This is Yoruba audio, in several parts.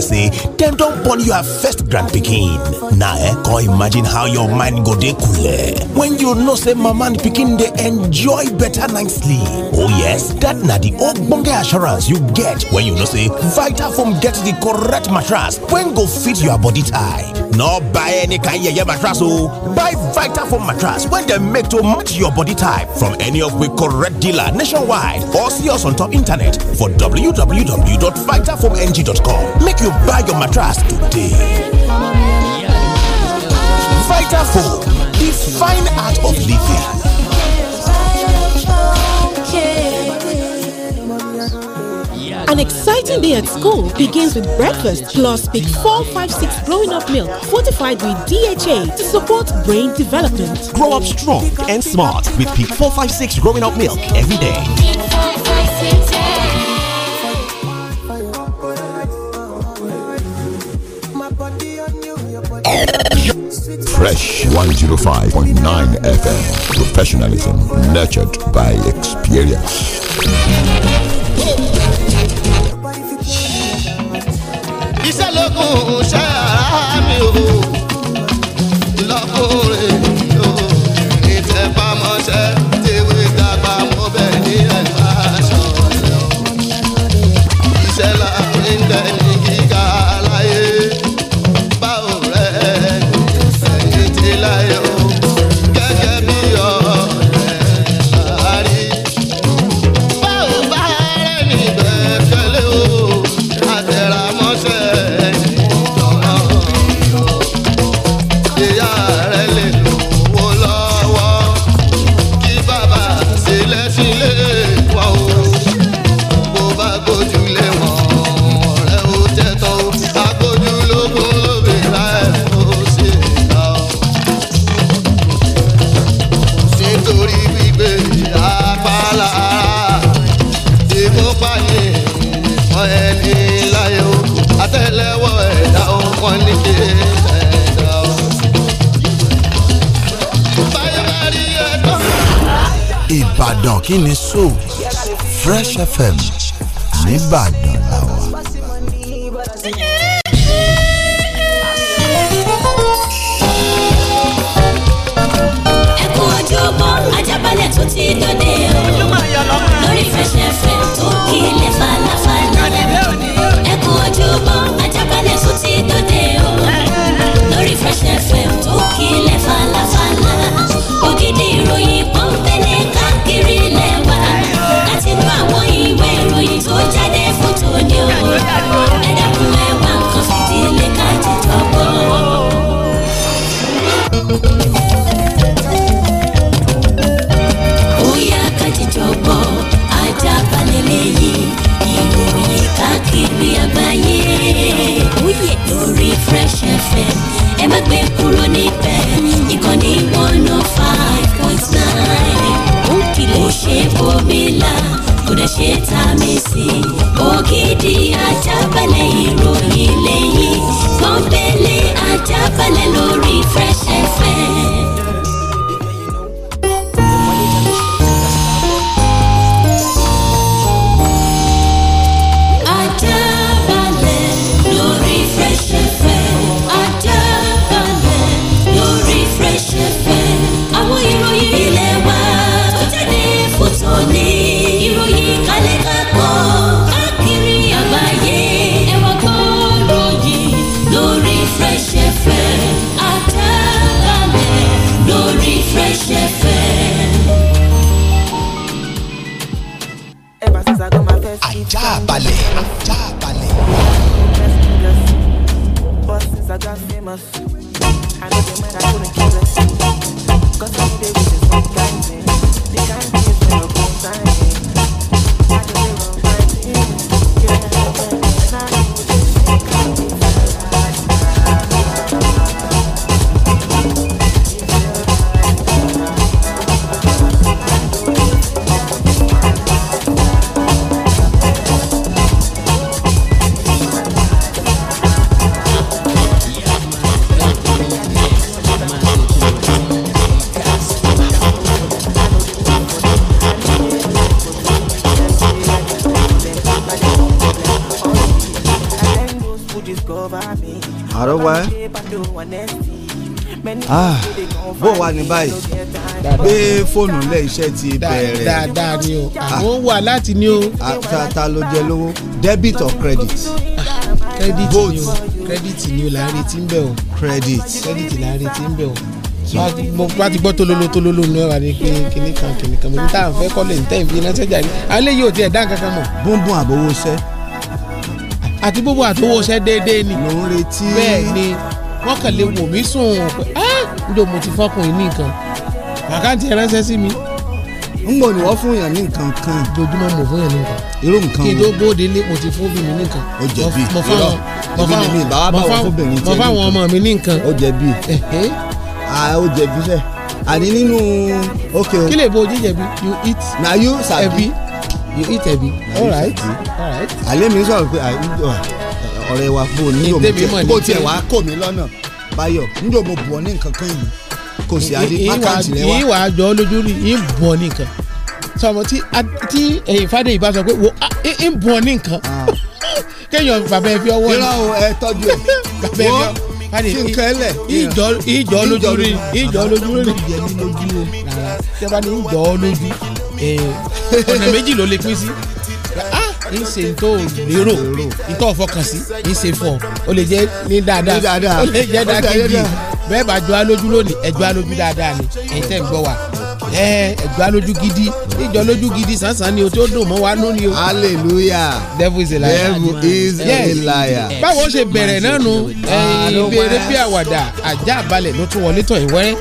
say dem don born your first grand pikin na eh come imagine how your mind go dey coole eh? when you know say mama and pikin dey enjoy better night sleep oh yes that na the ogbonge assurance you get when you know say vitafoam get the correct mattress wey go fit your body type no buy any kind yeye mattress o oh. buy vitafoam mattress wey dem make to match your body type from any of we correct dealer nationwide or see us on top internet for www.vitafoamng.com make you you buy your mattress today. the fine art of living. An exciting day at school begins with breakfast plus Peak 456 growing up milk fortified with DHA to support brain development. Grow up strong and smart with Peak 456 growing up milk every day. Fresh 105.9 FM. Professionalism nurtured by experience. ṣáà mi ò kíni so Fresh FM nìbàdàn làwà. ẹkún ojúbọ ajábalẹ̀ tó ti dòde o lórí Fresh FM tó kílẹ̀ falafala ẹkún ojúbọ. fóònù lẹ́ iṣẹ́ ti bẹ̀rẹ̀. dáadáa ni o àwọn ah. wà láti ní o. ta ló jẹ lówó debit or credit. credit ni o credit ni o là ń ń bẹ̀ o. credit credit là ń ń bẹ̀ o wá ti gbọ́ tololo tololo ní ọ̀rọ̀ ni kíní kan kíní kan mo ní tá à ń fẹ́ kọ́lé ní tẹ́yìn fi ránṣẹ́ jáde alẹ́ yìí ò tiẹ̀ dá nǹkan kan mọ̀. bóńbóń àbówó sẹ́. àti bóńbóń àtowó sẹ́ déédéé ni. ló ń retí. bẹ́ẹ̀ ni wọ́n kàn lè wò mí sùn pé ǹjọ́ mo ti fọ́kùnrin àkáǹtì ẹ ránṣẹ́ sí mi. n gbọ́dọ̀ ni wọ́n fún yàn ní nǹkan kan. ojoojúmọ́ mo fún yàn ní nǹkan. irú nǹkan wo kí n tó bóde lé mo ti fún bìnrin ní nǹkan. ó jẹ̀bi irọ́ ebi ni mi bàbá bá wọn fún bìnrin tiẹ̀ nǹkan. mo fáwọn ọmọ mi ní nǹkan. ó jẹ̀bi ó jẹ̀bi sẹ́ àní nínú ok o. kí lè bo ojú you eat. na you sabi you eat ẹ̀bi. all right all right. àlẹ́ mi sọ̀rọ̀ pé ọ̀rẹ́ wa bò ní yòmù tiẹ̀ bó tiẹ̀ wá kò mí lọ́nà báyọ̀ níjọ́ mo bù ọ ní nǹkan kan yìí kò sí adé pákàtì rẹ wá. ìwà àjọ lójú rí ń bọ̀ nìkan sọmọ tí tí ẹ̀yìn fàdé yìí bá sọ pé wo ń bọ̀ nìkan ah. kéèyàn bàbá ẹ fi ọwọ́ ni. irọ́ o ẹ tọ́jú ẹ bàbá ẹ fi ọwọ́ kí n kẹ́lẹ̀. ìjọ ìjọ lójú rí ìjọ lójú rí rárá tẹ́bá ní ìjọ lójú ọ̀nà méjì ló lè pín sí n ah, ṣe n tó lérò n tó fọkàn sí n ṣe fọ o lè jẹ ní dáadáa o lè jẹ dákejì bẹ́ẹ̀ bá jọ alójú lónìí ẹ jọ alójú dáadáa ni ẹ̀yin tẹ́ ń gbọ́ wa ẹ jọ alójú gidi ìjọ lójú gidi sánsan ni o tó dùn mọ́ wa nú ni o. hallelujah devil is a liar. devil is a liar. báwo ṣe bẹ̀rẹ̀ náà nu ah, ìbéèrè bí àwàdà ajá balẹ̀ ló tún wọlé tọ̀ ìwẹ́rẹ́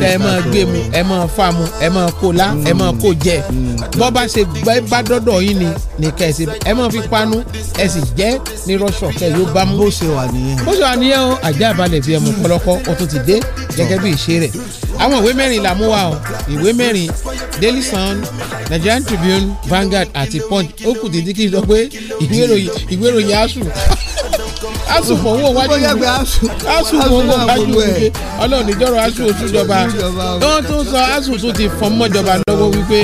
tẹ ẹ máa gbé mu ẹ máa fa mu ẹ máa kó la ẹ máa kó jẹ mm. bọ́ bá ṣe bá dọ́dọ̀ yín ni ní kẹsì ẹ máa fi panu ẹ sì jẹ́ ní rọ́ṣọ̀ kẹ yóò bá mú. bó ṣe wà nìyẹn. bó ṣe wà nìyẹn o ajá balẹ̀ fi ẹmu pọ̀lọpọ̀ o tún ti dé gẹ́gẹ́ bí ìṣe rẹ̀ àwọn ìwé mẹ́rin là mú wa o ìwé mẹ́rin Daily Sun The Nigerian Tribune Vanguard àti Punch ó kù dídí kí n sọ pé ìwé ìròyìn asuu asu mò ń wò wájú wípé asu mò ń wò wájú wípé ọlọ́run níjọ́rọ̀ asu oṣù jọba wọ́n tún sọ asu tún ti fọ́n mọ́jọba lọ́wọ́ wípé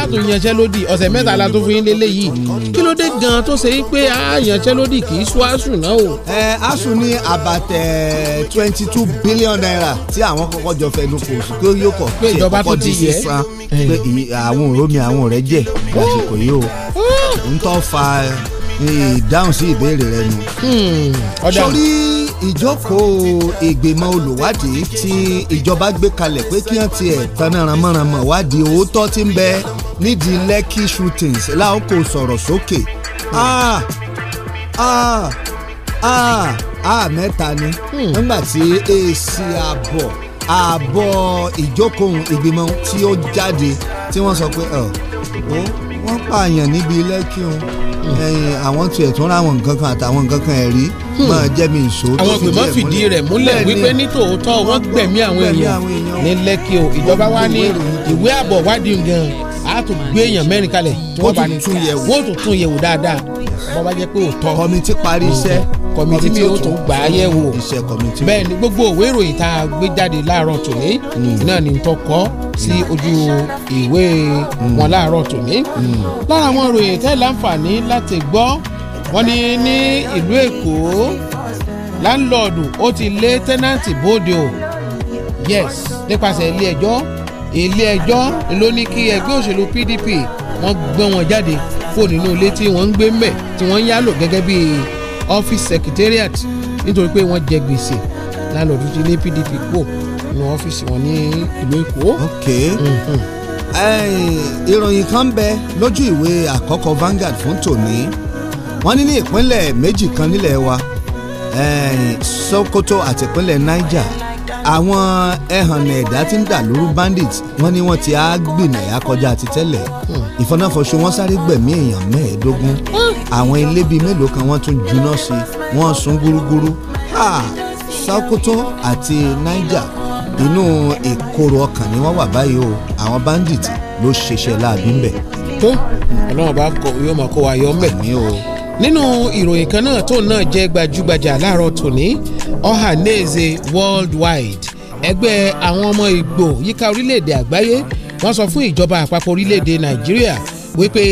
àtún yanṣẹ́lódì ọ̀sẹ̀ mẹ́ta la tún fún yín lélẹ̀ yìí kí ló dé gan tó ṣe pé a yanṣẹ́lódì kì í sún asu náà o. ẹ asu ní àbàtẹ twenty two billion naira tí àwọn kọ́kọ́ jọ fẹnu kò sí pé yóò kọ pé ìjọba tó ti yẹ pé àwọn òrómi àwọn rẹ jẹ lásìkò yìí o ń tọ́ fa ìdáhùn sí ìbéèrè rẹ nu. Hmm. sórí ìjókòó ìgbìmọ̀ olùwádìí tí ìjọba gbé kalẹ̀ pé kí wọ́n tiẹ̀ tanáranmọ́ranmọ́ wádìí òótọ́ tí ń bẹ nídìí Lekki shootings láwọn kò sọ̀rọ̀ sókè. Hmm. ah ah ah ah mẹ́ta ni hmm. nígbà tí èsì àbọ̀ àbọ̀ ìjókòó ìgbìmọ̀ tí ó jáde tí wọ́n sọ pé wọ́n pààyàn níbi Lekki o àwọn tiẹ̀ tún ráwọn nǹkan kan àtàwọn nǹkan kan ẹ̀rí hmm. máa jẹ́ mi ìṣó tó fìdí ẹ̀ múlẹ̀. àwọn ìgbìmọ̀ fìdí rẹ̀ múlẹ̀ wípé nítòótọ́ wọ́n gbẹ̀mí àwọn èèyàn ní lẹ́kì ìjọba wa ní ìwé àbọ̀ gan-an a tún gbé èèyàn mẹ́rin kalẹ̀ wọ́n tún yẹ̀wò wọ́n tún tún yẹ̀wò dáadáa wọ́n bá jẹ́ pé òótọ́ kọ́mítì parí iṣẹ́ kọ́mítì mi ò tún gbà á yẹ̀wò bẹ́ẹ̀ ni gbogbo òwe ìròyìn tá a gbé jáde láàárọ̀ tòní hmm. náà ni tó kọ sí ojú ìwé hmm. wọn láàárọ̀ tòní hmm. lára àwọn ìròyìn tẹ́ láǹfààní láti gbọ́ wọ́n ní ní ìlú Èkó láńlọ́ọ̀dù ó ti lé tẹ́nàntì bóde o yes nípasẹ̀ ilé ẹjọ́ ilé ẹjọ́ ló ní kí ẹgbẹ́ òṣèlú PDP wọ́n gbé wọn jáde kó nínú ilé tí wọ́n ń gbé mẹ́ tí wọ́n ń yálò gẹ́gẹ́ bí office secretariat nítorí pé wọ́n jẹ gbèsè lálọ́ọ̀dù ti lé PDP kúrò nínú ọ́fíìsì wọn ní ìlú Èkó. ok mhm. eh, ìròyìn kan ń bẹ lójú ìwé àkọ́kọ́ Vanguard fún tòní wọ́n ní ní ìpínlẹ̀ méjì kan nílẹ̀ wa eh, Sokoto àti ìpínlẹ̀ Niger àwọn ẹhànnà ẹ̀dá tí ń dà lóru bandit wọ́n ní wọ́n ti á gbìnà yà kọjá ti tẹ́lẹ̀ hmm. ìfọnáfọṣọ wọ́n sáré gbẹ̀mí èèyàn mẹ́ẹ̀ẹ́dógún hmm. àwọn ilé bíi mélòó kan wọ́n tún juná sí wọ́n sún gúrúgúrú Sokoto àti Niger inú ìkorò ọkàn ni wọ́n wà báyìí o àwọn bandit ló ṣeṣẹ́ láàbí ń bẹ̀. tó ọlọ́run bá yóò máa kó wa yọ ọ́ mẹ́. nínú ìròyìn kan náà tóun náà jẹ́ gbajúgbajà láàárọ̀ tòní Ọ̀hánèze worldwide ẹgbẹ́ àwọn ọmọ Ìgbò yíká orílẹ̀-èdè àgbáyé wọ́n sọ fún ìjọba àpapọ̀ orílẹ̀-èdè Nàìjíríà wípé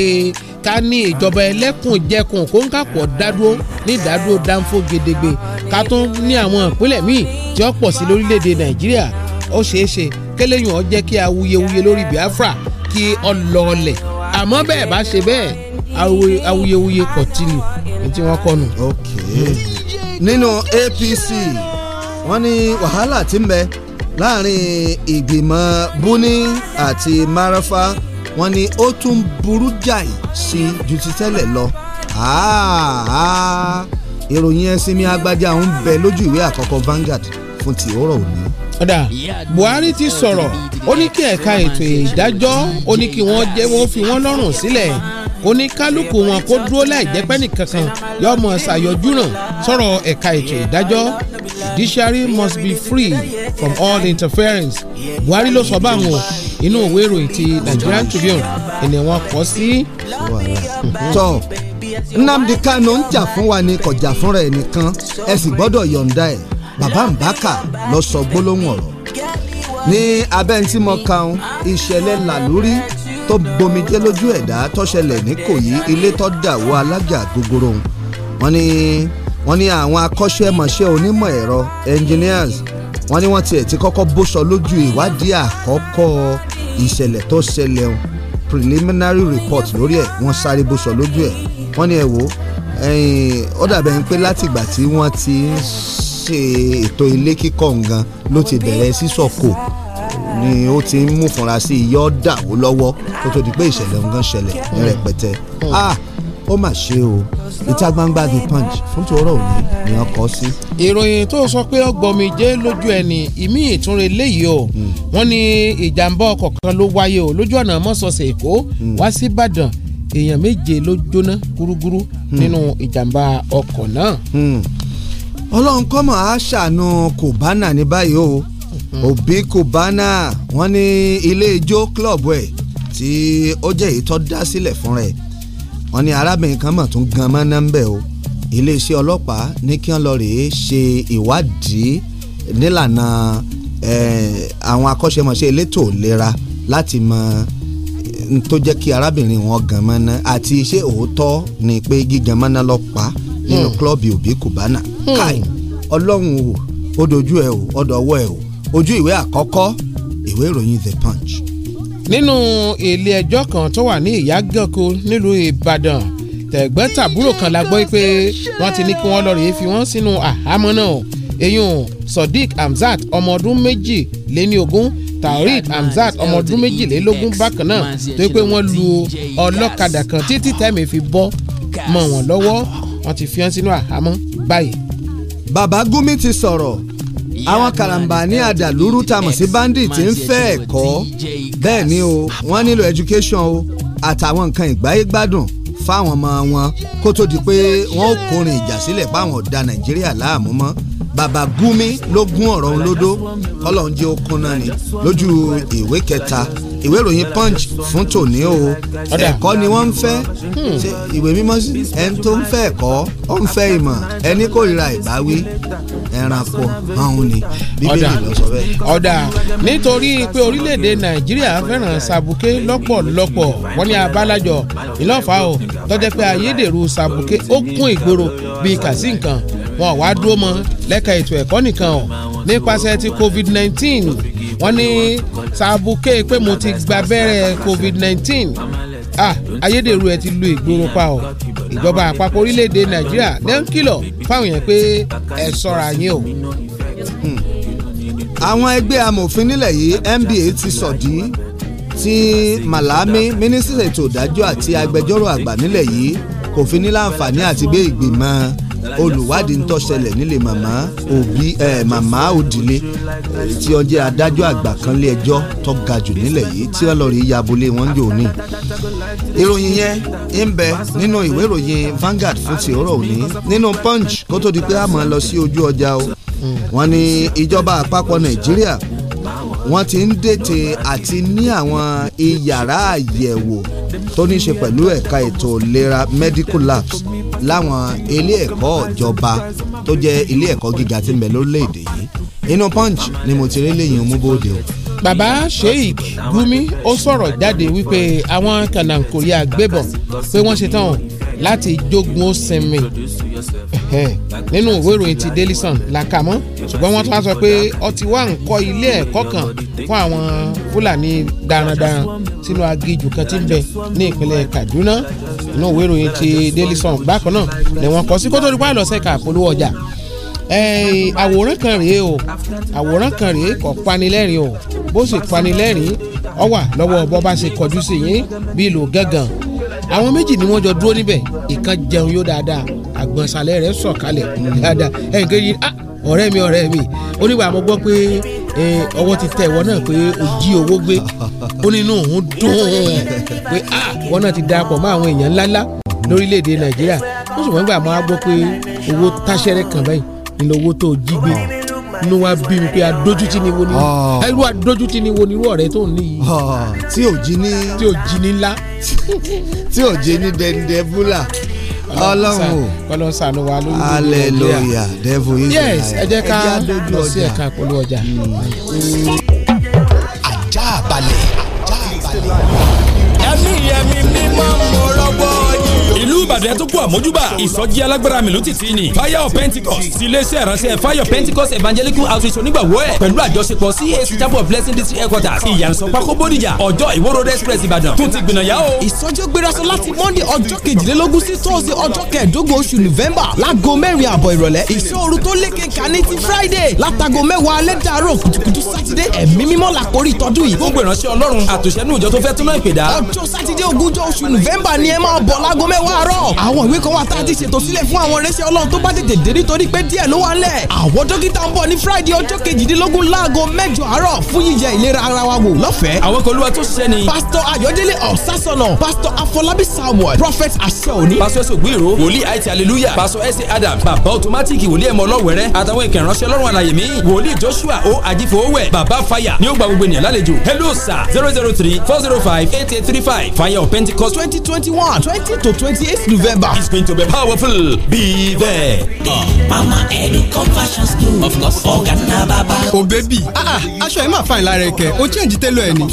ká ní ìjọba ẹlẹ́kùnjẹkùn kóńkàpọ̀ dádúró ní ìdádúró dáńfó gedegbe ká tún ní àwọn ìpínlẹ̀ míì tí ó pọ̀ sí lórílẹ̀-èdè Nàìjíríà ó ṣeéṣe kéléyìn ọ jẹ́ kí awuyewuye lórí Biafra kí ọ lọọlẹ̀ àmọ́ bẹ́ẹ̀ bá ṣe bẹ́ẹ̀ awuyewuye kọ̀tínù ní tí wọ́n kọ́ nù. okay. Mm nínú APC wọ́n ní wàhálà tí ń bẹ láàrin ìgbìmọ̀ Buni àti Marafa wọ́n ní ó tún burú jàì sí ju ti tẹ́lẹ̀ lọ ìròyìn ẹ̀sìn mi agbájá ń bẹ lójú ìwé àkọ́kọ́ Vanguard fún ti òórọ̀ òní ọ̀dà Buhari ti sọ̀rọ̀ ó ní kí ẹ̀ka ètò ìdájọ́ ó ní kí wọ́n jẹ́ wọ́n fi wọ́n lọ́rùn sílẹ̀ ó ní kálukú wọn kó dúró láì jẹ́ pẹ́ nìkankan yọ ọmọ ṣàyọjú ràn sọ̀rọ̀ ẹ̀ka ètò ìdájọ́ judiciary must be free from all interference Buhari ló sọ báwọn o inú òwe ìròyìn ti Nigerian Tribune ẹni wọn kọ sí. tọ́ Nnamdi Kanu ń jà fún wa ni kò jà fúnra ẹ̀ nìkan ẹ sì gbọ́dọ̀ yọ̀ǹda ẹ̀ bàbá mbàkà lọ sọ gbólóhùn ọ̀rọ̀ ní abẹ́ tí mo kàn ìṣẹ̀lẹ̀ làlórí tó bomijẹ́ lójú ẹ̀dá tó ṣẹlẹ̀ ní Ìkòyí ilé tó dàwó alájà gogoro wọ́n ní wọ́n ní àwọn akọ́ṣẹ́mọṣẹ́ onímọ̀ ẹ̀rọ engineers wọ́n ní wọ́n tiẹ̀ ti kọ́kọ́ bóṣọ lójú ìwádìí àkọ́kọ́ ìṣẹ̀lẹ̀ tó ṣẹlẹ̀ preliminary report lórí ẹ̀ wọ́n sáré bóṣọ lójú ẹ̀ wọ́n ní ẹ̀ wò ó dàbẹ̀ pé látìgbà tí wọ́n ti ń ṣe ètò ilé kíkọ́ ngan ló ti bẹ̀rẹ̀ sísọ̀kò ni ó ti ń mú fúnra sí iyọ́ dà ó lọ́wọ́ kó tó di pé ìṣẹ̀lẹ̀ ngan ṣẹlẹ̀ rẹpẹtẹ hmm. ah, ó mà ṣe o ìta gbangba the punch fún tòórọ́ òní ni wọ́n kọ́ sí. ìròyìn tó sọ pé ọgbọ̀nmi jẹ́ lójú ẹni ìmí ìtúnre léyìí o hmm. wọ́n ní ìjàmbá ọkọ̀ kan ló wáyé o lójú ọ̀nà mọ́sọ̀ọ́sẹ̀ èkó hmm. wá sí ìbàdàn èèyàn méje ló jóná gúrúgúrú nínú ìjàmbá ọkọ̀ náà ọlọ́run kọ́mọ̀ á ṣàánú Kubana ní báyìí o òbí kòbánà wọ́n ní ilé ijó klọ́ọ̀bù ẹ̀ tí ó jẹ́ èyí tó dá sílẹ̀ fúnra ẹ̀ wọ́n ní arábìnrin kan mọ̀ tún gan mọ́ nọ́mbẹ̀ o iléeṣẹ́ ọlọ́pàá ní kí wọ́n lọ rèé ṣe ìwádìí nílànà àwọn akọ́ṣẹ́mọṣẹ́ elétò ìlera láti mọ tó jẹ́ kí arábìnrin wọn gan mọ́ ná àti ṣé òótọ́ ni pé gígan mọ́ ná lọ́pàá nínú klọ́ọ̀bù òbí kùbánà káì ọlọ́run o ó dojú ẹ o ọdọọwọ́ ẹ o ojú ìwé àkọ́kọ́ ìwé ìròyìn the punch. nínú ilé ẹjọ́ kan tó wà ní ìyágànkù nílùú ìbàdàn tẹ̀gbọ́n kan la gbọ́ pé wọ́n ti ní kí wọ́n lọ rèé fi wọ́n sínú àhámọ́ náà èyun sodiq hamzat ọmọ ọdún méjìléní ogún taoreed hamzat ọmọ ọdún méjìlélógún bákan náà tó pé wọ́n lu ọlọ́kadà kan títí tẹ́mi fi bọ́ mọ́ wọn lọ́wọ́ wọ́n ti fi hàn sínú àhámọ́ báyìí. bàbá Gumi ti sọ̀rọ̀ àwọn karambà ní àdàlúrú tá mọ̀ sí bandit ń fẹ́ ẹ̀kọ́ bẹ́ẹ̀ ni o wọ́n nílò education o àtàwọn nǹkan ìgbáyé gbádùn fáwọn ọmọ wọn kó tó di pé wọ́n ó kórin ìjà sílẹ̀ fáwọn ọ̀dà Nàìjíríà láàmú mọ́ bàbá Gumi ló gún ọ̀rọ̀ ńlódó kọ́lọ̀ ń jẹ́ okun náà ni lójú ìwé kẹta ìwé ìròyìn punch fún tòní o ẹ̀kọ́ ni wọ́n ń fẹ́ hmm. ìwé mímọ́ sí ẹni tó ń fẹ́ ẹ̀kọ́ ó ń fẹ́ ìmọ̀ ẹni kórìíra ìbáwí ẹranko ọ̀hún ni bíbélì ló sọ bẹ́ẹ̀. ọ̀dà nítorí pé orílẹ̀-èdè nàìjíríà fẹ́ràn sàbùké lọ́pọ̀lọpọ̀ wọ́n ní abálájọ ìlọ́fà o tọ́jẹ́ pé ayédèrú sàbùké ó kún ìgboro bíi kàsí nǹkan wọn wá dúró mọ́ lẹ́ka ètò ẹ̀kọ́ nìkan o nípasẹ̀ ti covid nineteen. wọ́n ní sàbùkè e pé mo ti gbàbẹ́rẹ́ covid nineteen. ah ayédèrú ẹ ti lu ìgboro pa ọ ìjọba àpapọ̀ orílẹ̀-èdè nàìjíríà lẹ́ ń kìlọ̀ fáwọn yẹn pé ẹ sọ́ra yín o. àwọn ẹgbẹ́ amòfin nílẹ̀ yìí NBA ti sọ̀dí tí Malami mínísítà ètò ìdájọ́ àti agbẹjọ́rò àgbà nílẹ̀ yìí kò fi ní láǹfààní àti gbé ìgbìmọ̀ olùwádìí ń tó ṣẹlẹ̀ nílé màmá òbí màmá òdìlé tí ó jẹ́ adájọ́ àgbà kan lé ẹjọ́ tó ga jù nílẹ̀ yìí tí ọlọ́rin ya abolé wọn yóò ní. ìròyìn yẹn ń bẹ nínú ìwé ìròyìn Vanguard fún ti òrò òní nínú Punch kó tó di pé a máa lọ sí ojú ọjà o wọ́n ní ìjọba àpapọ̀ Nàìjíríà wọ́n ti ń dètè àti ní àwọn iyàrá àyẹ̀wò tó ní í ṣe pẹ̀lú ẹ̀ka ètò ìlera medical labs láwọn ilé ẹ̀kọ́ ìjọba tó jẹ́ ilé ẹ̀kọ́ gíga tí ń bẹ lórílẹ̀‐èdè yìí inú punch ni mo ti rí lẹ́yìn omúbòde o. bàbá sheik gumi ó sọ̀rọ̀ jáde wípé àwọn kànáńkòrí àgbébọn pé wọ́n ṣe tán láti jogun ó sinmi nínú ìwé ìròyìn ti Daily Sun la kà mọ́ ṣùgbọ́n wọ́n tún sọ pé ọtí wà ń kọ́ ilé ẹ̀kọ́ kan fún àwọn Fúlàní darandaran sínú agíjù kan tí ń bẹ ní ìpínlẹ̀ Kaduna inú ìwé ìròyìn ti Daily Sun bákan náà ni wọ́n kọ sí kótó nípa ìlọsẹ ká polówó ọjà àwòrán kan rèé o àwòrán kan rèé kò panilẹ́rìn o bó sì panilẹ́rìn ọ wà lọ́wọ́ bọ́ ṣe kọjú sí yín bí ìlò gángan àwọn méjì ni wọ́n jọ dúró níbẹ̀ ìkan jẹun yóò dáadáa àgbọ̀nsalẹ̀ rẹ̀ sọ̀kalẹ̀ dáadáa ẹ̀ ń kéde ah ọ̀rẹ́ mi ọ̀rẹ́ mi ó nígbà mo gbọ́ pé ọwọ́ ti tẹ ìwọ náà pé o jí owó gbé ó nínú òun dùn pé ah ìwọ náà ti darapọ̀ mọ́ àwọn èèyàn ńláńlá lórílẹ̀‐èdè nàìjíríà ó sì wọ́n gbà máa gbọ́ pé owó táṣẹ́rẹ́ kàn báyìí ni owó tó jí gbé inú wa bí mi pé adójútì ni wo ni ah. irú adójútì ni wo ni irú ọ̀rẹ́ tó ń ní yìí. Ah, tí ò jí ní. tí ò jí ní ńlá. tí ò jí ní dẹ́ndẹ́ búlà ọlọ́run o kọ́lọ́ sànú wa lórí ìlú hallelujah devil is a yes ẹ jẹ́ ká lọ sí ẹ̀ka ìpolówó ọjà. Hmm. ajá balẹ̀ ajá balẹ̀ ẹ̀mí yẹmi ìbàdàn ẹ̀ tó kú àmójúbà ìsọjí alágbára mi ló ti ti ni fire of pentecost ti iléeṣẹ́ ìránṣẹ́ fire of pentecost evangelical outreach onígbàwọ́ ẹ̀ pẹ̀lú àjọṣepọ̀ cac chapel of blessing district headquarters ìyànsọ́pákó bódìjà ọjọ́ ìwó express ìbàdàn tún ti gbìnàyà o. ìsọjí gbéraṣọ láti monday ọjọ́ kejìlélógún sí tuesday ọjọ́ kẹẹ̀ẹ́dógún oṣù november láago mẹ́rin àbọ̀ ìrọ̀lẹ́ ìṣòro tó lékè kání ti friday látago mẹ́wàá alẹ́ dàárọ̀ pọ̀ àwọn ìwé kan wà tá a ti ṣètò sílẹ̀ fún àwọn irinṣẹ́ ọlọ́run tó bá tètè dé nítorí pé díẹ̀ ló wà lẹ̀ àwọn dókítà ń bọ̀ ní friday ọjọ́ kejìdínlógún láago mẹ́jọ àárọ̀ fún yíyẹ ìlera ara wa wò lọ́fẹ̀ẹ́ àwọn kan olúwa tó ṣiṣẹ́ ni pásítọ̀ ayọ̀délé ọ̀sásọ̀nà pásítọ̀ afọlábí samuel prophet aṣẹ́òní pásítọ̀ ẹ̀sọ́ gbìrò wòlíì àìtí aleluya pásítọ̀ ẹ̀sẹ̀ adam bàbá ọ̀tọ̀mátìkì wòlíì ẹ̀mọ ọlọ́wẹ̀rẹ́ àtàwọn ìkẹrànṣẹ́ ọlọ́run àlàyé mi wòlíì joshua o àjífowówẹ̀ bàbá fàyà ní ó gba gbogbo ènìyàn lálejò hello sir zero zero three four zero five eight eight three five fire of pentecost twenty twenty one twenty to twenty eight November. It's going to be powerful. Be there. Uh, Mama Educom Fashion School. Of course. Ọ̀gá ná O baby. Aṣọ ẹ̀ máa fa ìlara ẹ̀kẹ́. O change télò ẹ̀ ni.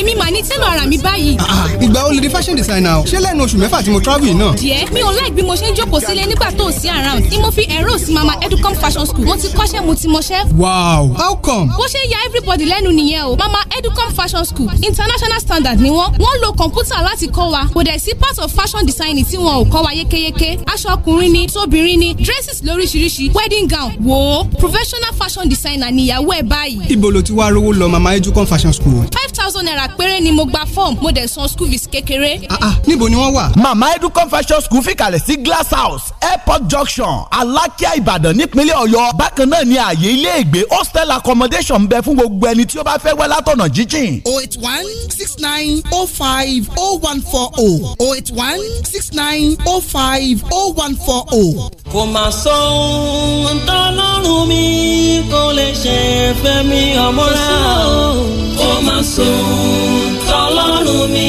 Èmi màá ní télò ara mi báyìí. Ah, ah, ìgbà wo lè di fashion designer o? Ṣé lẹ́nu oṣù mẹ́fà tí mo travel yìí náà? Díẹ̀ mi ò láì bí mo ṣe ń jókòó sílé nígbà tó o sí around. Ni mo fi ẹ̀rọ sí Mama Educom Fashion School. Mo ti kọ́ṣẹ́ mo ti mọṣẹ́. Wow! How come? Bó ṣe ya everybody lẹ́nu nìyẹn o. Mama Educom Fashion School international standard ni wọ́n. Wọ́n lo kọ̀ǹpútà láti kọ́ wa. Kò dẹ̀ part of fashion designing tí wọ́n wọn ò kọ́ wa yékéyéké aṣọ ọkùnrin ni tóbìnrin ni dresses lóríṣiríṣi wedding gown wò professional fashion designer níyàwó ẹ̀ báyìí. ibo lo ti wá rówó lọ mama ejukon fashion school. five thousand naira péré ni mo gba form mo dẹ̀ san school fees kékeré. ah ah níbo ni wọ́n wà. mama ejukon fashion school fìkàlẹ̀ sí glass house airport junction alákíá ìbàdàn nípínlẹ̀ ọ̀yọ́ bákan náà ni ààyè ilé ìgbé hostel accommodation ń bẹ fún gbogbo ẹni tí ó bá fẹ́ wẹ́ látọ̀nà jíjìn. oh eight one six nine oh five oh one four oh oh eight one six nine nine oh five oh one four oh. kò mà sọ ohun tọ́lọ́run mi kò lè ṣe fẹ́ mi ọmọ rẹ̀ o. kò mà sọ ohun tọ́lọ́run mi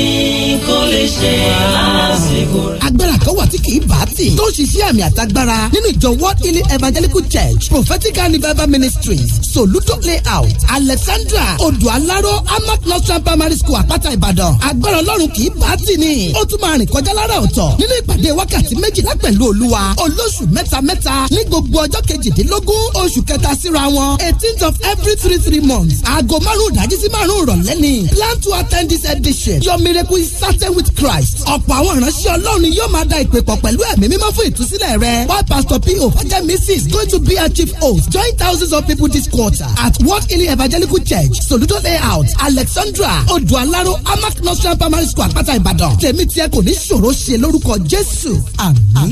kò lè ṣe lásìkò rẹ̀. agbára kan wà tí kì í bá tì tó ń ṣiṣẹ́ àmì àtagbára nínú ìjọ world healing evangelical church prophetic and revival ministries soludo layout alexandra odualaro amak northern primary school àpáta ìbàdàn agbára ọlọ́run kì í bá tì ní ó tún máa rìn kọjá lára ọ̀tọ̀ nínú ìpàdé wákàtí méjìlá pẹ̀lú olúwa olóṣù mẹ́tamẹ́ta ní gbogbo ọjọ́ kejìdínlógún oṣù kẹta síra wọn eighteenth of every three three months aago márùn-ún ìdájí sí márùn-ún ìrọ̀lẹ́ ni plan to attend this edition your miracle is certain with Christ ọ̀pọ̀ àwọn ìránṣẹ́ ọlọ́run ni yóò máa da ìpè pọ̀ pẹ̀lú ẹ̀mí mímọ́ fún ìtúsílẹ̀ rẹ̀ why pastor P.O. Fajẹ́ Mrs. going to be our chief host join thousands of people this quarter at World Healing Evangelical Church Soludo layout Alexandra Odualaro Amak Nursery Primary School Àpáta Ìbàdàn tèmi tiẹ̀ kò ní ṣòro ṣe lórúkọ jésù àmín.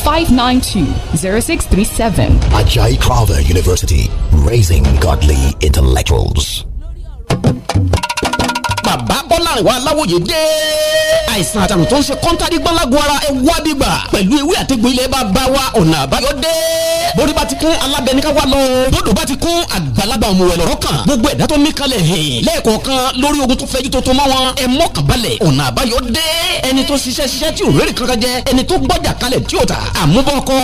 592-0637. Ajay Crowther University, raising godly intellectuals. Baba alárìnwá aláwòye dé. àìsàn àtàrùn tó ń ṣe kọ́ńtàdì gbọ́nlágun ara ẹ wá bíbà pẹ̀lú ewé àtẹ̀gbò ilẹ̀ bá bá wa ọ̀nà àbáyọ dé. borí bá ti kún alábẹ́níká wa lọ. bódò bá ti kún àgbàlagbà ọ̀mùwẹ̀ lọ́rọ́ kan. gbogbo ẹ̀dá tó mí kalẹ̀ hìn. lẹ́ẹ̀kọ̀ọ̀kan lórí ogun tó fẹ́jú tó tó mọ́ wọn. ẹ mọ́kàn balẹ̀ ọ̀nà àbáyọ dé. ẹni tó ṣiṣẹ́ ṣiṣẹ́ tí ò rẹ́rì kankan jẹ ẹni tó gbọ́jà kalẹ̀ tí ò ta. àmúbọ̀kọ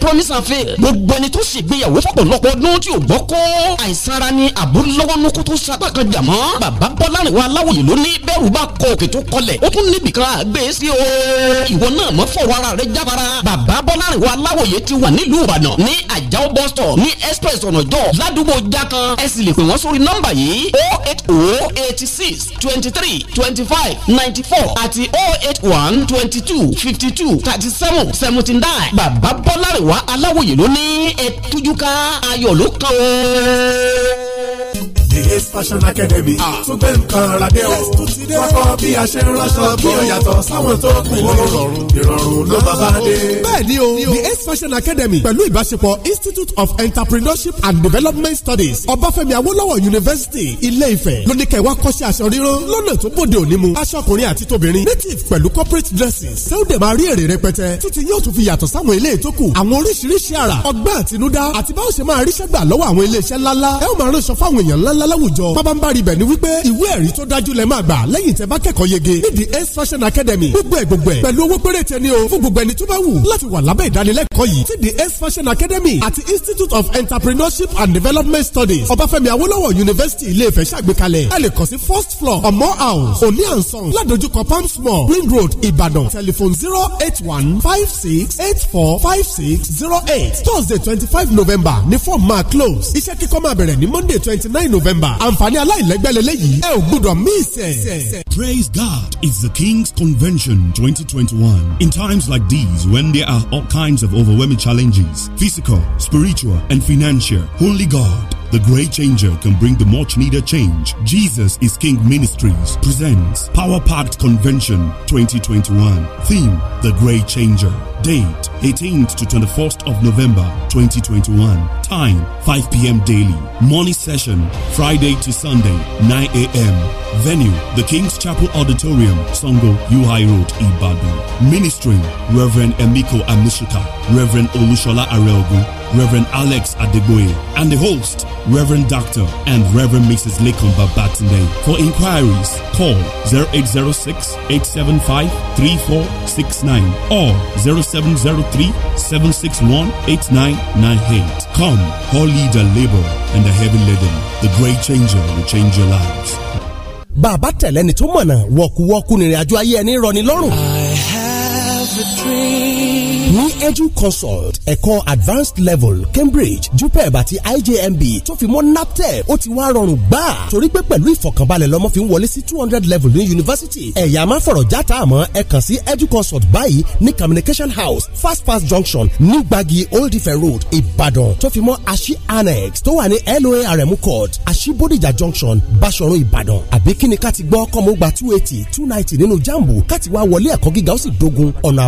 promise and faith gbogbo ẹni tó ṣègbéyàwó fọ́pọ̀lọpọ̀ ọdún tí ò gbọ́ kó. àìsàn ara ni àbúrò lọ́wọ́ rajà mọ́ bàbá bọ́lárin wa aláwòye ló ní bẹ́ẹ̀rù bá kọ òkè tó kọlẹ̀ ó tún níbi kan àgbè sí o ìwọ náà mọ́ fọwọ́ ara rẹ jábára bàbá bọ́lárin wa aláwòye ti wà nílùú ìbàdàn ní àjàó bus stop ní express ọ̀nàjọ́ ládùúgbò jákan ẹ sì lè pè wọ́n sórí nọ́mbà yìí o oh eight o oh eighty six twenty three twenty five ninety four àti o oh eight one twenty two fifty two thirty seven seventy nine bàbá bọ́lárin wa aláwòye ló ní ẹ tújú ká ayọ̀ ló kàn ó the ace fashion academy tó ah. gbé nǹkan ràdé o kọ́kọ́ bí a ṣe ń rọ́ṣọ bí ó yàtọ̀ sáwọn tó kù ó ìrọ̀rùn ló bá bá dé. bẹ́ẹ̀ni o the ace fashion academy pẹ̀lú ìbáṣepọ̀ institute of entrepreneurship and development studies ọbáfẹ́mi awólọ́wọ̀ university ilé-ifẹ̀ ló ní kẹwàá kọ́ṣẹ́ aṣọ ríran lọ́nà tó bòde òní mu aṣọ ọkùnrin àti tóbìnrin native pẹ̀lú corporate dresses sẹ́wọ́dẹ̀ máa rí èrè rẹpẹtẹ títí yóò tún fi yàtọ̀ sáwọn ilé ìtókù àwọn oríṣiríṣi àrà ọgbẹ́ àtinúdá àti báwo ṣe máa ríṣẹ́ gbà lọ́wọ́ àwọn ilé iṣẹ́ ńláńlá ẹ ó máa ránṣọ fáwọn èèyàn ńláńlá láwùjọ pábánbárì bẹ̀ ni wípé ìwé ẹ̀rí tó dájú lẹ máa gbà lẹ́yìn tẹ́ bá kẹ́kọ̀ọ́ yege ní the ace fashion academy gbogbo ẹ̀ gbogbo ẹ̀ pẹ̀lú owó péréte ni o fún gbogbo ẹni tó bá wù láti wà lábẹ́ ìdánilẹ́kọ̀ọ́ yìí ti the ace academy àti institute of entrepreneurship and development studies ọbáfẹ́mi Awolowo university ilé ṣàgbékalẹ̀ ẹ lè kàn sí first floor ọmọ house òní ànsán ládojúkọ palms Small green road Ibadan. telephone zero eight one five six eight four five six zero eight thursday twenty five november ní form máa close iṣẹ́ kíkọ́ máa bẹ̀rẹ̀ ní monday twenty nine november November. Àǹfààní aláìlẹ́gbẹ́lẹ́lẹ́ yìí ẹ ò gbúdọ̀ mísẹ̀. Praise God it's the King's Convention 2021. In times like these, when there are all kinds of overwhelming challenges, physical, spiritual, and financial, Holy God the great changer can bring the much needed change. Jesus is King Ministries presents Power Packed Convention 2021. Theme The Great Changer. Date 18th to 21st of November 2021. Time 5 p.m. daily. Morning session Friday to Sunday 9 a.m. Venue The King's Chapel Auditorium, Songo, UI Road, Ibadan. Ministering Reverend Emiko Amushika, Reverend Olushola Areogu, Reverend Alex Adeboye, and the host, Reverend Dr. and Reverend Mrs. Lekon Babatunde. For inquiries, call 0806 875 3469 or 0703 761 8998. Come, all lead the labor and the heavy laden. The great changer will change your lives. Bàbá tẹ̀lẹ́ni tó mọ̀nà wọ̀kúwọ́kú nìrìn àjò ayé ẹni rọ̀ ní ní edu consult ẹ̀kọ́ advanced level cambridge jupeb àti ijmb tó fi mọ́ naptep ó ti wá rọrùn gbà torí pé pẹ̀lú ìfọ̀kànbalẹ̀ lọ́mọ fi ń wọlé sí two hundred level ní yunifásitì ẹ̀yà máa fọ̀rọ̀ játa àmọ́ ẹ kàn sí edu consult báyìí ní communication house fast Pass junction ní gbagi old ife road ìbàdàn tó fi mọ́ aṣí annex tó wà ní loarm court ashi bodija junction basọ̀run ìbàdàn àbí kíni ká ti gbọ́ kọ́mọ́gbà two eighty two ninety nínú jambu ká ti wá wọlé ẹ̀kọ́ gíga ó sì dógún ọ̀nà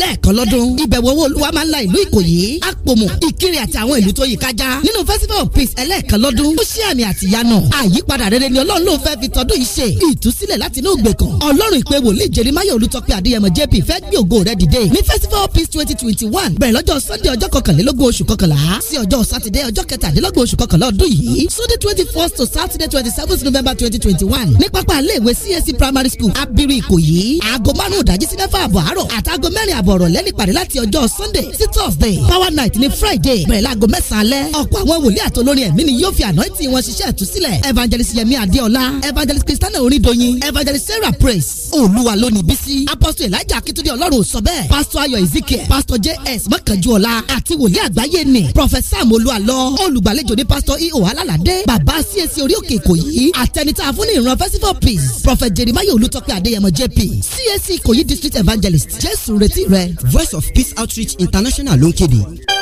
lẹ́ẹ̀kan lọ́dún ìbẹ̀wò owó olúwa máa ń la ìlú ìkòyí àpòmù ìkirè àti àwọn ìlú tó yí kájá nínú festival of peace ẹlẹ́ẹ̀kan lọ́dún ó ṣe àmì àtìyanu àyípadà rere ni ọlọ́run ló ń fẹ́ fi tọdún yìí ṣe ìtúsílẹ̀ láti inú ìgbèkùn ọlọ́run ìpè wòlíì jerimáyà olùtọ́pẹ́ adéyẹmọ jp fẹ́ gbé ògo rẹ̀ dìde ní festival of peace twenty twenty one bẹ̀rẹ̀ lọ́jọ́ sunday ọjọ́ kọkànlélógún oṣù kọkànlá sí ọjọ́ sátidé ọjọ́ kẹtàdínlógún oṣù kọkànlá ọdún yìí sunday twenty to saturday twenty seventh november twenty twenty one ní pápá iléèwé e primary school abiri ìkòyí aago márùn-ún ìdájí sí mẹ́fà mẹ́rin àbọ̀ lẹ́ni pàdé láti ọjọ́ sunday sí thursday power night ní friday bẹ̀rẹ̀ láago mẹ́sàn-án alẹ́ ọ̀pọ̀ àwọn wòlíì àtolórin ẹ̀mí ni yóò fi anointing wọn ṣiṣẹ́ ìtúsílẹ̀ evangelist yemi adéọlá evangelist christiana orindoyin evangelist sarah praise olúwa lónìí bísí apostle elijah akitunde ọlọ́run sọ bẹ́ẹ̀ pastor ayọ̀ ezekiel pastor js mọ́kànjúọlá àti wòlíì àgbáyé ni professor amolúalọ olùgbàlejò ní pastor iho e alálàdé bàbá cac orí òkè ìkòyí àtẹnitá fún ní ìran festival peace prophet jeremiah olùtọ́pẹ́ adéyẹmọ jp cac e ìkòyí district evangelist jésù retí ìrántí rẹ Voice of Peace Outreach International ló ń kéde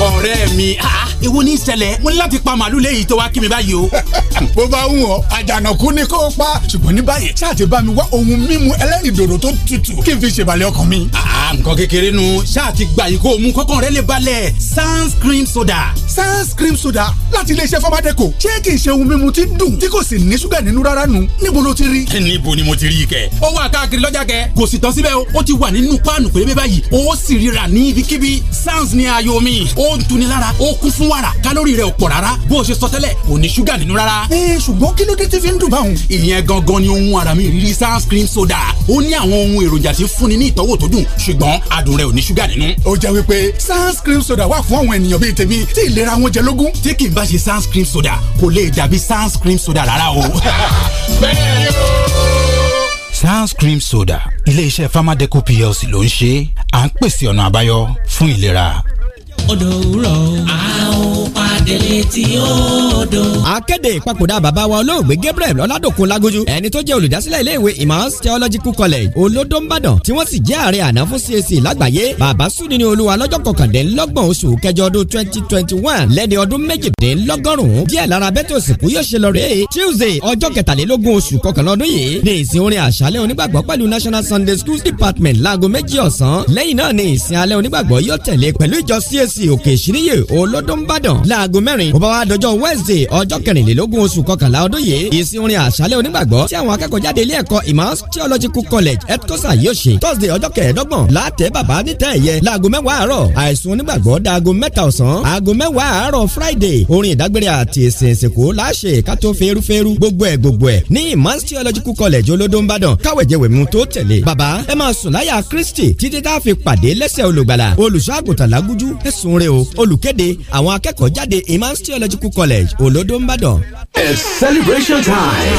ọ̀rẹ́ mi ìwọ ní ṣẹlẹ̀ mo ní láti pa màálù léyìí tó wá kí mi báyìí o. bó bá wù ọ́ àjànàkú ni kò pa ṣùgbọ́n ní báyìí ṣáà bá mi wá ohun mímu ẹlẹ́rìndòdò tó tutù kí n fi ṣèbalẹ̀ ọkàn mi. nǹkan kékeré nu ṣáà gbà yìí kó o mú kọ́kàn rẹ lè balẹ̀ sans cream soda. sans cream soda láti iléeṣẹ́ fọ́mádẹ́kọ̀ ṣé kì í ṣe ohun mímu tí dùn tí kò sì ní ṣúgà nínú rárá nu níbo ló ti rí. níbo ni mo ti rí kẹ. ó wà káàkiri lọ́jà kẹ. kò sì tán síbẹ̀ o ó ti wà nínú páànù pérébé báyìí ó sì ríra ní ibikíbi sans ní ayọ̀ mi ó ń tuni lára ó kún fún wàrà kálórì rẹ̀ ò pọ̀ rárá bó o ṣe sọ tẹ́lẹ̀ kò ní ṣúgà nínú rárá. ẹ ṣùgbọ́n kí ló dé tí fi ń dùn báwọn. ìyẹn gangan ni ohun ara mi rírí sunscreen soda ó ní àwọn ohun èròjà tí ń fúnni ní ìtọ́wò tó dùn ṣùgbọ́n adùn rẹ̀ ò ní ṣúgà nínú. ó jẹ́ wípé sunscreen soda wà fún àwọn ènìyàn bíi tèmi tí ìlera wọn jẹ lógún. tí kì í bá ṣe sunscreen soda kò lè dàbí sunscreen soda rárá o. bẹ́ẹ̀ soda ilé iṣẹ́ farmadeco plc ló ń ṣe à ń pèsè ọ̀nà àbáyọ fún ìlera odò rọ̀. àwọn pàdélé tí odò. akéde ìpapòdà bàbá wa olóògbé Gabriel Ọládòkun Lágójú ẹni tó jẹ́ olùdásílẹ̀ iléèwé Emmaus Theological College olódó ńbàdàn tí wọ́n sì jẹ́ ààrẹ àná fún CAC lágbàáyé bàbá sùnì ní olúwa lọ́jọ́ kọkàndínlọ́gbọ̀n oṣù kẹjọ ọdún twenty twenty one lẹ́ni ọdún méjìdínlọ́gọ́rùn-ún díẹ̀ lára bẹ́tò òsìnkú yóò ṣe lọ rèé Tuesday ọjọ́ kẹtàlélógún oṣù kọkànlá ọdún yìí ní ìsìn orin àṣálẹ́ onígbàgbọ́ pẹ̀lú National Sunday Schools Department láago méjì ọ̀sán lẹ́yìn náà ní ìsìn alẹ́ onígbàgbọ́ yóò tẹ̀lé pẹ̀lú ìjọ CAC nlc òkè ìṣiríyè olódó ńbàdàn láago mẹ́rin bó bá wá dọjọ́ wednesday ọjọ́ kẹrìnlélógún oṣù kọkànlá ọdún yìí ìsìn orin àṣálẹ́ onígbàgbọ́ tí àwọn akẹ́kọ̀ọ́ jáde ilé ẹ̀kọ́ imams theological college etcosa yóò ṣe thursday ọjọ́ kẹẹ̀ẹ́dọ́gbọ̀n látẹ̀ bàbá nítẹ̀ ẹ̀yẹ láago mẹ́wàá àárọ̀ àìsùn onígbàgbọ́ daago mẹ́ta ọ̀sán aago mẹ́wàá àárọ̀ friday orin ìdágbére àti ìsìn ìsìnkú láṣẹ kátó ferúferú gbogbo ẹ̀ gbogbo ẹ̀ ní imams theological college olódó ńbàdàn káwéjẹwé mu tó tẹ̀lé bàbá ẹ máa sùn láyà kristi títí tá a fi pàdé lẹ́sẹ̀ olùgbàlà sunre o olùkéde àwọn akẹ́kọ̀ọ́ jáde Emmanuel theological college olodo nìbàdàn. it's celebration time.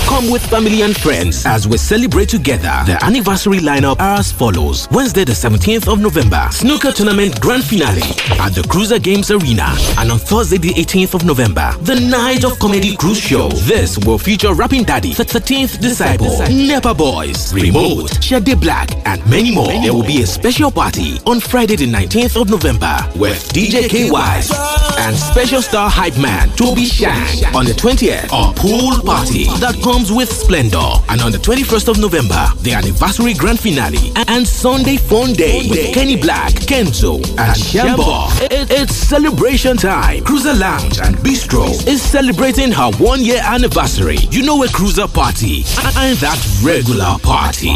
Come with family and friends as we celebrate together. The anniversary lineup are as follows. Wednesday, the 17th of November, Snooker Tournament Grand Finale at the Cruiser Games Arena. And on Thursday, the 18th of November, the Night of Comedy Cruise Show. This will feature Rapping Daddy, The 13th Disciple, Nepa Boys, Remote, Shade Black, and many more. There will be a special party on Friday, the 19th of November with DJ KY and special star hype man Toby Shang on the 20th on Pool Party.com comes with splendor. And on the 21st of November, the anniversary grand finale and Sunday Fun Day with Kenny Black, Kenzo, and Shambo. It's celebration time. Cruiser Lounge and Bistro is celebrating her one year anniversary. You know a cruiser party and that regular party.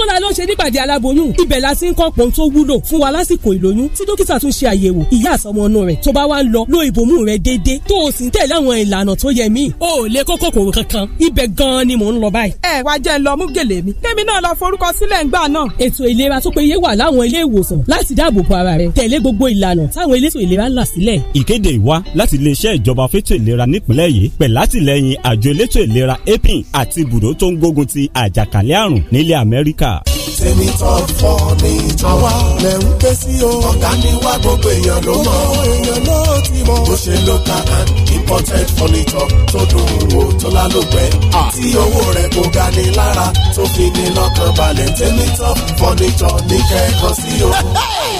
Kọ́lá ló ṣe nípàdé aláboyún ibẹ̀ la ti ń kọ́ pọ́n tó wúlò fún wa lásìkò ìlóyún tí dókítà tún ṣe àyẹ̀wò ìyá àsọmọ inú rẹ̀ tó bá wá ń lọ lo ìbomú rẹ̀ déédé tó o sì ń tẹ̀lé àwọn ìlànà tó yẹ mí. o ò lè kó kòkòrò kankan ibẹ̀ gan-an ni mò ń lọ báyìí. ẹ wá jẹ́ ń lọ mú gèlè mi. tèmi náà lọ forúkọ sílẹ̀ ńgbà náà. ètò ìlera tó péye wà láwọn ilé ìwòsàn láti dáàbò bo ara rẹ tẹ̀lé gbogbo ìlànà táwọn elétò ìlera là sílẹ̀. ìkéde ìwá láti iléeṣẹ́ ìjọba fétò ìlera nípìnlẹ̀ yìí pẹ̀ látìlẹ́yìn àjọ elétò ìlera apin àti ibùdó tó ń gbógun ti àjàkálẹ̀ àrùn nílẹ̀ Amẹ́ríkà Sous-titrage Société Radio-Canada ṣe ní top four ní ìjọba. lẹ̀ ń ké sí o. ọ̀gá ni wá gbogbo èèyàn ló mọ̀. gbogbo èèyàn náà ti mọ̀. bó ṣe local and imported furniture tó dùn wò tó lálòpẹ́. tí owó rẹ̀ kò ga ni lára tó fi ní lọ́kàn balẹ̀ tẹ́mí top furniture ní kẹ́kọ̀ọ́ sí o.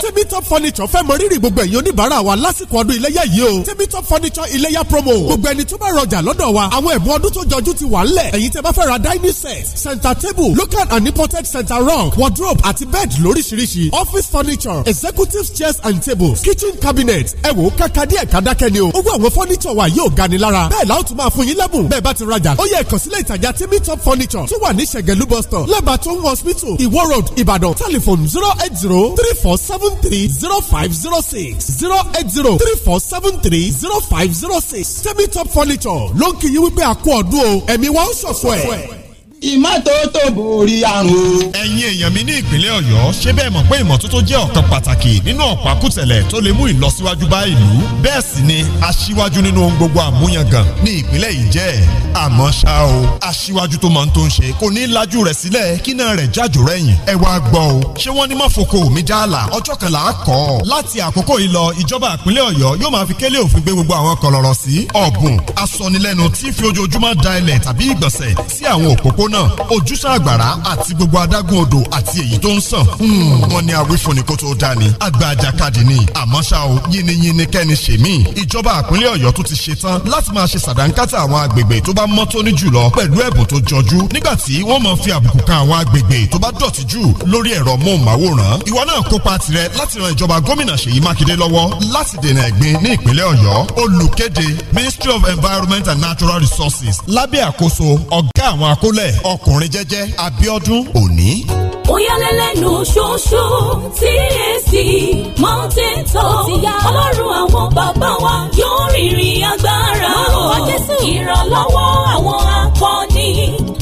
tẹ́mí top furniture fẹ́ mọ rírì gbogbo ẹ̀yin oníbàárà wa lásìkò ọdún iléyà yìí o. tẹ́mí top furniture iléyà promo. gbogbo ẹni tó bá rọjà lọ́dọ̀ wa àwọn ẹ̀bùn ọdún tó jọjú ti wà ńlẹ̀. ẹ̀yin tẹ́ bá fẹ́ ra dining set center table local and imported center round trunk wardrobe àti bed lóríṣiríṣi office furniture executive chairs and tables kitchen cabinet ẹ wò ó kàkà díẹ̀ kàdákẹ́ ni o owó àwọn furniture wa yóò gani lára bẹ́ẹ̀ la ó tún máa fún yín lẹ́bùn bẹ́ẹ̀ bá ti rajà ó yẹ ìkànsílẹ̀ ìtajà timi top furniture tó wà ní sẹ̀gẹ̀lú bus stop lẹ́bàá tó ń hospital ìwó road ìbàdàn telephone zero eight zero three four seven three zero five zero six zero eight zero three four seven three zero five zero six temi top furniture ló ń kí yín wípé àkó ọdún o ẹ̀mí wa ń ṣọ̀fọ̀ ẹ̀ ìmọ́tótó borí àrùn. ẹ̀yin èèyàn mi ní ìpínlẹ̀ ọ̀yọ́ ṣé bẹ́ẹ̀ mọ̀ pé ìmọ́tótó jẹ́ ọ̀kan pàtàkì nínú ọ̀pákùtẹ̀lẹ̀ tó lè mú ìlọsíwájú bá ìlú bẹ́ẹ̀ sì ni aṣíwájú nínú ohun gbogbo àmúyangàn ní ìpínlẹ̀ yìí jẹ́ àmọ́ ṣá o aṣíwájú tó máa ń tó ń ṣe kò ní lajú rẹ̀ sílẹ̀ kí náà rẹ̀ jájò rẹ̀yìn ẹ wá gbọ́ foko mi jáàlà ọjọ́ kẹlà á kọ́ ọ láti àkókò yìí lọ ìjọba ìpínlẹ̀ ọ̀yọ́ yóò máa fi kélé òfin gbé gbogbo àwọn kọlọ̀rọ̀ sí ọ̀bùn asọnilẹ́nu tí fi ojoojúmọ́ òpópónà ojúṣà àgbàrá àti gbogbo adágún odò àti èyí tó ń sàn. Hmm, wọ́n ní awífúnni kó tó dání àgbà àjàkadì ni àmọ́ ṣá o yínníyínní kẹ́ni ṣe mí. ìjọba àpínlẹ̀ ọ̀yọ́ tó ti ṣe tán láti máa ṣe sàdánkátà àwọn agbègbè tó bá mọ́ tóní jùlọ pẹ̀lú ẹ̀bùn tó jọjú nígbà tí wọ́n máa fi àbùkù kan àwọn agbègbè tó bá dọ̀tí jù lórí ẹ̀rọ móhùnmáwòrán. ìwọ náà kópa tirẹ̀ láti ran ìjọba gómìnà Ṣèyí Mákindé lọ́wọ́ láti dènà ẹ̀gbin ní ìpínlẹ̀ ọ̀yọ́ olùkéde Ministry of Environment and Natural Resources lábẹ́ àkóso ọ̀gá àwọn akólẹ̀ ọkùnrin jẹ́jẹ́ Abíọ́dún Òní. Oyalẹ́lẹ́nu ṣoṣo TSC Mountain Top Ọlọ́run àwọn bàbá wa yóò rìnrìn agbára o. Ìrànlọ́wọ́ àwọn akọni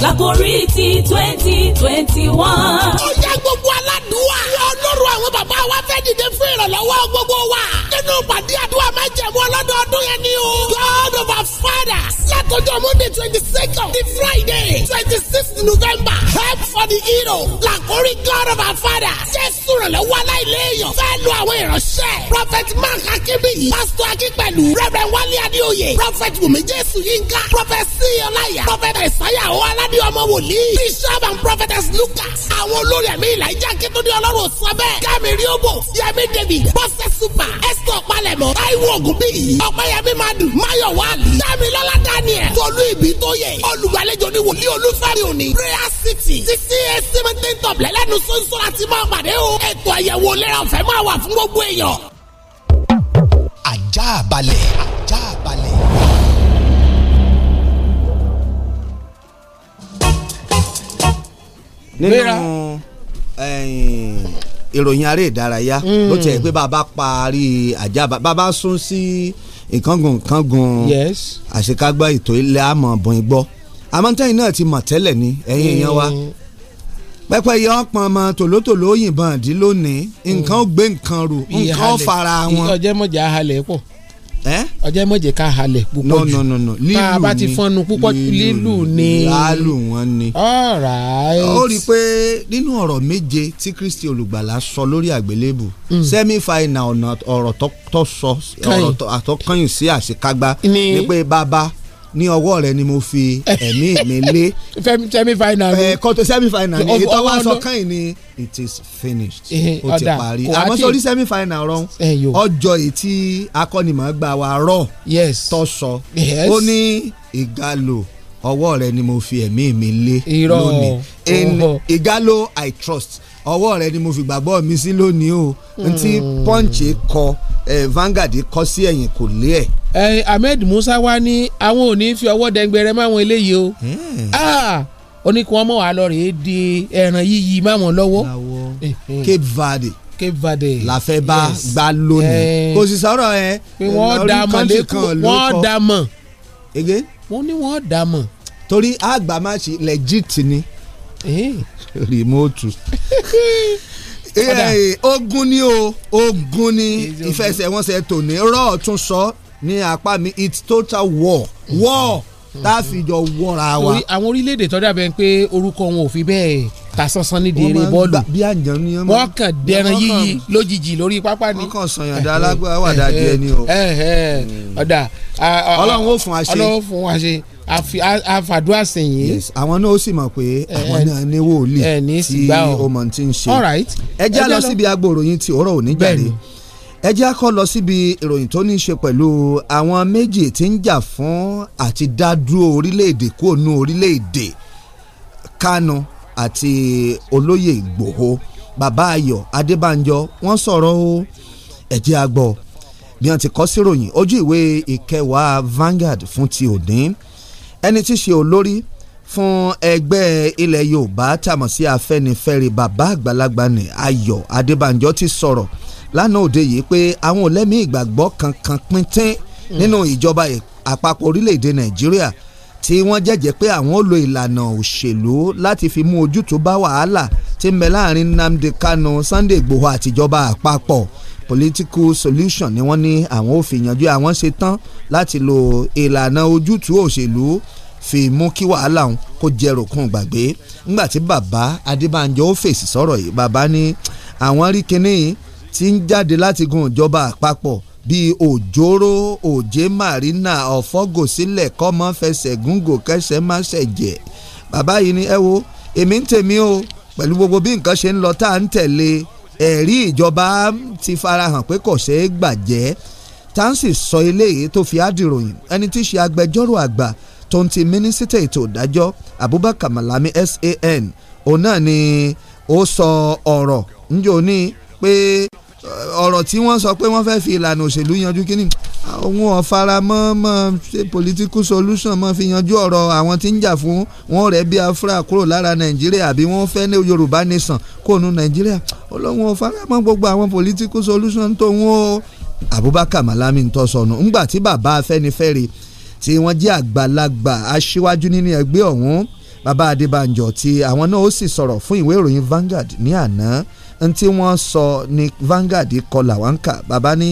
lágorí ti twenty twenty one. Ó yá gbogbo aládùúwà. Ọlọ́run àwọn bàbá wa fẹ́ dìde fún ìrànlọ́wọ́ gbogbo wa. Nínú pàdé àdúrà májẹ̀mú ọlọ́dọọdún yẹn ni o. God of of fathers látọjọ́ monday twenty second the friday 26th november help for the hero làkórí god of our fathers jésù rànlọ́wọ́ aláìléèyàn fẹ́ lu àwọn ìránṣẹ́ prophet mark akínbíyì pastor akínpẹ̀lú reverend wálé Adioye, prophet wùmí Jesu, yínká prophet sí ọláyà prophet Isaiah, ó aládé ọmọ bishop and prophetess lucas àwọn olórí ẹ̀mí ìlà ìjà kíntúndé ọlọ́run sọ bẹ́ẹ̀ kámi rí òbò yẹmi david bọ́sẹ̀ super esther palẹ̀mọ́ táíwò ògùnbíyì ọ̀pẹ́yẹmí madu máyọ̀ wálé Dámilọ́lá Daniel. Tolú ìbí tó yẹ. Olùgbàlejò ni wòlíì olúfẹ́rẹ́ òní. Prayer City ti CAC Mẹ́tẹ́ntọ̀ lẹ́nu sọ́nsọ́ láti máa pàdé o. Ètò àyẹ̀wò lẹ́rọ̀ fẹ́ máa wà fún gbogbo èèyàn. Ajá balẹ̀. Ajá balẹ̀. nínú ìròyìn aré ìdárayá hmm. ló tiẹ̀ pé bàbá parí àjábá bàbá sún sí ìkángun ìkángun àṣekágbá ètò ilẹ̀ àmọ̀ bọ̀ ń gbọ́ náà ti mọ̀ tẹ́lẹ̀ ni ẹ̀yin èèyàn wa mm. pẹ́pẹ́ yẹ ọ̀pọ̀n ọmọ tòlótòló òyìnbọn àdí lónìí nǹkan ó gbé nǹkan rò nǹkan ó fara wọn. ìtọ́jẹ́mọ̀jà halẹ̀ pọ̀ ọjọ́ mọ̀jẹ̀ ká halẹ̀ púpọ̀ jù no no no lílù ni tá ti fọ́nnu púpọ̀ lílù ni láàlù wọn ni. ó rí i pé nínú ọ̀rọ̀ méje tí Kristi olùgbàlà sọ lórí àgbélébù hmm. sẹ́mífàìnà ọ̀nà ọ̀rọ̀ tó sọ ọ̀rọ̀ tó kọ́yìn sí àṣekágbá ni pé bàbá ní ọwọ́ rẹ ni mo fi ẹ̀mí mi lé. semi final ni. kọ́tò semi final ni ètò wa sọ kàn ní it is finished. Eh, eh, ó ti parí àmọ́ sórí semi final rán eh, ọjọ́ ètí akọ́nimọ̀ọ́gbà wa rọ̀ tó sọ ó ní ìgalò ọwọ́ rẹ ni mo fi ẹ̀mí mi lé lónìí ìgalò I trust ọwọ́ rẹ ni mo fi gbàgbọ́ mi sí lónìí o ntí hmm. punch kọ Vanguard kọ sí ẹ̀yìn kò lé ẹ̀. Ahmed Musa wa ni àwọn ò ní fi ọwọ́ dẹngbẹrẹ máwọn eléyìí o hmm. ah! ó ní kí wọ́n mọ̀ wá lọ rèé di ẹran yíyí máwọn lọ́wọ́. Cape Verde Cape Verde la fẹ́ bá gbá lónìí kò sì sọ̀rọ̀ ẹ lórí kan ló kọ́ wọ́n dà mọ̀ wọ́n ní wọ́n dà mọ̀. torí àgbà máa ṣe legit ni. Eh? rìmóòtù eh, ogun ni o ogun ni ìfẹsẹ̀wọnsẹ̀ tòní rọ́ọ̀ tún sọ ní apá mi it's total war war mm-hmm. tá a fi jọ wọ́ra wa. àwọn orílẹ̀-èdè tó dàbẹ̀ pé orúkọ wọn ò fi bẹ́ẹ̀ ta sansan ní dèrè bọ́ọ̀lù wọ́n kàn dẹran yíyí lójijì lórí pápá ni. wọ́n kàn sọ̀yàndà alágbára wà dáadé ẹni o. ọ̀dà ọlọ́run ó fún wa ṣe. ọlọ́run ó fún wa ṣe àfàdúrà sẹ́yìn. yes àwọn náà ó sì mọ̀ pé àwọn náà ní wòlíì tí ọmọ ti ń ṣe. all right ẹ jẹ́ lọ síbi agbóròyìn tí ọ̀rọ̀ òní jàre ẹ jẹ́ kọ́ lọ síbi ìròyìn tó ní í ṣe pẹ̀lú àwọn méjì tí ń jà fún àti dádúró orílẹ̀-èdè kó nu orílẹ̀-èdè Kánú àti olóyè Ìgbòho bàbá Ayọ̀ Adébánjọ wọ́n sọ̀rọ̀ o ẹ jẹ́ a bí wọ́n ti kọ sí ìròyìn ojú ìwé ìkẹwàá Vanguard fún ti òní ẹni tí í ṣe olórí fún ẹgbẹ́ ilẹ̀ yorùbá tàmọ̀ sí afẹ́nifẹ́re bàbá àgbàlagbà ní ayọ̀ adébànjọ ti sọ̀rọ̀ lánàá òde yìí pé àwọn ò lẹ́mìí ìgbàgbọ́ kankan píntín nínú ìjọba àpapọ̀ orílẹ̀-èdè nàìjíríà tí wọ́n jẹ́jẹ́ pé àwọn ò lo ìlànà òṣèlú láti fi mú ojútùú bá wàhálà tí ń bẹ láàrin nnamdi kanu sunday igbòho àtijọba àpapọ̀ political solution ni wọ́n ní àwọn ò fi yanjú àwọn ṣe tán láti lo ìlànà ojútùú òṣèlú fi mú kí wàhálà òun kó jẹrò kún gbàgbé ńgbà tí bàbá Adébánjọ ó fèsì sọ̀rọ̀ yìí bàbá ní àwọn rí kinní tí ń jáde láti gun ìjọba àpapọ̀ bíi òjòrò òjé marina ọ̀fọ́gòsílẹ̀ kọ́mọ fẹsẹ̀ gúngò kẹsẹ̀ má ṣẹ̀jẹ̀ bàbá yìí ni ẹ wo èmi ń tèmi o pẹ̀lú gbogbo bí nǹkan ṣe ń lọ tá à ń tẹ̀lé ẹ̀rí ìjọba ti farahàn pé kò ṣeé gbàjẹ́ tansi sọ eléyìí tó fi àdìròyìn ẹni tí í ṣe agbẹjọ́rò àgbà tó ń ti mínísítà ètò ìdájọ́ Abubakar Malami SAN òun náà ni ó sọ ọ̀rọ̀ níjó ní pé ọ̀rọ̀ tí wọ́n sọ pé wọ́n fẹ́ fi ìlànà òṣèlú yanjú kínní òun ọ̀fara mọ́ mọ́ ṣe political solution mọ́ fi yanjú ọ̀rọ̀ àwọn tí ń jà fún wọn rẹ̀ bí afra kúrò lára nàìjíríà àbí wọ́n fẹ́ ní yorùbá nation kó nu nàìjíríà olóhùn ọ̀fara mọ́ gbogbo àwọn political solution tó ń wọ́n abubakar malami ń tọ́ sọnù ńgbà tí bàbá afẹ́nifẹ́re tí wọ́n jẹ́ àgbàlagbà aṣíwájú nínú ẹgbẹ́ ọ̀hún bàbá adébánjọ tí àwọn náà ó sì sọ̀rọ̀ fún ìwé ìròyìn Vanguard ní àná ntí wọ́n sọ ní Vanguard kọlà wáńkà bàbá ní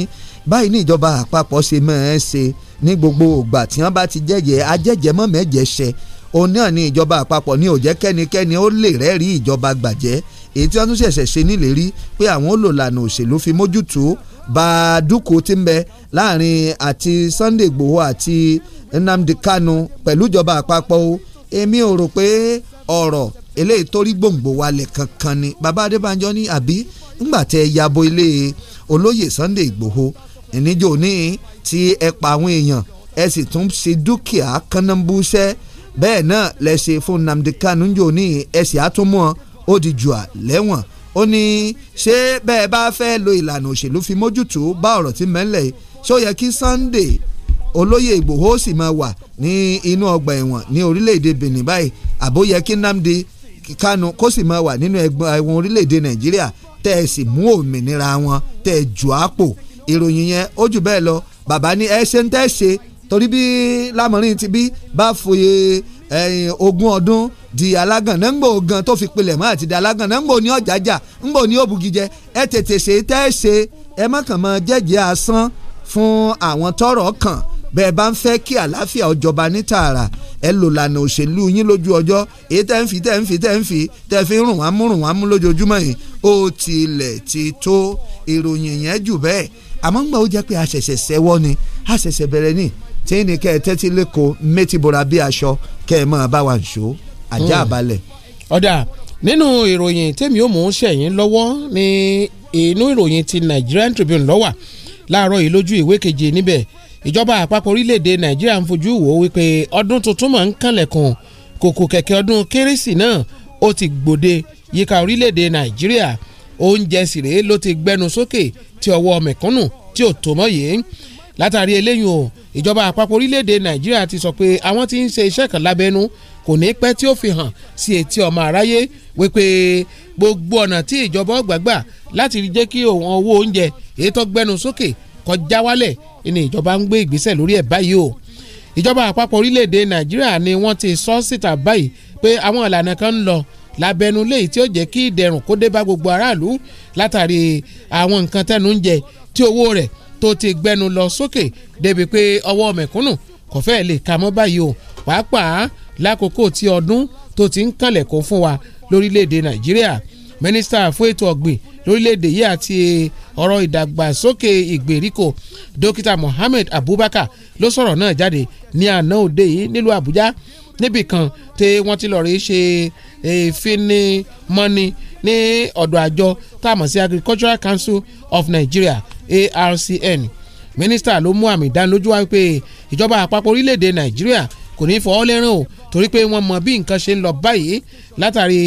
báyìí ní ìjọba àpapọ̀ ṣe máa ń ṣe ní gbogbo ìgbà tí wọ́n bá ti jẹ́jẹ́ ajẹ́jẹ́ mọ́ mẹ́jẹ́ ṣẹ òun náà ní ìjọba àpapọ̀ ní òjẹ́ kẹ́nikẹ́ni ó lè rẹ́rìí ìjọba gbàjẹ́ èyí tí wọ́n tún ṣẹ̀ṣẹ̀ ṣe nílérí pé àwọn ó lò lànà òṣèlú fi mójútó bá a dúkò tí ń bẹ láàrin àti Sunday Igboho àti Nnamdi Kanu pẹ̀lú ìjọba àpapọ̀ o èmi ò rò pé ọ̀rọ̀ eléyìí torí gbòǹgbò walẹ̀ kankan ni bàbá Adébánjọ ní àbí ńgbà tẹ yabo ilé olóyè Sunday Igboho níjó ní tí ẹ pa àwọn èèyàn ẹ sì tún ṣe dúkìá kánnábúṣẹ́ bẹ́ẹ̀ náà lẹ ṣe fún Nnamdi Kanu níjó ní ẹ sì á ó di jù à lẹ́wọ̀n ó ní ṣé bẹ́ẹ̀ bá fẹ́ lo ìlànà òṣèlú fi mójútó bá ọ̀rọ̀ tí mẹ́lẹ̀ ṣé ó yẹ kí Sunday olóyè Ìgbòho sì máa wà ní inú ọgbà ẹ̀wọ̀n ní orílẹ̀-èdè Benin báyìí àbóyẹ kí Nnamdi Kanu kó sì máa wà nínú ẹgbẹ́ ẹ̀wọ̀n orílẹ̀-èdè Nàìjíríà tẹ́ ẹ sì mú òmìnira wọn tẹ́ ẹ jù àpò ìròyìn yẹn ó jù bẹ́ẹ̀ lọ bàbá ní ẹ ṣe ń tẹ́ torí bí lámọ̀rin ti bí bá foyè ẹ̀yìn ogún ọdún di alágànná ńgbò gan tó fi pilẹ̀ mọ́ àti di alágànná ńgbò ní ọ̀jájà ńgbò ní òbúgijẹ ẹ tètè ṣe tẹ́ ẹ ṣe ẹ má kàn mọ́ jẹ́jẹ́ asán fún àwọn tọ́rọ̀ kàn bẹ́ẹ̀ bá ń fẹ́ kí àlàáfíà ó ní tààrà ẹ lò lànà òṣèlú yín lójú ọjọ́ èyí tẹ́ ń fi tẹ́ ń fi tẹ́ ń fi tẹ́ fi rùn wá mú rùn wá mú lójoojúmọ́ yìí ó tilẹ̀ ti tó ìròyìn yẹn jù bẹ́ẹ̀ àmọ́ ń gbà ó jẹ́ pé a ṣẹ̀ṣẹ̀ ṣẹ́wọ́ ni a ṣẹ̀ṣẹ̀ bẹ̀rẹ̀ ni tí ní kẹ́ ẹ tẹ́tí lẹ́kọ̀ọ́ méjì bora bí aṣọ kẹ́ ẹ máa bá wa ṣó ajá àbálẹ̀. Hmm. ọ̀dà nínú ìròyìn tèmi ò mú sẹ́yìn lọ́wọ́ ní inú ìròyìn ti Nigerian Tribune lọ́wà láàárọ̀ yìí lójú ìwé keje níbẹ̀ ìjọba àpapọ̀ orílẹ̀-èdè Nigeria ń fojú wò ó wípé ọdún tuntun máa ń kànlẹ̀kùn kòkò kẹ̀kẹ́ ọdún kérésì náà ó ti gbòde yíká orílẹ̀-èdè Nàìjíríà oúnjẹ sì rèé ló ti gbẹnu sókè tí ọwọ́ mẹ̀kúnnù tí ò tó mọ́ yìí látàrí eléyìí o ìjọba àpapọ̀ orílẹ̀-èdè nàìjíríà ti sọ pé àwọn tí ń ṣe iṣẹ́ kan lábẹ́nú kò ní pẹ́ tí ó fi hàn sí etí ọmọ aráyé wípé gbogbo ọ̀nà tí ìjọba ọ̀gbàgbà láti jẹ́ kí òun owó oúnjẹ èyí tó gbẹnu sókè kọjá wálẹ̀ ni ìjọba ń gbé ìgbésẹ̀ lórí ẹ̀ báyìí o ìjọba àpapọ̀ orílẹ̀-èdè nàìjíríà ni wọ́n ti sọ síta báyìí pé àwọn ìlànà kan ń lọ lábẹ́nu léyìí tí ó jẹ́ kí ìdẹ̀rùn kó dé bá gbogbo aráàlú látàrí àwọn nǹkan tẹ́nu ń jẹ tí owó rẹ̀ tó ti gbẹnu lọ sókè débi pé ọwọ́ mẹ̀kúnnù kò fẹ́ lè ka mọ́ báyìí o pàápàá lákòókò tí ọdún tó ti ń kànlẹ̀ kó fún wa lórílẹ̀‐èdè nàìjíríà mínísítà fún ètò ọ̀gbìn lórílẹ̀‐èdè yìí àti ọ̀rọ̀ ìdàgbàsókè ìgbèríko dókítà mohammed abubakar ló sọ̀rọ̀ náà jáde ní àná òde yìí nílùú àbújá níbì kan tí wọ́n ti lọ rí ṣe ìfinimọ́ni e, ní ọ̀dọ̀ àjọ tá sí Agricultural Council of Nigeria ARCN mínísítà ló mú àmì ìdánilójú wá pé ìjọba àpapọ̀ orílẹ̀-èdè Nàìjíríà kò ní fọwọ́ lẹ́rìn o torí pé wọ́n mọ bí nǹkan ṣe ń lọ báyìí látàrí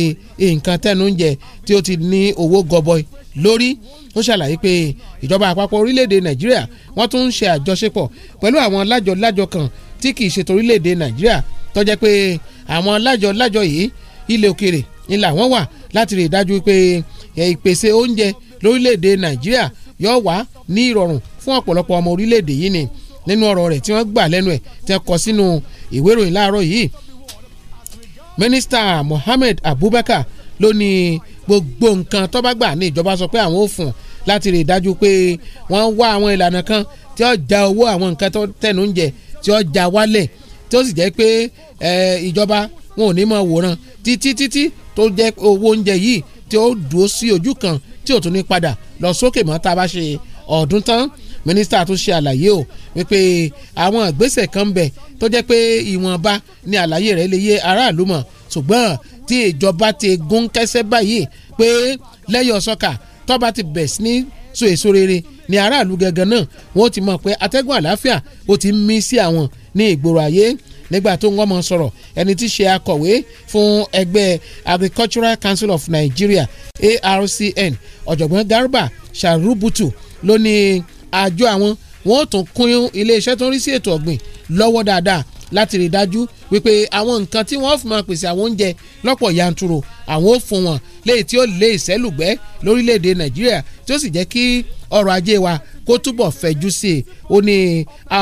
nǹkan tẹ́nu ń jẹ tí ó ti ní owó gọbọi lórí ó ṣàlàyé pé ìjọba àpapọ̀ orílẹ̀-èdè nàìjíríà wọ́n tún ń ṣe àjọṣepọ̀ pẹ̀lú àwọn lájọ-lájọ kan tí kì í ṣe torílẹ̀-èdè nàìjíríà tó jẹ́ pé àwọn lájọ-lájọ yìí ilẹ̀ òkèrè ni làwọn wà láti rí i dájú pé ìpèsè oúnjẹ lórílẹ̀-èdè nàìjíríà yóò wá ní ìrọ̀rùn fún ọ̀pọ̀lọpọ̀ ọmọ orílẹ̀-èdè yìí ni nínú ọ̀rọ̀ rẹ̀ tí wọ́n gbà lẹ́nu ẹ̀ tẹ́ kọ sínú ìwé ìròyìn láàárọ̀ yìí mínísítà Mohammed Abubakar ló ní gbogbo nǹkan tó bá gbà ní ìjọba sọ pé àwọn ò fún láti rí i dájú pé wọ́n wá àwọn ìlànà kan tí ó ja owó àwọn nǹkan tó tẹnu ń jẹ tí ó ja wálẹ̀ tí ó sì jẹ́ pé ìjọba wọn ò ní mọ̀ wòran títí títí tó jẹ́ owó oúnjẹ yìí tí ó dúró sí ojú kan tí ò tún ní padà lọ sókè mọ́ tá a bá ṣe ọdún tán mínísítà tún ṣe àlàyé o wípé àwọn ìgbésẹ̀ kan ń bẹ tó jẹ́ pé ìwọ̀nba ni àlàyé rẹ̀ lè yé aráàlú mọ̀ ṣùgbọ́n tí ìjọba ti gún kẹ́sẹ́ báyìí pé lẹ́yìn ọ̀sọ́kà ti bẹ̀ ní so èso rere ní aráàlú gangan náà wọ́n ti mọ̀ pé atẹ́gùn àlàáfíà ó ti mí sí àwọn ní ìgboro ayé nígbà tó ń wọ́n mọ̀ sọ̀rọ̀ ẹni tí ṣe akọ̀wé fún ẹgbẹ́ Agricultural Council of Nigeria ARCN ọ̀jọ̀gbọ́n Garba Sharubutu ló ní àjọ àwọn wọ́n tún kún iléeṣẹ́ tó ń rí sí ètò ọ̀gbìn lọ́wọ́ dáadáa láti rí dájú wípé àwọn nǹkan tí wọ́n fi máa pèsè àwọn oúnjẹ lọ́pọ̀ yanturu àwọn ò fún wọn léyìí tí ó lé ìṣẹ́lùgbẹ́ lórílẹ̀‐èdè nàìjíríà tí ó sì jẹ́ kí ọrọ̀ ajé wa kó túbọ̀ fẹ̀jú sí i ó ní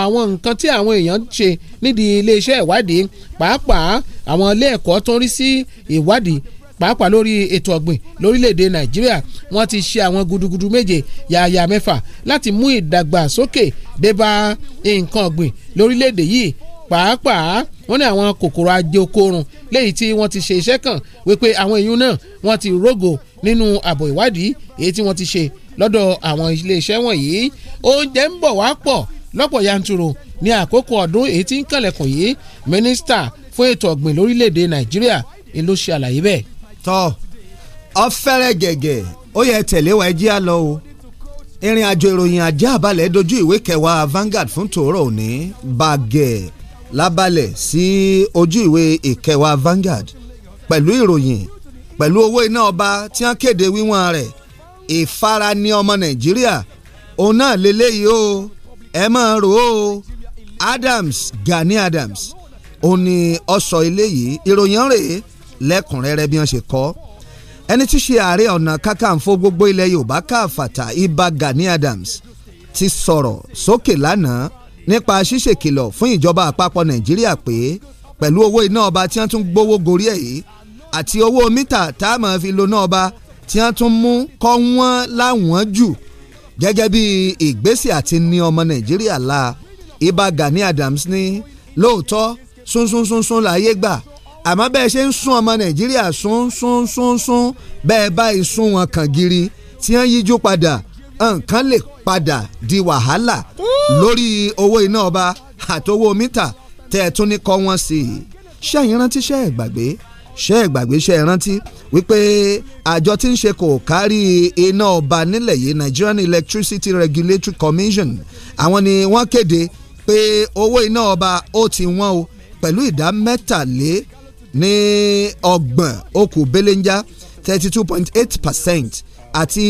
àwọn nǹkan tí àwọn èèyàn ń ṣe nídìí iléeṣẹ́ ìwádìí pàápàá àwọn ilé ẹ̀kọ́ tó ń rí sí ìwádìí pàápàá lórí ètò ọ̀gbìn lórílẹ̀‐èdè nàìjíríà wọ́n ti ṣe àwọn gudugudu méje yàyà mẹ́fà láti mú ìdàgbàsókè débá nǹkan ọ̀gbìn lórílẹ̀‐èdè yìí pàápàá wọ́n ní àwọn kòkòrò ajẹokorun léyìí tí wọ́n ti ṣe iṣẹ́ kan wípé àwọn èèyàn náà wọ́n ti rògò nínú àbọ̀ ìwádìí èyí tí wọ́n ti ṣe lọ́dọ̀ àwọn iléeṣẹ́ wọ̀nyí oúnjẹ ń bọ̀ wá pọ̀ lọ́pọ̀ yanturu ní àkókò ọdún èyí tí ń kànlẹ̀kùn yìí mínísítà fún ètò ọ̀gbìn lórílẹ̀‐èdè nàìjíríà ni ló ṣe àlàyé bẹ́ẹ̀. tọ́ ọ̀fẹ́rẹ́ gẹ̀gẹ̀ ó yẹ tẹ̀lé wa ẹjí á lọ o ìrìn àjò ìròyìn ajá àbálẹ̀ dojú ìwé kẹwàá Vanguard fún tòórọ́ òní bàgẹ́ lábalẹ̀ sí ojú ìwé ìkẹwàá Vanguard pẹ̀lú ìròyìn pẹ̀lú owó iná ọba tí wọ́n kéde wíwọ́n rẹ̀ ìfarani ọmọ Nàìjíríà òun náà lélẹ́yìí o ẹ máa rò ó Adams Gani Adams òun ni ọ̀sọ̀ eléyìí ìròyìn rèé lẹ́kùnrẹ́rẹ́ bí wọ́n ṣe kọ́ ẹni tí ṣe ààrẹ ọ̀nà kákàǹfò gbogbo ilẹ̀ Yorùbá káfàtà Ìbà Gani Adams ti sọ̀rọ̀ sókè lánàá nípa ṣíṣèkìlọ̀ fún ìjọba àpapọ̀ nàìjíríà pé pẹ̀lú owó iná ọba tí wọ́n tún gbowó gorí ẹ̀ yìí àti owó mítà tá a máa fi lo náà ọba tí wọ́n tún mú kọ́ wọ́n láwọn jù gẹ́gẹ́ bí ìgbésẹ̀ àti ní ọmọ nàìjíríà la ibà Gani Adams ní lóòótọ́ súnsúnsúnsún láyé gbà àmọ́ bẹ́ẹ̀ ṣe ń sún ọmọ nàìjíríà súnsúnsúnsún bẹ́ẹ̀ báyìí sún wọn kàn gírí tí wọ́n yíjú padà nǹkan lè padà di wàhálà lórí owó iná ọba àtowó mítà tẹ́ ẹ tún ní kọ́ wọn sí i ṣé ẹ̀yin rántí ṣé ẹ̀ gbàgbé ṣé ẹ̀ gbàgbé ṣé ẹ̀ rántí wípé àjọ tí ń ṣe kò kárí iná ọba nílẹ̀ yìí Nigerian Electricity Regulatory Commission àwọn ni wọ́n kéde pé owó iná ọba ó ti wọ́n o pẹ̀lú ìdá mẹ́tàlé ní ọgbọ̀n ó belenja thirty two point eight percent àti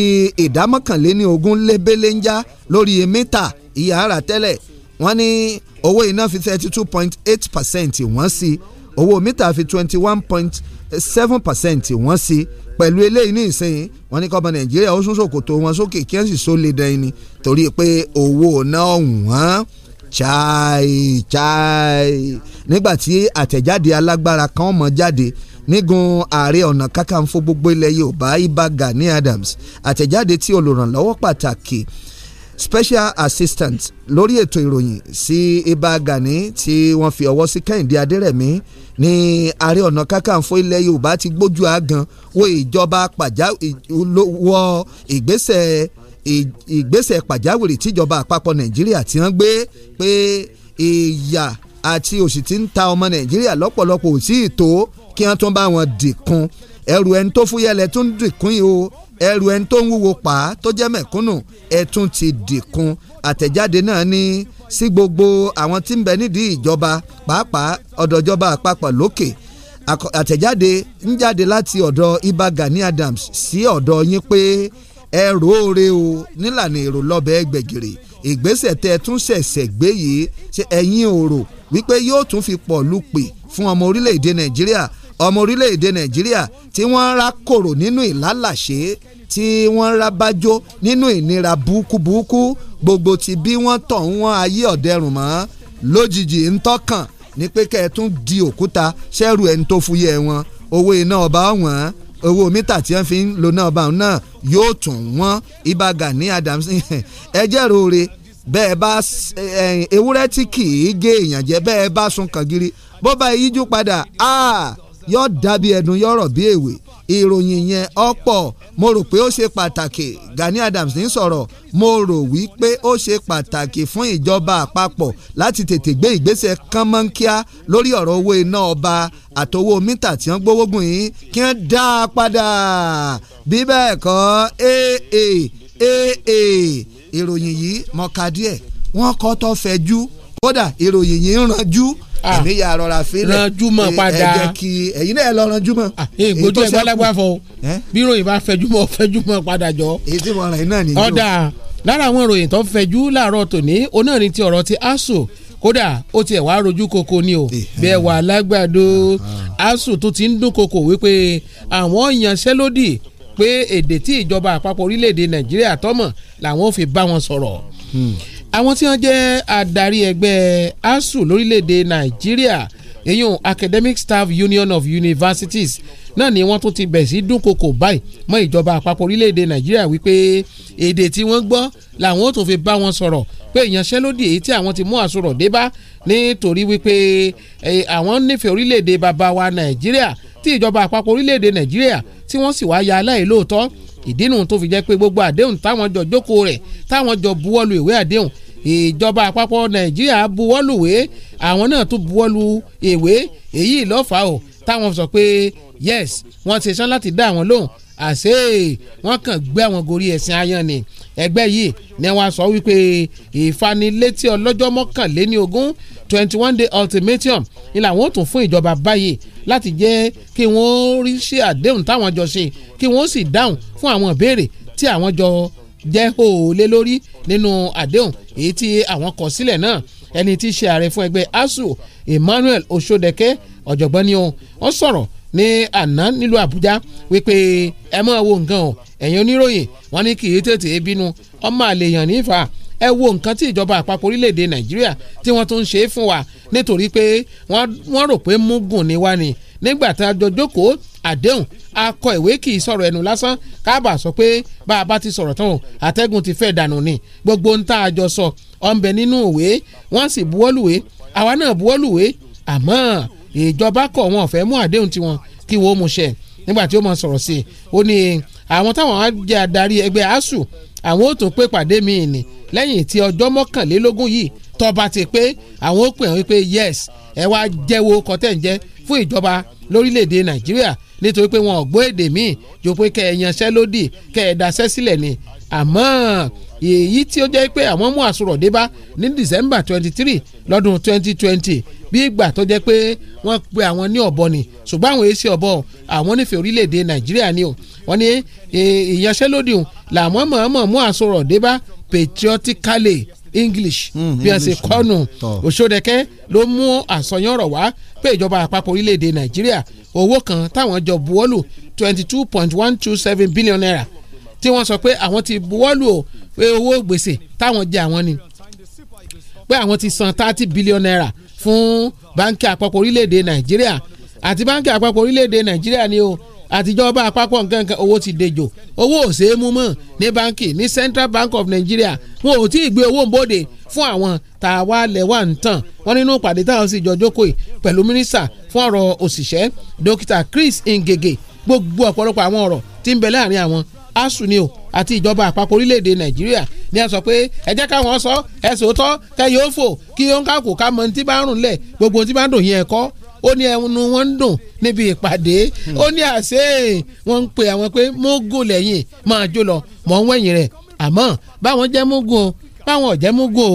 ìdá mọ́kànléní ogún lébeléńjá lórí mítà ìyá ara tẹ́lẹ̀ wọ́n ní owó iná fi thirty two point eight percent wọ́n sí owó mítà fi twenty one point seven percent wọ́n sí pẹ̀lú eléyìí ní ìsìn wọ́n ní kọ́mọ nàìjíríà ó sún ṣòkòtò wọn sókè kí wọ́n sì so lè dẹ́yìn torí pé owó náà wọ́n chai chai nígbà tí àtẹ̀jáde alágbára kan mọ̀ jáde nígun ààrẹ ọ̀nà kakanfò gbogbo ilẹ̀ yorùbá ibà Gani Adams àtẹ̀jáde tí olùrànlọ́wọ́ pàtàkì special assistant lórí ètò ìròyìn sí ibà Gani tí wọ́n fi ọwọ́ sí kẹ́hìndé adẹ́rẹ̀mí ní ààrẹ ọ̀nà kakanfò ilẹ̀ yorùbá ti gbójú àgàn wo ìjọba pàjáwò wọ ìgbésẹ̀ ìgbésẹ̀ pàjáwìrì tíjọba àpapọ̀ nàìjíríà ti hàn gbé pé ìyà àti òṣì tí ń ta ọmọ nàìjíríà lọ́pọ̀lọpọ̀ ò tí ì tó kí wọ́n tún bá wọn dìkun ẹrù ẹni tó fúyẹ́lẹ̀ tún dìkun yìí o ẹrù ẹni tó ń wúwo pa tó jẹ́ mẹ̀kúnnù ẹ̀ tún ti dìkun àtẹ̀jáde náà ní sí gbogbo àwọn tí ń bẹ nídìí ìjọba pàápàá ọ̀dọ̀jọba àpapọ̀ lókè àtẹ̀jáde ń jáde láti ọ̀dọ̀ Iba Gani Adams sí ọ̀dọ̀ yín pé ẹ róore o nílànà èrò lọ́bẹ̀ ẹgbẹ̀gìrì ìgbésẹ̀ tẹ́ tún ṣẹ̀ṣẹ̀ gbé yìí ṣe ẹ̀yìn òrò wípé yóò tún fi pọ̀ lùpè fún ọmọ orílẹ̀-èdè nàìjíríà ọmọ orílẹ̀-èdè nàìjíríà tí wọ́n ra kòrò nínú ìlálàṣe tí wọ́n ra bájó nínú ìnira búkúbúkú gbogbo ti bí wọ́n tọ̀ ń wọ́n ayé ọ̀dẹrùn mọ́ lójijì ń tọ́kàn ní pé kẹ́ ẹ tún di òkúta ṣẹ́rù ẹni tó fúyẹ́ wọn owó iná ọba wọn owó mítà tí wọ́n fi ń lo náà báwọn náà yóò tún wọ́n Ìbà Gani Adams ẹjẹ́ roore bẹ́ẹ̀ bá ewúrẹ́ tí kì í gé èèyàn jẹ bẹ́ẹ̀ bá sun kàngiri bó bá yíjú padà Ah, yọ dàbí ẹ̀dùn yọ̀rọ̀ bí èwe ìròyìn yẹn ọ̀pọ̀ mo rò pé ó ṣe pàtàkì Gani Adams ń sọ̀rọ̀ mo rò wípé ó ṣe pàtàkì fún ìjọba àpapọ̀ láti tètè gbé ìgbésẹ̀ kánmọ́nkíá lórí ọ̀rọ̀ owó iná ọba àtowó mítà tí wọ́n gbówógùn yìí kí wọ́n dá a padà bí bẹ́ẹ̀ kọ́ aa aa ìròyìn yìí mọ̀ọ́ká díẹ̀ wọ́n kọ́ tó fẹ́ jú kódà ìròyìn yìí ń ranjú ah. èmi yà rọra fílẹ̀ ranjú mọ̀ padà ẹ jẹ́ kí ẹ̀yin náà lọ ranjú mọ̀. ìgbójú ah, ẹgbẹ́ alágbàfọ̀ bí ìròyìn bá fẹjú mọ̀ fẹjú mọ̀ padà jọ. èyí mo ràn yín náà nìyí o. ọ̀dà lára àwọn ìròyìn tó fẹjú láàárọ̀ tòní onáàrin ti ọ̀rọ̀ ti aso kódà ó tiẹ̀ wá rojú koko ni o eh, bẹ́ẹ̀ wà eh. lágbàdo aso ah, tó ti ń dún koko wípé àwọn ìyanṣẹ́lódì pé èdè tí ìjọba àpapọ̀ orílẹ̀-èdè nàìjíríà tọ́mọ̀ làwọn ò fi bá wọn sọ̀rọ̀ hmm àwọn tí wọ́n jẹ́ adarí ẹgbẹ́ ASUU lórílẹ̀‐èdè Nàìjíríà èyàn Academic Staff Union of Universities náà ni wọ́n tún ti bẹ̀ sí dúnkokò báyìí mọ́ ìjọba àpapọ̀ orílẹ̀‐èdè Nàìjíríà wípé èdè tí wọ́n gbọ́ làwọn ò tó fi bá wọn sọ̀rọ̀ pé ìyanṣẹ́lódì èyí tí àwọn ti mú àsọ̀rọ̀ dé bá nítorí wípé àwọn nífẹ̀ẹ́ orílẹ̀‐èdè bàbá wa Nàìjíríà tí ìjọba àpapọ̀ orílẹ̀‐èdè Nàìjíríà tí wọ́n sì wá ya aláìlóòótọ́ ìdínú tó fi jẹ́ pé gbogbo àdéhùn táwọn jọ jókòó rẹ̀ táwọn jọ buwọ́lu ìwé àdéhùn ìjọba àpapọ̀ nàìjíríà buwọ́lùwé àwọn náà tún buwọ́lù ìwé èyí lọ́fàá o táwọn sọ pé yes wọ́n ti sán láti dá àwọn lóhùn àṣé wọ́n kàn gbé àwọn gorí ẹ̀sìn ayan ni ẹgbẹ́ yìí ni wọ́n sọ wípé ìfanilétí ọlọ́jọ́ mọ́kànléní ogún twenty one day ultimatum ni làwọn ò tún fún ìjọba báyìí láti jẹ́ kí wọ́n rí ṣe àdéhùn táwọn jọ ṣe kí wọ́n sì dáhùn fún àwọn ìbéèrè tí àwọn jọ jẹ́ òòlé lórí nínú àdéhùn èyí tí àwọn kọ sílẹ̀ náà ẹni tí í ṣe ààrẹ fún ẹgbẹ́ ASUU Emmanuel Osodeke ọ̀jọ̀gbọ́n ni ó sọ̀rọ̀ ní àná nílùú Àbújá wípé ẹ mọ̀ wo nǹkan o ẹ̀yin oníròyìn wọn ní kì í tètè bínú ọmọ àlèyàn nífà ẹ wo nǹkan tí ìjọba àpapọ̀ orílẹ̀-èdè Nàìjíríà tí wọ́n tún ṣe é fún wa nítorí pé wọ́n rò pé múgùn ni wá ni nígbà tá a jọ jókòó àdéhùn akọ ìwé kì í sọ̀rọ̀ ẹnu lásán káàbà sọ pé bá a bá ti sọ̀rọ̀ tán o àtẹ́gùn ti fẹ́ dànù ni gbogbo ń tá a jọ sọ ọ̀nbẹ nínú ìwé wọ́n sì buwọ́lùwé àwa náà buwọ́lùwé àmọ́ ìjọba kọ̀ wọn ò fẹ́ mú àdéhùn tiwọn kí wọ́n mú ṣẹ nígbà tí ó mọ sọ̀rọ̀ sí i ó ní àwọn táwọn jẹ́ adarí ẹgbẹ́ asuu àwọn ò tún pé pàdé mi ìní lẹ́yìn tí ọjọ́ mọ́kànlélógún yìí tó bá ti pé àwọn ó pè wọ́n pé yes ẹ wá jẹ́wọ́ kọ́tẹ́ ń fún ìjọba lórílẹ̀‐èdè nàìjíríà nítorí pé wọn ò gbọ́ èdè míì jò pé kẹ́ ẹ yanṣẹ́ lódì kẹ́ ẹ daṣẹ́ sílẹ̀ ni àmọ́ èyí tí ó jẹ́ pé àwọn mú àsùrọ̀ dé bá ní december twenty three lọ́dún twenty twenty bí ìgbà tó jẹ́ pé wọ́n pe àwọn ní ọ̀bọ ni ṣùgbọ́n àwọn èsì ọ̀bọ àwọn nífẹ̀ẹ́ orílẹ̀‐èdè nàìjíríà ni o wọ́n ní ìyanṣẹ́lódì làwọn mọ̀ọ́mọ̀ mú àsùrọ̀ dé bá patriotically english hmm, bí wọ́n ṣe kọ́nù òṣòdẹ̀kẹ́ ló mú àsọyànrọ̀ wá pé ìjọba àpapọ̀ orílẹ̀-èdè nàìjíríà owó kan táwọn jọ buwọ́lù twenty two point one two seven billion naira tí wọ́n sọ pé àwọn ti buwọ́lù o pé owó gbèsè táwọn jẹ àwọn ni pé àwọn ti san thirty billion naira fún báńkì àpapọ̀ orílẹ̀-èdè nàìjíríà àti báńkì àpapọ̀ orílẹ̀-èdè nàìjíríà ni o àtijọba àpapọ̀ nǹkan kan owó ti dejò owó ò ṣeé mú mọ́ ní báńkì ní Central Bank of Nigeria wọn ò tí ì gbé owó ń bòde fún àwọn tá a wá lẹ̀ wá ń tàn wọ́n nínú ìpàdé táwọn sì jọ jókòó yìí pẹ̀lú mínísítà fún ọ̀rọ̀ òṣìṣẹ́ dókítà Chris Ngege gbogbo ọ̀pọ̀lọpọ̀ àwọn ọ̀rọ̀ tí ń bẹ láàrin àwọn ASUU o àti ìjọba àpapọ̀ orílẹ̀-èdè Nàìjíríà ni a sọ pé ẹ jẹ́ káwọn sọ ẹ sòótọ́ kẹ yóò fò kí ó ń kákò ká mọ ní tí bá ń rùn lẹ̀ gbogbo tí bá ń dòyìn ẹ̀kọ́ ó ní ẹnu wọn ń dùn níbi ìpàdé ó ní àṣẹ wọn ń pe àwọn pé mógò lẹ́yìn máa jó lọ mọ̀ ń wẹ̀yìn rẹ̀ àmọ́ báwọn jẹ́ mógò báwọn ò jẹ́ mógò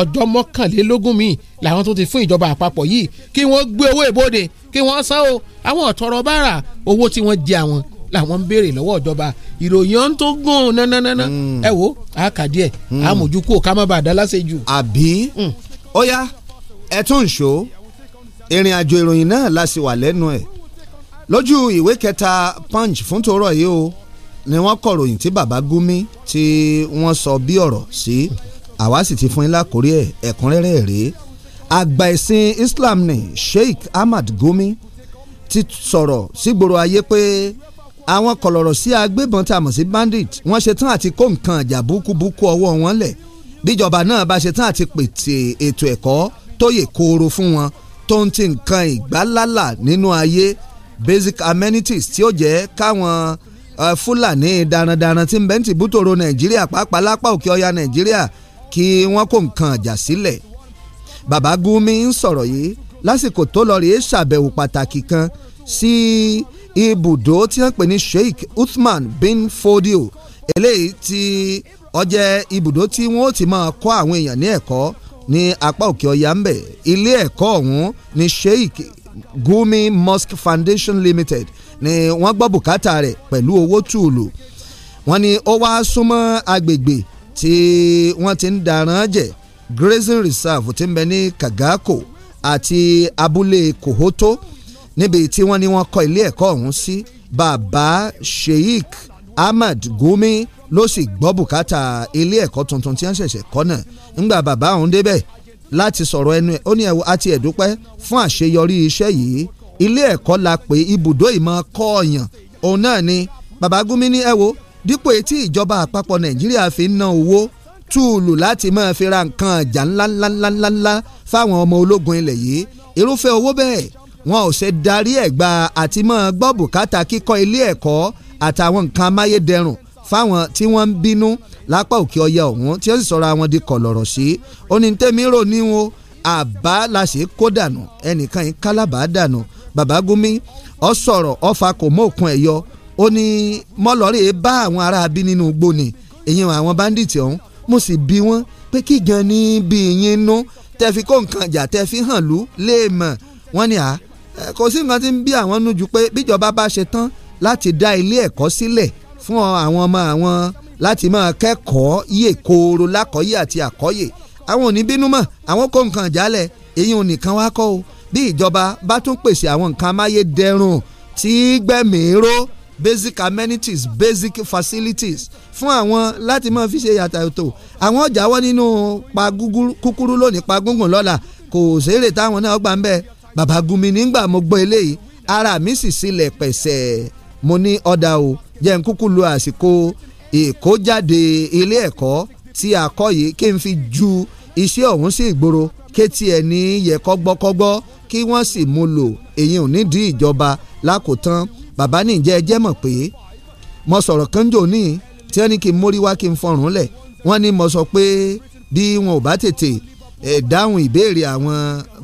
ọjọ́ mọ́kànlélógún míì làwọn tó ti fún ìjọba àpapọ̀ yìí kí wọ́n gbé owó ìbòde kí wọ́n san o àwọn ọ̀tọ̀rọ̀ bára owó tí wọ́n jẹ àwọn làwọn ń béèrè lọ́wọ́ ìjọba ìròyìn ọ̀hún tó gùn nánánáná hmm. ẹ wo àkàdé ẹ àmójúkú hmm. ká má bàa dá láṣẹ jù. àbí hmm. ó ẹ tún ń ṣó ìrìn àjò ìròyìn náà la sì wà lẹ́nu ẹ̀ lójú ìwé kẹta punch fún tòórọ̀ yìí o ni wọ́n kọ̀ròyìn tí baba Gumi tí wọ́n sọ bí ọ̀rọ̀ sí àwa sì ti fún yín lákòrí ẹ̀ ẹ̀kúnrẹ́rẹ́ rèé àgbà ìsìn Islam ni Sheikh Ahmad Gumi ti sọ̀rọ̀ sígboro ayé pé àwọn kọ̀lọ̀rọ̀ sí agbébọn tá a mọ̀ sí bandit wọ́n ṣe tán àti kó nǹkan àjà búkúbúkú ọwọ́ wọn lẹ̀ bíjọba náà bá ṣe tán àti pètè ètò ẹ̀kọ́ tó yè kooro fún wọn tó ń ti nǹkan ìgbálálà nínú ayé basic amenities tí ó jẹ́ káwọn uh, fúlàní darandaran tí ń bẹ́ ń ti bútòrò nàìjíríà pàápàá lápá òkè ọya nàìjíríà kí wọ́n kó nǹkan àjà sílẹ̀ bàbá Gumi ń sọ̀rọ̀ yìí lásìkò tó lọ rèé ṣàbẹ̀wò pàtàkì kan sí ibùdó tí wọ́n pè ní Sheikh Uthman bin Fodio eléyìí tí ó ibùdó tí wọ́n ti máa kọ́ àwọn èèyàn ní ẹ̀kọ́ ní apá òkè ọ̀yà ńbẹ̀ ilé ẹ̀kọ́ ọ̀hún ní sheik gumi mosque foundation limited ni wọ́n gbọ́ bùkátà rẹ̀ pẹ̀lú owó tùlù wọ́n ní ó wá súnmọ́ agbègbè tí wọ́n ti ń darán jẹ grazing reserve ti ń bẹ ní kagako àti abúlé kohoto níbi tí wọ́n ní wọ́n kọ́ ilé ẹ̀kọ́ ọ̀hún sí bàbá sheik ahmad gumi ló sì gbọ́ bùkátà ilé ẹ̀kọ́ tuntun tí wọ́n ṣẹ̀ṣẹ̀ kọ́ náà ńgbà bàbá òun débẹ̀ láti sọ̀rọ̀ ẹnu ẹ̀ ó ní ẹ̀wọ̀ àti ẹ̀dúpẹ́ fún àṣeyọrí iṣẹ́ yìí ilé ẹ̀kọ́ la pé ibùdó ìmọ̀ kọ́ọ̀yàn òun náà ni bàbá Gumi ní ẹ̀wọ̀ dípò etí ìjọba àpapọ̀ Nàìjíríà fi ń ná owó túùlù láti máa fi ra nǹkan ọjà ńláńláńláńlá fáwọn ọmọ ológun ilẹ̀ yìí irúfẹ́ owó bẹ́ẹ̀ wọn ò ṣe darí ẹ̀gbà àti máa gbọ́ bùkátà kíkọ́ ilé ẹ̀kọ́ àtàwọn nǹkan amáyédẹrùn fáwọn tí wọ́n ń bínú lápá òkè ọya ọ̀hún tí ó sì sọ̀rọ̀ àwọn di kọ̀lọ̀rọ̀ sí ó ní tẹ́mi rò ní wọn àbá la ṣe kó dànù ẹnìkan yìí kálábà dànù bàbá ọ sọ̀rọ̀ ọfà kò mọ òkun ẹ̀ yọ ó ní mọ́lọ́rì bá àwọn ará bí nínú igbó ni èyí wọn àwọn báńdíìtì ọ̀hún mo sì bí wọn pé kí gan ni bí yín nú tẹ́ fi kó nǹkan jà tẹ́ fi hàn lù léèmọ̀ wọ́n ní à kò sí nǹkan tí ń bí àwọn nu ju pé bíjọba bá ṣe tán láti dá ilé ẹ̀kọ́ sílẹ̀ fún àwọn ọmọ àwọn láti máa kẹ́kọ̀ọ́ yè kooro lákọ̀ọ́yè àti àkọ́yè àwọn ò ní bínú mọ̀ àwọn kó nǹkan jálẹ̀ èyí ò nìkan wá kọ́ o bí ìjọba bá tún pèsè àwọn nǹkan amáyédẹrùn tí gbẹ̀mìíró basic amenities basic facilities fún àwọn láti máa fi ṣe yàtàyòtò àwọn ọjà wọ́n nínú pa kúkúrú lónìí pa gúngùn lọ́la kò sèrè táwọn náà gbà ń bẹ́ẹ̀ bàbá gumi nígbà mo gbọ́ eléyìí ara mi sì sílẹ̀ pẹ̀sẹ̀ mo ní ọ̀dà o jẹ́ n kúkú lu àsìkò ìkójáde ilé ẹ̀kọ́ tí a kọ́ yìí kí n fi ju iṣẹ́ ọ̀hún sí ìgboro kétí ẹ̀ ní yẹ kọ́gbọ́kọ́gbọ́ kí wọ́n sì mú lò èyí ò ní di ìjọba lákòótán bàbá níjẹ́ ẹ jẹ́ mọ̀ pé mo sọ̀rọ̀ kánjò ní tí wọ́n ní kí n mórí wá kí n fọrùn lẹ̀ wọ́n ní mo sọ pé bí wọn ò bá tètè ẹ̀ dáhùn ìbéèrè àwọn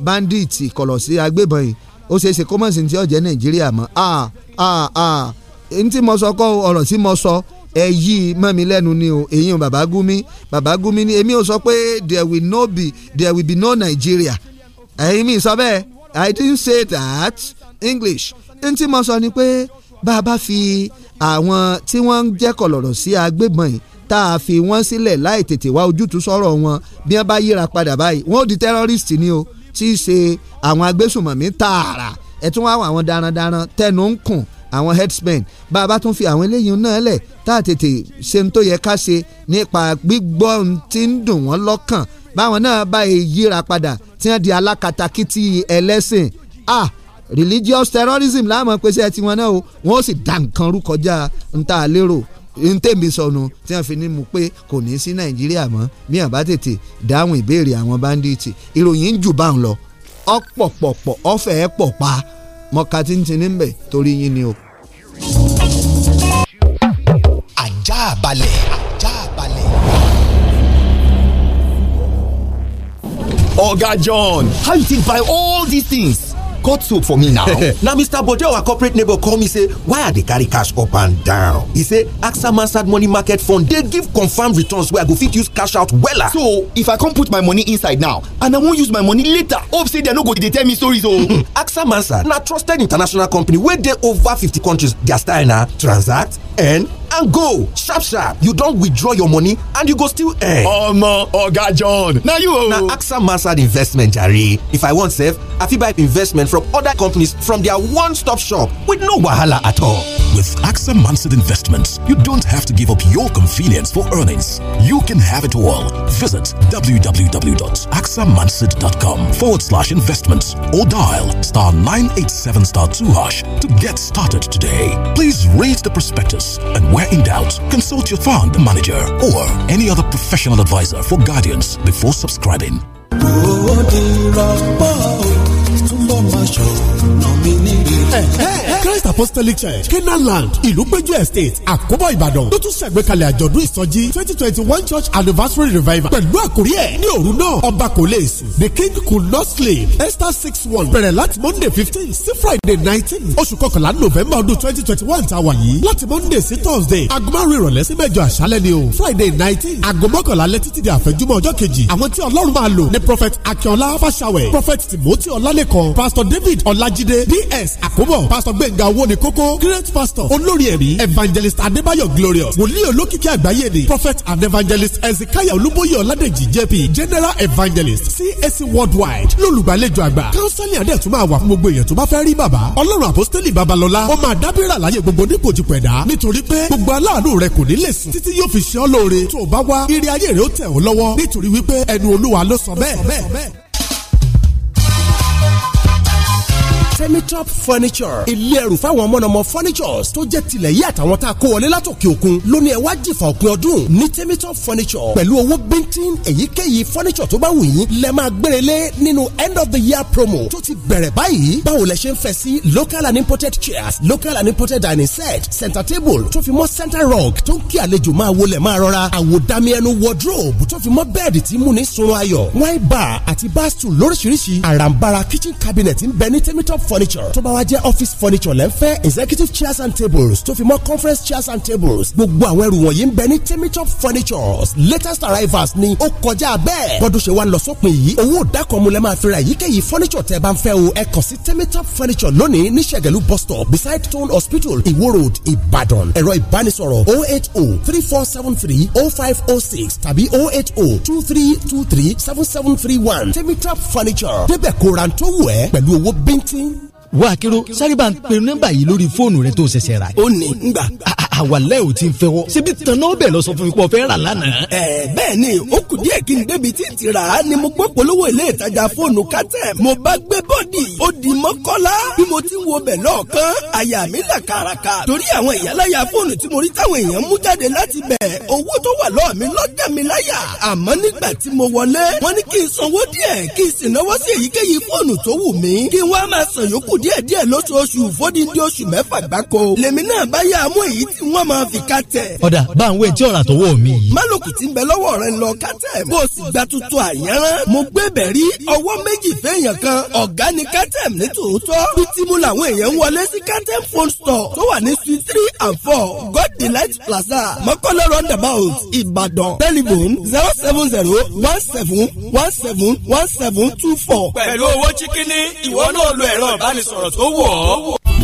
bandits kọ̀lọ̀ sí agbébọn yìí ó ṣeé ṣe kó mọ̀ sí ti ọ̀jẹ̀ Nàìjíríà mọ́ a a a n tí mo sọ kọ́ ọ̀rọ̀ tí mo sọ ẹ yí mọ́ mi lẹ́nu ni o èyí o bàbá gumi bàbá gumi ni èmi ò sọ pé there will no be there will be no Nigeria ẹ̀yin mi sọ bẹ́ẹ̀ I didn't say that English n tí mo sọ ni pé bá a bá fi àwọn tí wọ́n ń jẹ́ kọ̀lọ̀rọ̀ sí agbébọn yìí tá a fi wọ́n sílẹ̀ láì tètè wá ojútùú sọ̀rọ̀ wọn bí wọ́n bá yíra padà báyìí wọ́n ó di terrorist ni o tí í ṣe àwọn agbésùnmọ̀mí tààrà ẹ̀ tún wá àwọn darandaran tẹnu ń kùn àwọn herdsmen bá a bá tún fi àwọn eléyìí náà lẹ̀ tá a tètè ṣe ń tó yẹ ká ṣe nípa gbígbọ́ tí ń dùn wọ́n lọ́kàn báwọn náà bá e yíra padà tí wọ́n di alákatakítí ẹlẹ́sìn ah religious terrorism láàmú pèsè ẹ tiwọn náà o wọn ó sì dá nǹkan rú kọjá níta lérò ntẹ̀mí sọnù tí wọ́n fi ní mu pé kò ní sí nàìjíríà mọ́ bí wọ́n bá tètè dáhùn ìbéèrè àwọn báńdíìtì ìròyìn ń jù báwọn lọ ọ̀pọ̀pọ̀pọ̀ ọ̀fẹ́ pọ̀ pa mọ̀ká tí ń tin ní bẹ̀ torí yín ni o. ajá balẹ̀. Oga John, how you think buy all these things? cut soap for me now Now, mr bode our corporate neighbor call me say why are they carry cash up and down He say axa mansard money market fund They give confirmed returns where i go fit use cash out wella so if i can't put my money inside now and i won't use my money later hope say dem no go dey tell me stories Oh, axa mansard now trusted international company where they over fifty countries their style na transact and. and go sharp sharp you don withdraw your money and you go still earn. omo oga john na you o. na axa mansard investment jare if i wan save i fit buy investment from other companies from their one-stop shop with no wahala at all. with axa mansard investments you don't have to give up your convenience for earnings you can have it all visit www.axamansard.com forward slash investments or dial star 987 star 2 hash to get started today please read the prospectus and where in doubt, consult your fund manager or any other professional advisor for guidance before subscribing. Christ Apostolic Church Canaanland Ìlúpéjú Estate Àkóbọ̀ Ìbàdàn ló tún ṣàgbékalẹ̀ àjọ̀dún ìsọjí twenty twenty one church anniversary revival pẹ̀lú àkórí ẹ̀ ní òru náà ọba kò lè sùn the king could not sleep Esther six one bẹ̀rẹ̀ láti Monday fifteen sí Friday nineteen oṣù kọkànlá November ọdún twenty twenty one tá wà yìí láti Monday sí Thursday aago márùn ìrọ̀lẹ́ sí mẹ́jọ àṣálẹ́ ni o Friday nineteen aago mọ́kànlá lẹ́ títí di àfẹ́júmọ́ ọjọ́ kejì àwọn tí Ọlọ́run máa lò ní prophet Akínọlá Fáṣàwẹ̀ prophet Timothy Ọlálẹ́kan pastor David Ọlájídé DS àkó bọ̀ pásítọ̀ gbẹ̀ngà owó ni kókó great pastor olórí ẹ̀rí evangelist adébáyọ̀ glorious wòlíì olókìkí àgbáyé ni prophet and evangelist ezekiah olúbóyè ọ̀ládẹ́jì jp general evangelist cac worldwide lólùgbàlejò àgbà counseling adé tún máa wà fún gbogbo èèyàn tó bá fẹ́ rí bàbá ọlọ́run àpọ́stélì babalọ́lá ó máa dábìrà láyé gbogbo nípò ti pẹ̀dá nítorí pé gbogbo aláàánú rẹ kò ní lè sùn títí yóò fi ṣe ọ́ lóore tó o bá wá ire ayé rẹ ó tẹ̀ ọ́ lọ́wọ́ nítorí wípé ẹnu olúwa ló sọ bẹ́ẹ̀. Temitop furniture ilé ẹrù fáwọn mọ̀nàmọ́ furnitures tó jẹ́ tilẹ̀ yí àtàwọn tá a kó wọlé látòkè òkun lónìí ẹ wá jìfà òpin ọdún ní Temitop furniture pẹ̀lú owó bíntín èyíkéyìí furniture tó bá wù yín lẹ́ máa gbérelé nínú end of the year promo tó ti bẹ̀rẹ̀ báyìí báwo lẹ ṣe ń fẹ́ sí local and imported chairs local and imported dining set center table tó fi mọ́ center rug tó ń kí àlejò máa wọlé máa rọra àwòdámiẹnu wardrobe tó fi mọ́ bẹ́ẹ̀dì tí múni sunrun ayọ̀ wine bar àti bar stool lóríṣiríṣi àràǹbarà kitchen cabinet ń bẹ ní Temitop furniture tó bá wá jẹ́ office furniture lẹ́fẹ́ executive chairs and tables tó fi mọ́ conference chairs and tables gbogbo àwọn ẹrù wọ̀nyí ń bẹ ní temitop furnitures latest arrivals ni ó kọjá bẹ́ẹ̀ bọ́dún ṣe wá lọ sópin yìí owó ìdákọ̀mú lẹ́ máa fi ra èyíkéyìí furniture tẹ́ bá ń fẹ́ o ẹ kàn sí temitop furniture lónìí ní sẹ̀gẹ̀lú bus stop beside town hospital iwo road ìbàdàn ẹ̀rọ ìbánisọ̀rọ̀ 080 3473 0506 tàbí 080 2323 7731 temitop furniture débẹ̀ kóra tó wù ẹ́ pẹ̀lú owó bíntín wá akérò sáré bá ń pe nọ́mbà yìí lórí fóònù rẹ tó ṣẹ̀ṣẹ̀ rà. ó ní ngbà. àwàlẹ́ ò ti ń fẹ́ wọ́. ṣebí tán náà lọ sọ fún mi pé fẹ́ rà lánàá. ẹ bẹ́ẹ̀ ni ó kù díẹ̀ kí n débi tí n ti rà á ni mo gbọ́ polówó ilé ìtajà fóònù kátẹ́ mo bá gbé bọ́ọ̀dì ó di mọ́kànlá bí mo ti wo bẹ̀ lọ́ọ̀kan àyà mi là kàràkà torí àwọn ìyálàyà fóònù tí mo rí táwọn èèyàn mú jáde láti bẹ̀ owó tó wà lọ́ọ̀ mi lọ́dẹ̀ dínkù díẹ̀ díẹ̀ lóṣooṣù fódìdí oṣù mẹ́fà gbáko lèmi náà bá yá mú èyí tí wọ́n máa fi ká tẹ̀. ọ̀dà bá ń wé tí ọ̀rà tó wọ̀ mí yìí. málòkù ti ń bẹ lọ́wọ́ rẹ lọ ká tẹ̀ bó o sì gba tuntun àyànrán mo gbé bẹ̀rí ọwọ́ méjì fẹ́yàn kan ọ̀gá ni kátẹ́m ní tòótọ́ bítímù làwọn èèyàn ń wọlé sí kátẹ́m phone store tó wà ní suite three and four god delight plaza mọ́kànlá roundabout ìbàdàn telephone zero seven zero one seven one seven one seven two four. pẹ̀lú owó chikini ìwọ náà lo ẹ̀rọ ìbánisọ̀rọ̀ sọ̀rọ̀ tó wọ̀ ọ́.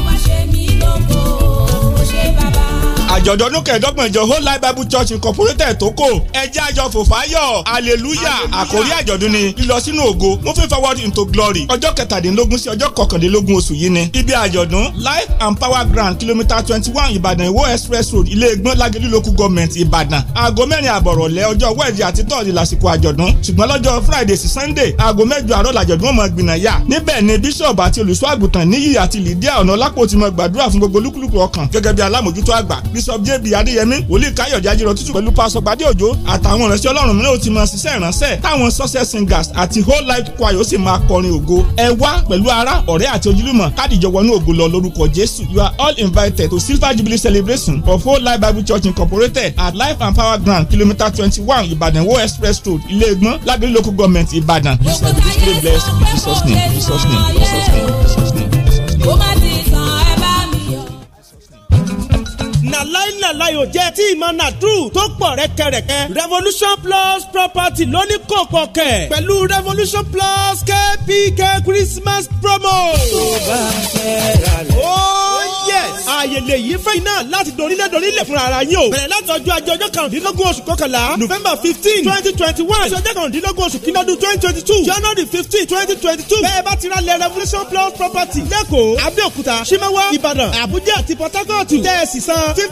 àjọ̀dún ọdún kẹẹ̀ẹ́dọ́gbọ̀njọ whole life bible church incorporated tó kò ẹjẹ́ àjọ fòfáyọ̀ hallelujah àkórí àjọ̀dún ni lílọ sínú ògo moving forward into glory ọjọ́ kẹtàdínlógún sí ọjọ́ kọkàndínlógún oṣù yìí ni ibi àjọ̀dún life and power grand kilometre twenty one ìbàdàn ìwó express road ilé egbon lagelu local government ìbàdàn aago mẹ́rin àbọ̀rọ̀ lẹ́ ọjọ́ wẹ́ẹ̀dì àti tọ́ọ̀dì lásìkò àjọ̀dún ṣùgbọ́n lọ́jọ́ friday sí sunday aago mẹ́jọ àárọ̀ làjọ̀dún ọmọ gbìnàyà níbẹ̀ ni bishop àti olùṣọ́ àgùntàn níyì àti lydia ọ̀nà lápò ti mọ gbàdúrà fún gbogbo olúkúlùkù ọkàn gẹ́gẹ́ bí alámòjútó àgbà bishop jb adéyẹmí wòlíì káyọ̀dé ajírọ̀ tútù pẹ̀lú pásọ gbadé òjò àtàwọn ìránṣẹ́ ọlọ́run mìíràn ó ti máa ṣiṣẹ́ ìránṣẹ́ táwọn success singers àti whole life choir ó sì máa kọrin ògo ẹ wá pẹ̀lú ara ọ̀rẹ́ àti ojúlùmọ̀ kádìjọ wọnú ògo lọ lórúkọ jésù you are all invited to silver jubilee celebration of whole life bible church incorporated at life and power ground kilometre twenty one ibadan wo express road iléegbọn lábẹ́lẹ́ local government ibadan you shall be blessed jesus name jesus name jesus name jesus name. náà ò jẹ́ tí ìmọ̀ náà tó pọ̀ rẹ́kẹrẹ́kẹ́. revolution plus property ló ní kòkò kẹ̀ pẹ̀lú revolution plus kpk christmas promo. tó bá fẹ́ ra rẹ̀. ó oh, yes. ààyè lè yí fẹ́yìn náà láti dorílẹ̀ dorílẹ̀ fúnra ara yín o. bẹ̀rẹ̀ láti ọjọ́ ajé ọjọ́ kàrúndínlógún oṣù kọkànlá november fifteen twenty twenty one ọjọ́ kàrúndínlógún oṣù kìnnàdún twenty twenty two january fifteen twenty twenty two. bẹ́ẹ̀ bá ti ra lẹ revolution plus property lẹ́kọ̀ọ́ abẹ́òkúta ṣímẹ́wá ìbàdàn àbújá àti port harcourt tẹ́ ẹ sì san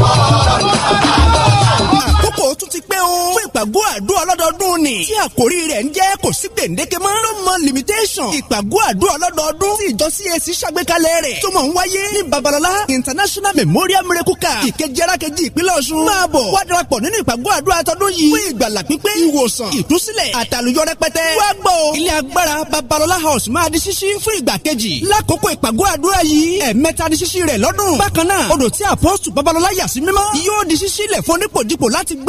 amor. ó tún ti pẹ́ o. fún ìpàgọ́ àdúrà ọlọ́dọọdún ni. tí àkórí rẹ̀ ń jẹ́ kò sí gbèǹdéke mọ́. no more limitation. ìpàgọ́ àdúrà ọlọ́dọọdún. tí ìjọ CAC ṣàgbékalẹ̀ rẹ̀. tó mọ̀ ń wáyé ní babalọla international memorial miracle car. ìkejì-arakejì ìpínlẹ̀ ọ̀ṣun. máa bọ̀ wá darapọ̀ nínú ìpàgọ́ àdúrà tọdún yìí. fún ìgbàlà pípé ìwòsàn ìtúsílẹ̀ àtàlùyọ rẹpẹtẹ. wá gbọ́ ilé house máa di ṣíṣí fún ìgbà kejì. lákòókò ìpàgọ́ àdúrà yìí ẹ̀ẹ̀mẹta ni ṣíṣí rẹ̀ lọ́dún. bákan náà odò tí àpọ́sù babalọla yà sí mímọ́ yóò di ṣíṣí lẹ̀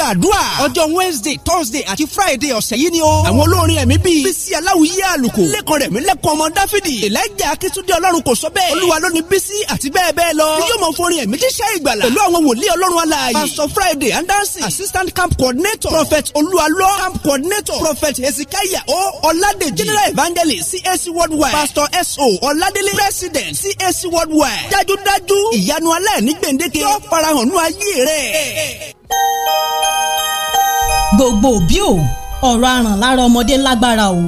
gbàdúrà ọjọ́ wednesday thursday àti friday ọ̀sẹ̀ yìí ni o. àwọn olórin ẹ̀mí bíi bísí aláwìyé àlùkò lẹ́kọ̀ọ́ rẹ̀ mí lẹ́kọ̀ọ́ ọmọ dáfídì elijah akíntúndé ọlọ́run kò sọ bẹ́ẹ̀ olúwa ló ní bísí àti bẹ́ẹ̀ bẹ́ẹ̀ lọ. bí yóò mọ forin ẹ̀mí jíṣẹ́ ìgbàlà pẹ̀lú àwọn wòlíì ọlọ́run alààyè pastor friday andansi assistant camp coordinator prophet olúwalọ camp coordinator prophet hezekiah o ọládèjì general evangelist cac worldwide pastor so ọládélé president cac worldwide dájúdájú ìyanu alẹ́ ní gbèǹdéke yóò farahàn nú ayé rẹ̀ gbogbo òbí o ọ̀rọ̀ aràn lára ọmọdé lágbára o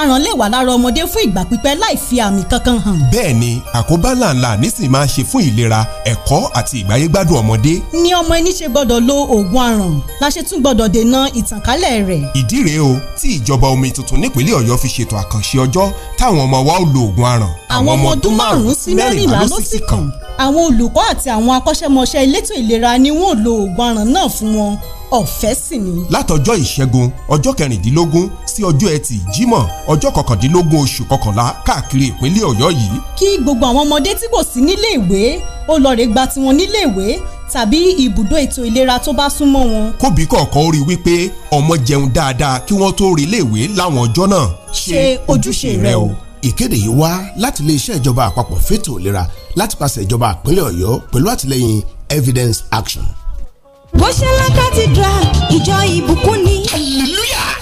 aràn lè wà lára ọmọdé fún ìgbà pípẹ́ láì fi àmì kankan hàn. bẹ́ẹ̀ni àkóbá làǹlà nísìnyí máa ń ṣe fún ìlera ẹ̀kọ́ àti ìgbáyégbádùn ọmọdé. ní ọmọ ẹni ṣe gbọ́dọ̀ lo oògùn aràn la ṣe tún gbọ́dọ̀ dènà ìtànkálẹ̀ rẹ̀. ìdí rèé o tí ìjọba omi tuntun nípínlẹ̀ Ọ̀yọ́ fi ṣètò àkànṣe ọjọ́ táwọn ọmọ wa ó lo oògùn aràn. àwọn ọmọ ọdún márùn-ún sí mẹ́rìnlá ló sì kàn àwọn olùkọ́ àti àwọn akọ́ṣẹ́mọṣẹ́ elétò ìlera ni wọ́n lo oògùn aràn náà fún wọn ọ̀fẹ́ sì ni. látọjọ́ ìṣẹ́gun ọjọ́ kẹrìndínlógún sí ọjọ́ ẹtì jímọ̀ ọjọ́ kọkàndínlógún oṣù kọkànlá káàkiri ìpínlẹ̀ ọ̀yọ́ yìí. kí gbogbo àwọn ọmọdé tí kò sí nílé ìwé ó lọ rè gba tiwọn nílé ìwé tàbí ibùdó ètò ìlera tó bá súnmọ́ wọn. kóbì kọ̀ọ̀kan ó rí i wípé ọmọ jẹun dáadáa kí wọ́n tó rí ilé láwọn ọjọ́ náà. ṣe ojúṣe rẹ o ìkéde yìí wá láti iléeṣẹ́ ìjọba àpapọ̀ fétò ìlera láti pàṣẹ ìjọba àpínlẹ̀ ọ̀yọ́ pẹ̀lú àtìlẹ́yìn evidence action. bó ṣe lákàtí dra ìjọ ìbùkún ni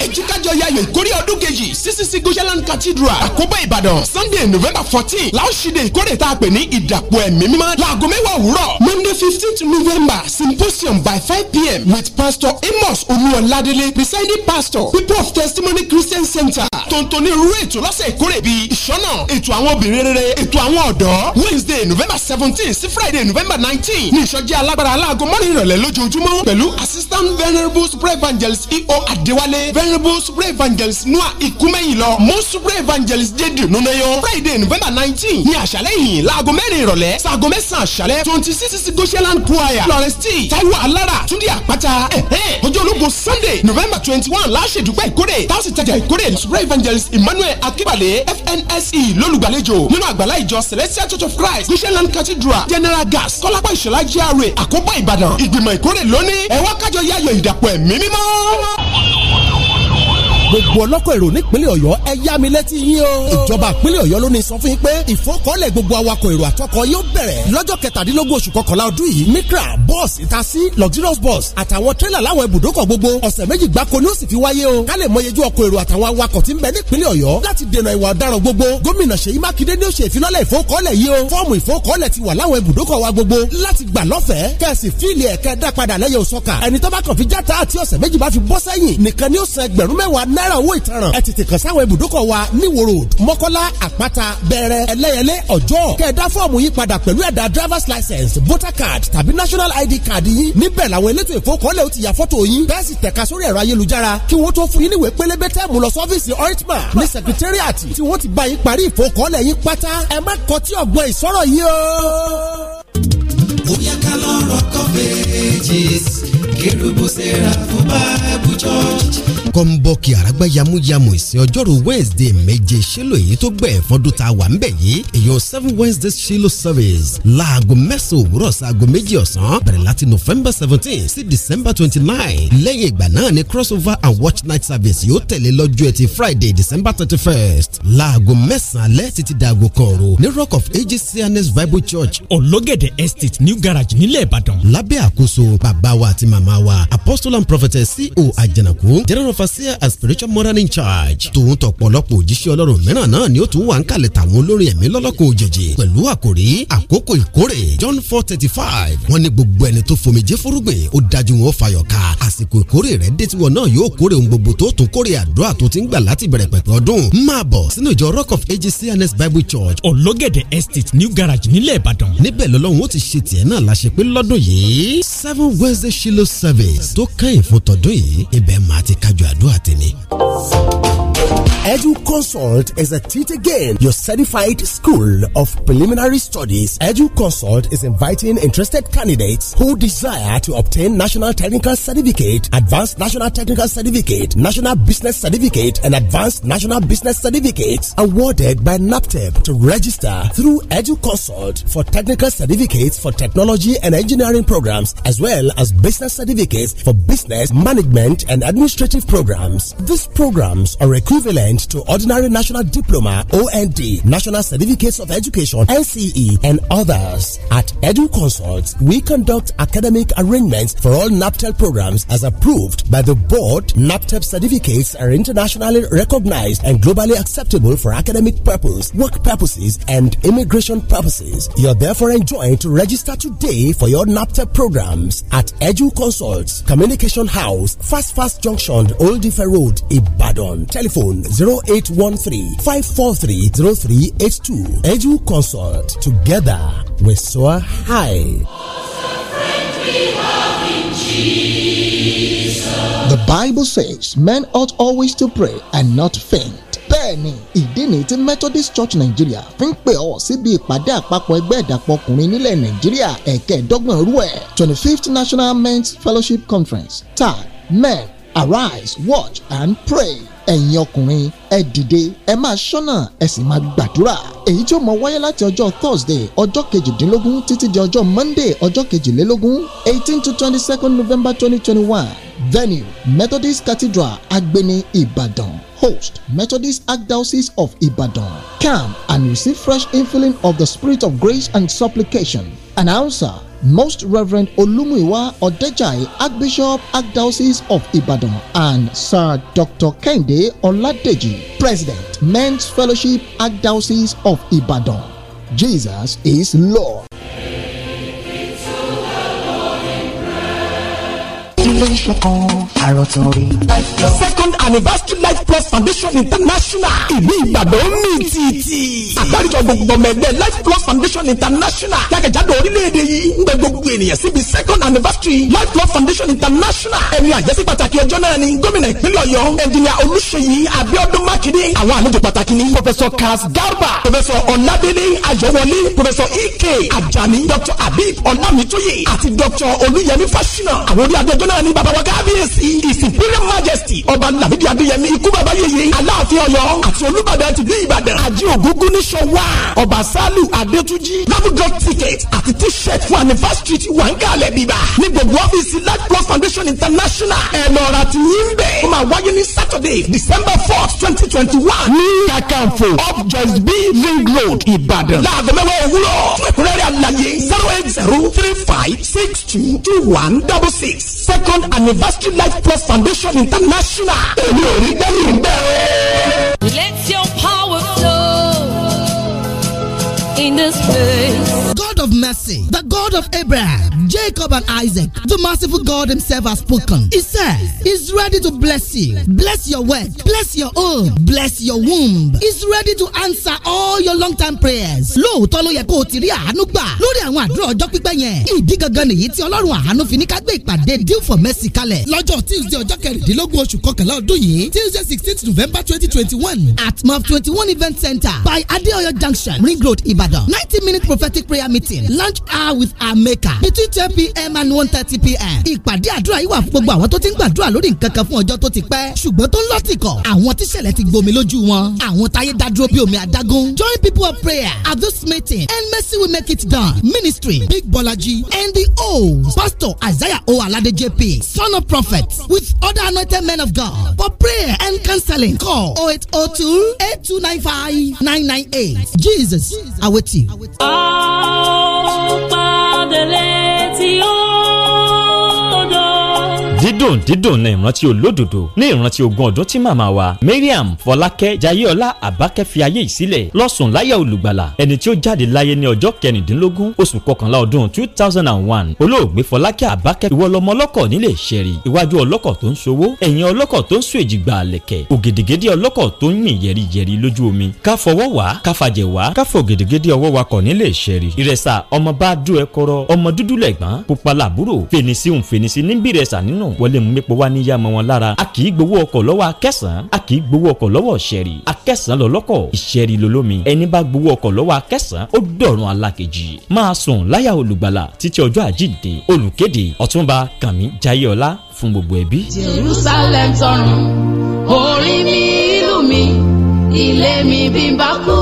èjìkájọ yayò ìkórè ọdún kejì ccc goshenland cathedral àkóbọ̀ ìbàdàn sunday november fourteen láòṣìdè ìkórè tá a pè ní ìdàpọ̀ ẹ̀mí mímọ́ láago mẹ́wàá òwúrọ̀ monday fifteenth november symposium by five pm with pastor amos olúwọládélé presiding pastor people of testimony christian center tontoni irú ètò lọ́sẹ̀ ìkórè bíi ìṣọ́nà ètò àwọn obìnrin rere ètò àwọn ọ̀dọ́ wednesday november seventeen sí friday november nineteen ní ìsọjí alágbára aláago mọ́rin ìrọ̀lẹ́ lójoojúmọ́ pẹ̀lú assistant venerable super evangelist eo adéwálé venerable honourable super evangelist noah ikumẹ́yìn lọ super evangelist jẹ́dì nunayo friday november nineteen ní àṣálẹ́ yìí láago mẹ́rin ìrọ̀lẹ́ sáago mẹ́sàn-án àṣálẹ́ twenty six goshenland choir florence t taiwo alara túndé àpáta eh, eh, ọjọ́ ológun sunday november twenty one láṣẹ̀dúpẹ́ ìkórè táwọn sì tajà ìkórè super evangelist emmanuel akíbalẹ̀ fnse lólùgbàlejò nínú àgbàlá ìjọ celestial church of christ goshenland cathedral general gas kọ́lápá ìṣọ̀lá gra àkóbọ̀ ìbàdàn ìgbìmọ̀ ìkórè lónìí ẹ̀wọ́ kájọ yáyọ̀ ìdàpọ̀ ẹ̀mí mímọ́ gbogbo ọlọ́kọ̀ èrò nípínlẹ̀ ọ̀yọ́ ẹ yá mi létí yín o. ìjọba ìpínlẹ̀ ọ̀yọ́ ló ní sọ fún yín pé ìfọkànlẹ̀ gbogbo awakọ̀ èrò àtọkọ̀ yóò bẹ̀rẹ̀ lọ́jọ́ kẹtàdínlógún oṣù kọkànlá ọdún yìí micra bus itasi luxurious bus àtàwọn tírélà láwọn ibùdókọ̀ gbogbo ọ̀sẹ̀ méjì gbáko ni ó sì fi wáyé o. ká lè ọkọ̀ èrò àtàwọn awakọ̀ tí ń bẹ nípínlẹ̀ ọ̀yọ́ láti dènà náírà owó ìtanràn ẹ tètè kàn sáwọn ibùdókọ̀ wa níwò road mọ́kọ́lá àpáta bẹ̀rẹ̀ ẹlẹ́yẹlé ọjọ́ kẹ̀ẹ́dá fọ́ọ̀mù yìí padà pẹ̀lú ẹ̀dà driver's license voter card tàbí national id card yín níbẹ̀ làwọn elétò ìfowópamọ́lẹ̀ ó ti yà fọ́tò yín bẹ́ẹ̀ sì tẹ̀ka sórí ẹ̀rọ ayélujára kí wọ́n tó fún yín níwèé pélébé tẹ́ẹ̀mù lọ sọ́fíìsì oritma ní secretariat tí wọ́n ti kọ́ńbọ́ọ̀kì àràgbá yamuyamu ìsìn ọjọ́rùú wednesday méje ṣílò èyí tó gbẹ̀ fọ́dún tá a wà ń bẹ̀ yìí èyàn seven wednesday ṣílò service láago mẹ́sàn-án òwúrọ̀ sáago méjì ọ̀sán bẹ̀rẹ̀ láti november seventeen sí december twenty nine lẹ́yìn ìgbà náà ni crossover and watch night service yóò tẹ̀lé lọ́jọ́ ẹtì friday december thirty first láago mẹ́sàn-án alẹ́ títí dàgò kọ̀ọ̀rọ̀ ní rock of ages cns bible church ológèdè estate new garage nílẹ̀ ìbàdàn lábẹ́ àkóso bàbá wa àti màmá wa apostle and prophetess co àjànàkú general overseer and spiritual moral in charge tòun tọ̀pọ̀lọpọ̀ òjíṣẹ́ ọlọ́run mìíràn náà ni ó tún wà ń kalẹ̀ tàwọn olórin ẹ̀mí lọ́lọ́kọ̀ òjèjì pẹ̀lú àkòrí àkókò ìkórè John four thirty five wọ́n ní gbogbo ẹni tó fomijé fúrúgbìn ó dájú wọn ó fayọ̀ ká àsìkò ìkórè rẹ̀ dé tiwọn náà yóò kórè ohun gbogbo tó tún kórè àdúrà tó ti ń gbà láti bẹ̀rẹ̀ pẹ̀pẹ̀ ọdún máa bọ̀ sínú ìjọ rock of ages cns bible church ológẹ̀dẹ̀ estate new garage nílẹ̀ ìbàdàn níbẹ̀ lọ́lọ́run ó ti ṣe tiẹ̀ náà láṣẹ pé lọ́dún yìí seven wednesday shiloh service tó kẹ́yìn fún tọdún yìí ibẹ̀ máa ti kájọ àdúrà Edu Consult is a teach again, your certified school of preliminary studies. Edu Consult is inviting interested candidates who desire to obtain national technical certificate, advanced national technical certificate, national business certificate, and advanced national business certificates awarded by NAPTEP to register through Edu Consult for technical certificates for technology and engineering programs, as well as business certificates for business management and administrative programs programs. These programs are equivalent to ordinary national diploma, OND, national certificates of education, NCE, and others. At Edu Consults, we conduct academic arrangements for all NAPTEL programs as approved by the board. NAPTEL certificates are internationally recognized and globally acceptable for academic purpose, work purposes, and immigration purposes. You're therefore enjoined to register today for your NAPTEL programs at Edu Consults, Communication House, Fast Fast Junction, Old Old Road, Ibadan. Telephone 0813-543-0382. Edu Consult. Together, we soar high. The Bible says men ought always to pray and not faint. bẹ́ẹ̀ni ìdí nìyí tí Methodist Church Nigeria fi ń pè ọ́ síbi ìpàdé àpapọ̀ ẹgbẹ́ ìdàpọ̀ ọkùnrin nílẹ̀ Nàìjíríà ẹ̀kẹ́ẹ̀dọ́gbọ̀n rú ẹ̀ twenty fifth National Men's Fellowship Conference tag men arise watch and pray ẹ̀yin ọkùnrin ẹ dìde ẹ máa ṣọ́nà ẹ sì máa gbàdúrà èyí tí ó mọ wáyé láti ọjọ́ thursday ọjọ́ kejìdínlógún títí di ọjọ́ monday ọjọ́ kejìlélógún eighteen to twenty second november twenty twenty one venue methodist cathedral agbeni ibadan host methodist archdiocese of ibadan come and receive fresh infilling of the spirit of grace and supplication announcer Most Reverend Olumuyiwa Odejai, Archbishop, Archdiocese of Ibadan, and Sir Dr. Kende Oladeji, President, Men's Fellowship, Archdiocese of Ibadan. Jesus is Lord foundation kan àròtún rí. second anniversary life plus foundation international ìlú ìbàdàn ní títì. àgbáríjọ gbogbo mẹ́gbẹ́ life plus foundation international jákèjádò orílẹ̀-èdè yìí ń gbé gbogbo ènìyàn síbi second anniversary life plus foundation international ẹni àjẹsí pàtàkì ọjọ́ náà ni gómìnà ìpínlẹ̀ ọ̀yọ́ ẹnjìnìà olùṣeyí abiodun makinde àwọn àlejò pàtàkì ni professor kaz garba professor ọ̀nàdélé ayọ̀wọlé professor ike ajani Doctor abib ọ̀nàmítóyè àti dr olùyẹmí fásinà àwọn orí adéjọ́ náà ni bàbá àwọn kábíyèsí his imperial majesty ọba nàmídìí adéyẹmí ikú bàbá yèyé aláàfin ọ̀yọ́ àti olúbàdàn ti bí ìbàdàn àjẹ ògúngún ní sọwá ọba sálù adétúnjì labudọ ticket àti t-shirt fún anniversary ti wà ń kalẹ̀ bíbá ní gbogbo ọ́fíìsì light plus foundation international ẹ̀ lọ́ra ti yín bẹ́ẹ̀ ó máa wáyé ní saturday december fourth twenty twenty one ní kakanfo up just be ring road ìbàdàn láàgọ́ mẹ́wàá òwúrọ̀ fún ẹ̀kúnrẹ́rẹ́ àlàyé zero eight zero three five six two two one double six second and University life plus foundation international. èmi ò rí bẹ́ẹ̀ ń bẹ́ẹ̀. let your power flow in this place. of mercy, the God of Abraham, Jacob, and Isaac, the merciful God Himself has spoken. He said, He's ready to bless you, bless your work, bless your home, bless your womb. He's ready to answer all your long time prayers. Lóòótọ́ ló yẹ kó o ti rí àánú gbà lórí àwọn àdúrà ọjọ́ pípẹ́ yẹn. Ìdí gangan nìyí tí Ọlọ́run àánú fi ní ká gbé ìpàdé deal for mercy kalẹ̀. Lọ́jọ́ Tuesday ọjọ́ kẹrìndínlógún oṣù kọkànlá ọdún yìí Tuesday sixteen November twenty twenty one at MOV twenty one event center by Adeoyo junction ring road Ibadan ninety minute prophetic prayer meeting meeting lunch hour with our maker between ten pm and one thirty pm. ìpàdé àdúrà yìí wà fún gbogbo àwọn tó ti ń gbàdúrà lórí nǹkan kan fún ọjọ́ tó ti pẹ́ ṣùgbọ́n tó ń lọ́tìkọ̀ àwọn tíṣẹ̀lẹ̀ ti gbomi lójú wọn àwọn táyé dádúró bí omi adágún. join people of prayer at this meeting and mercy will make it done ministry big bolaji and the old pastor isaiah o alade jp son of prophet with other anointed men of god for prayer and counseling call 0802 8295 998 jesus await you. Oh. Oh my. dídùn dídùn ní ìrántí olódodo ní ìrántí ogún ọdún tí màmá wa Mariam Fọlákẹ́ Jayéọlá Àbákẹ́ fi ayé ìsílẹ̀ lọ́sùn láyà olùgbàlà ẹni tí ó jáde láyé ní ọjọ́ kẹrìndínlógún oṣù kọkànlá ọdún two thousand and one olóògbé Fọlákẹ́ Àbákẹ́ ìwọ lọmọ ọlọ́kọ̀ nílé ìṣẹ̀rí iwájú ọlọ́kọ̀ tó ń ṣòwò ẹ̀yìn ọlọ́kọ̀ tó ń sùn èjìgbà àlẹ̀kẹ̀ ògèdègèdè ọlọ́kọ̀ tó ń yìn yẹ̀rìyẹ̀rì lójú omi ká fọwọ́ wá ká fàjẹ̀ wá ká fọ ògèdègèdè ọwọ́ wa kọ̀ nílé ìṣẹ̀rí ìrẹsà ọmọ bá dún ẹkọrọ ọmọ dúdú lẹ̀gbọ́n pupa làbúrò fènìsí òun fènìsí níbi ìrẹsà nínú wọl lè mú mépo wá níyàmọ wọn lára a kì í gbowó ọkọ̀ lọ́wọ́ akẹ́sàn-án a kì í gbowó ọkọ̀ lọ́wọ́ ṣẹ̀rì akẹ́sàn-án lọ́lọ́kọ̀ ìṣẹ̀rì lolómi ẹni bá gbowó ọkọ̀ lọ́wọ́ akẹ́sàn-án ó dọ̀run alákejì máa sùn láyà olùgbàlà títí ọjọ́ àjíǹde olùkéde ọ̀túnba kàmí jayéọlá fún gbogbo ẹbí. Jerusalem tọrùn orí mi ìlú mi ilé mi bí n bá kú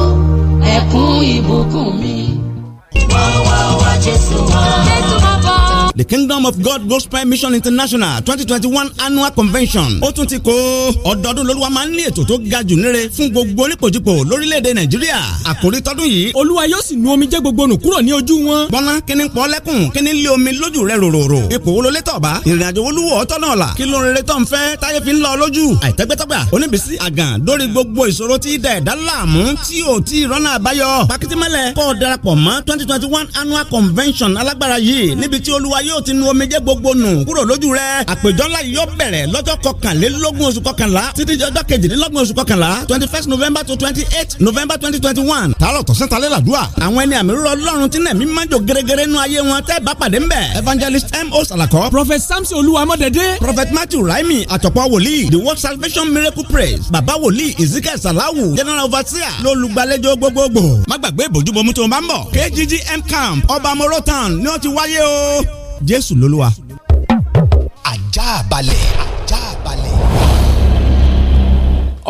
the kingdom of god gospel mission international twenty twenty one annual convention ó tún ti kó ọdọọdún lolúwa máa ń ní ètò tó ga jù níre fún gbogbo oníkojúpo lórílẹ̀‐èdè nàìjíríà àkòrí tọdún yìí olúwa yóò sì nu omijé gbogbo nù kúrò ní ojú wọn. gbọ́nà kíni pọ́ lẹ́kùn kíni lé omi lójú rẹ̀ ròròrò ipò wololé tọ̀ba ìrìnàjò olúwo ọ̀tọ̀ náà la kí ló ń rere tó ń fẹ́ táyé fi ń lọ lójú àìtẹ́gbẹ́tọ́gbà oníbísí àgàn lórí gbogbo ìṣòro tí dẹ̀ dá láàmú tí ò tí ì rọ́nà àbáyọ. pakitimẹ́lẹ̀ kó darapọ̀ mọ́ twenty twenty one annual convention alágbára yìí níbi tí olúwa yóò ti nu omijé gbogbo nù kúrò lójú rẹ àpèjọ yìí yóò bẹ̀rẹ̀ lọ́jọ́ kọkànlélógún oṣù kọkànlá títí ọjọ́ kejìdínlógún oṣù kọkànlá twenty first november to twenty eight november twenty twenty one. tààrọ̀ tọ̀sán talẹ́ làdúrà. àwọn ẹni àmì rírọ lọ́run tí nẹ̀mí máa ń jò gẹ́gẹ́rẹ́ nú ayé wọn tẹ́ bá pàdé ńbẹ̀. evangelist mo salako. prophet samson olúwamọ́dẹ́dẹ́. prophet matthew raimi àtọ̀pọ̀ woli. the world salvation miracle praise Baba woli ezekiel salawu general overseer lólùgbàlejò gbogbogbò. má gbàgbé ìbòjúbomú tó máa ń bọ̀ kggm camp ọba morotan ni wọ́n ti wáyé o jésù lolúwa. ajá balẹ̀ ajá balẹ̀.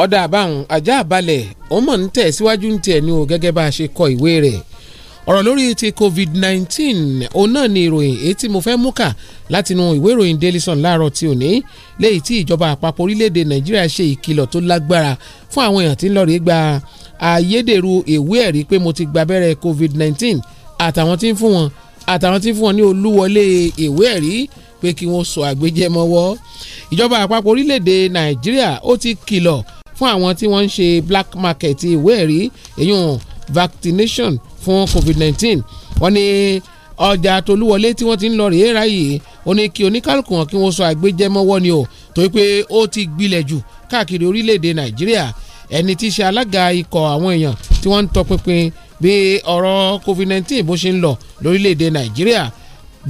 ọ̀dà àbáhùn ajá balẹ̀ ó mọ̀ ń tẹ̀ síwájú ń tẹ̀ ní o gẹ́gẹ́ bá a ṣe kọ ìwé rẹ̀ ọ̀rọ̀ lórí ti covid-19 òun náà ni ìròyìn èyí tí mo fẹ́ mú kà látinú ìwé ìròyìn daily sun láàárọ̀ tí ò ní léyìí tí ìjọba àpapọ̀ orílẹ̀-èdè nàìjíríà ṣe ìkìlọ̀ tó lágbára fún àwọn èèyàn tí ń lọ gba ayédèrú ìwé ẹ̀rí pé mo ti gba abẹ́rẹ́ covid-19 àtàwọn tí ń fún wọn àtàwọn tí fún wọn ní olúwọlé ìwé ẹ̀rí pé kí wọ́n sọ àgbéjẹmọ́wọ́ ìjọba àpapọ̀ orílẹ̀-èdè nàìjíríà ó ti kìlọ̀ fún àwọn tí wọ́n ń ṣe black market ìwé ẹ̀rí èyàn vaccination fún covid nineteen wọ́n ní ọjà tolúwọlé tí wọ́n ti ń lọ rèé ráyè ó ní kí oníkálùkù wọn kí wọ́n sọ àgbéjẹmọ́wọ́ ni o torí pé ó ti gbilẹ̀ jù káàkiri orílẹ̀-èdè nàìjíríà ẹni tí í ṣe alága ikọ̀ àwọn èèyàn tí wọ́n ń tọpinpin bí ọ̀rọ̀ covid-19 bó ṣe ń lọ lórílẹ̀‐èdè nàìjíríà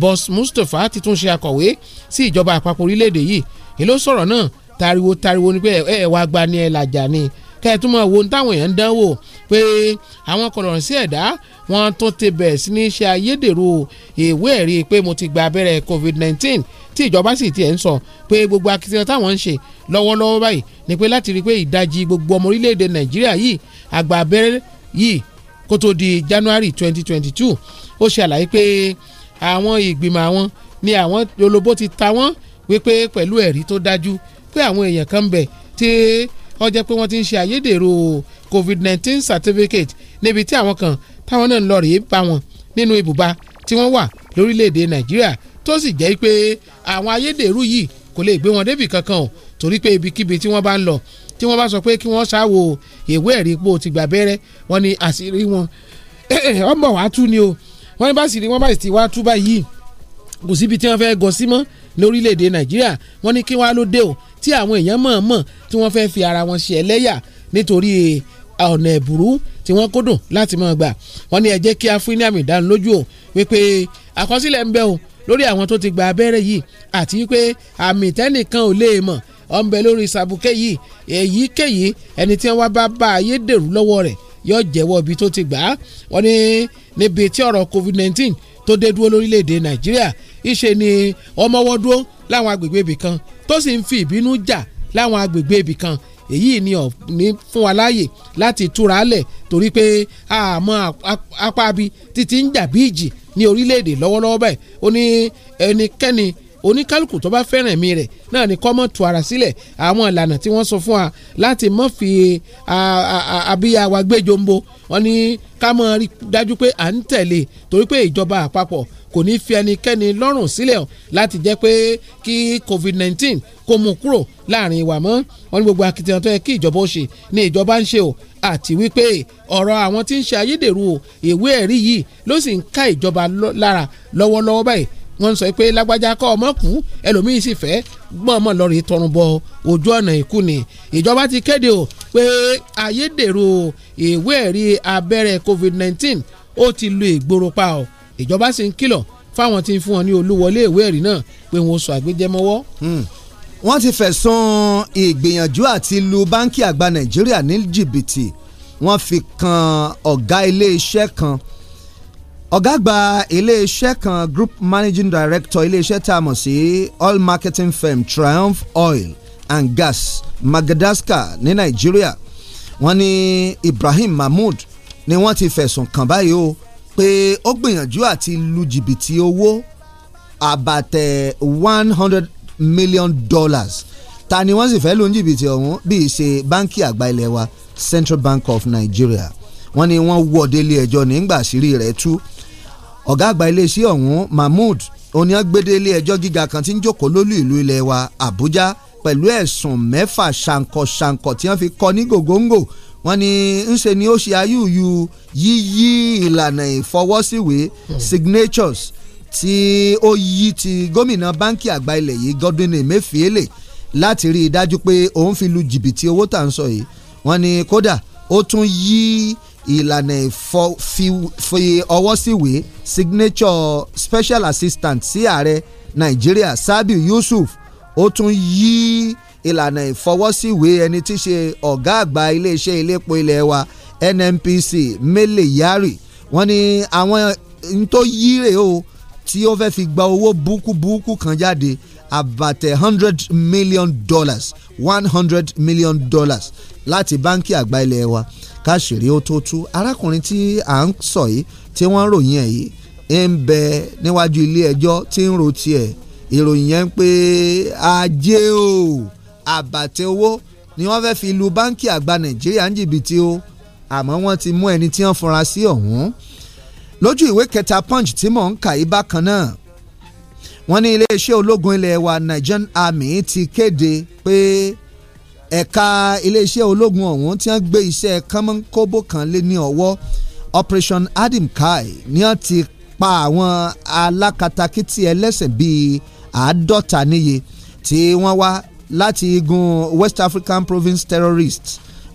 boss mustapha ti tún ṣe akọ̀wé sí ìjọba àpapọ̀ orílẹ̀‐èdè yìí èló sọ̀rọ̀ náà tariwo tariwo ni pé ẹ ẹ wá gba ni ẹ làjà ni kẹ́ẹ̀túmọ̀ wo ní táwọn èèyàn ń dánwò pé àwọn kọ̀lọ̀rìn sí ẹ̀dá wọn tún ti bẹ̀rẹ̀ sí ní ṣe ayédèrú ìwé ẹ̀rí pé mo ti gba abẹ́rẹ́ covid-19 tí ìjọba sì tiẹ̀ ń sọ pé gbogbo akitiyan táwọn ń ṣe lọ́wọ́lọ́wọ́ báyìí ni pé láti rí i pé ìdajì gbogbo ọmọ orílẹ̀-èdè nàìjíríà yìí àgbà abẹ́rẹ́ yìí kó tó di january twenty twenty two ó ṣe àlàyé pé àwọn ìgbìmọ̀ àwọn ni àwọn olobó ti ta wọ́n wípé pẹ̀lú ẹ̀rí tó dájú pé àwọn èèyàn kan ń bẹ tí ó jẹ́ pé wọ́n ti ń ṣe àyédèrú covid nineteen certificate níbi tí àwọn kan táwọn náà ń lọ rèé bá wọn nínú ibùba tí wọ́n wà lórílẹ̀‐èdè nàìjíríà tó sì jẹ́ pé àwọn ayédèrú yìí kò lè gbé wọn débì kankan o torí pé ibikíbi tí wọ́n bá ń lọ tí wọ́n bá sọ pé kí wọ́n ṣàwò ìwé ẹ̀rí pé o ti gbà bẹ́rẹ́ wọ́n ní àṣírí wọn ọmọ wàá tú ni o wọ́n ní bá sì rí wọ́n bá sì ti wá tú báyìí kò síbi tí wọ́n fẹ́ gọ sí mọ́ lórílẹ̀‐èdè nàìjíríà wọ́n ní kí wọ́n á ló dé o tí àwọn èèyàn mọ̀ọ́mọ̀ tí wọ́n fẹ́ fi ara wọn ṣe ẹlẹ́yà nítorí ọ̀nà ẹ̀bùrú tí wọ́n kódùn láti máa gbà wọ́n ní ẹ jẹ́ kí a fún ní àmì ìdánilójú o wípé àkọsílẹ̀ ń bẹ o lórí àwọn tó ti gba abẹ́rẹ́ yìí àti pé àmì tẹ́nìkan ò lè mọ̀ ọ̀nbẹ lórí sàbùkẹ́ yìí èyíkéyìí ẹni tí wọ́n bá bá ayé dèrú lọ́wọ́ rẹ̀ yóò jẹ́wọ́ ibi tó ti gbà á wọ́n ní níbi tí ọ̀rọ̀ covid nineteen tó dé dúró lórílẹ̀‐èdè nàìjíríà ìṣe ni ọmọwọ́ dúró láwọn agbègbè ibì kan tó sì ń fi ìbínú jà láwọn agbègbè ibì kan èyí ni ọ̀ ní fún wa láàyè láti túra lẹ̀ torí pé àmọ́ apábi títí ń jà bí ìjì ní orílẹ̀-èdè lọ́wọ́lọ́wọ́ báyìí ó ní ẹnikẹ́ni oníkálukú tó bá fẹ́ràn ẹ̀mí rẹ̀ náà ni kọ́mọ́ tu ara sílẹ̀ àwọn ìlànà tí wọ́n sọ fún wa láti mọ́ fi abíyá wa gbé jombo wọn ni ká mọ̀ rí dájú pé à ń tẹ̀lé e torí pé ìjọba àpapọ̀ kò ní fi ẹnikẹ́ni lọ́rùn sílẹ̀ láti jẹ́ pé kí covid nineteen kó mú kúrò láàrin wa mọ́ wọn ní gbogbo akitiyan tó yẹ kí ìjọba ó ṣe ni ìjọba ń ṣe o àti wípé ọ̀rọ̀ àwọn tí ń ṣe ayédèrú ìwé ẹ̀rí yìí ló sì ń ká ìjọba lára lọ́wọ́lọ́wọ́ báyìí wọ́n ń sọ pé lágbájá kọ́ ọmọ kú ẹlòmíì sì fẹ́ gbọ́n ọmọ lọ́ọ́ rí tọrùn bọ ojú ọ̀nà ìkú ni ìjọba ti kéde o pé ayédèrú ìwé ẹ̀rí abẹ́rẹ́ covid-19 ó ti lu ìgboro pa o ìjọba sì ń kìlọ̀ fáwọn tí ń fún wọn ní olúwọlé ìwé ẹ̀rí náà pé wọn ò sọ àgbéjẹmọ́wọ́ hmm. wọ́n ti fẹ̀sùn ìgbìyànjú àti lu báńkì àgbà nàìjíríà ní jìbìtì wọ́n fi kan ọ̀gá iléeṣẹ́ kan ọ̀gá àgbà iléeṣẹ́ kan group managing director iléeṣẹ́ tá a mọ̀ sí all marketing firm Triumph Oil and Gas Madagascar ní Nàìjíríà wọ́n ní Ibrahim Mahmood ni wọ́n ti fẹ̀sùn kàn báyìí o pé ó gbìyànjú àti lu jìbìtì owó àbàtẹ̀ one hundred million dollars ta ni wọ́n sì fẹ́ lu jìbìtì ọ̀hún bíi ṣe báńkì àgbà ilé wa Central Bank of Nigeria wọ́n ní wọ́n wọ́ọ̀dé ilé ẹjọ́ nígbà sírí rẹ̀ tú ọ̀gá àgbà iléeṣẹ́ ọ̀hún Mahmood oní agbede ilé ẹjọ́ gíga kan tí ń jókòó lólú ìlú ilẹ̀ wa Àbújá pẹ̀lú ẹ̀sùn mẹ́fà ṣàǹkọ̀ṣàǹkọ̀ tí wọ́n fi kọ́ ní gògóńgò wọ́n ní ńṣe ni ó ṣe ayúyú yíyí ìlànà ìfọwọ́síwèé signatures tí ó yí ti gómìnà báńkì àgbà ilẹ̀ yìí Godwin Emefiele láti rí i dájú pé òun fi lu jìbìtì owó tà ń sọ yìí wọ́n ní kódà ó tún yí ìlànà ìfi ọwọ́ síwèé signature special assistant sí ààrẹ nàìjíríà sabiu yusuf ó tún yí ìlànà ìfọwọ́síwèé ẹni tí í ṣe ọ̀gá àgbà iléeṣẹ́ iléepo ilé wa nnpc mele yari wọ́n ní àwọn n tó yíre o tí ó fẹ́ fi gba owó búkúbúkú kan jáde about a hundred million dollars one hundred million dollars láti báńkì àgbà ilé wa káṣìírí ó tó tú arákùnrin tí à ń sọ yìí tí wọ́n ròyìn ẹ̀ yìí ń bẹ níwájú ilé ẹjọ́ tí ń ro tiẹ̀ ìròyìn yẹn ń pé ajé o àbàtẹ owó ni wọ́n fẹ́ẹ́ fi lu báńkì àgbà nàìjíríà ń jìbìtì o àmọ́ wọ́n ti mú ẹni tí wọ́n fura sí ọ̀hún lójú ìwé kẹta punch tí mò ń kà í bákan náà wọ́n ní iléeṣẹ́ ológun ilẹ̀ wa Nigerian Army ti kéde pé ẹ̀ka iléeṣẹ́ ológun ọ̀hún tí wọ́n gbé iṣẹ́ kánmọ́nkóbó kan lé ní ọwọ́ Operation Adam Kai ni wọ́n ti pa àwọn alákatakítí ẹlẹ́sìn bíi àádọ́ta níye tí wọ́n wá láti igun West African Province Terrorists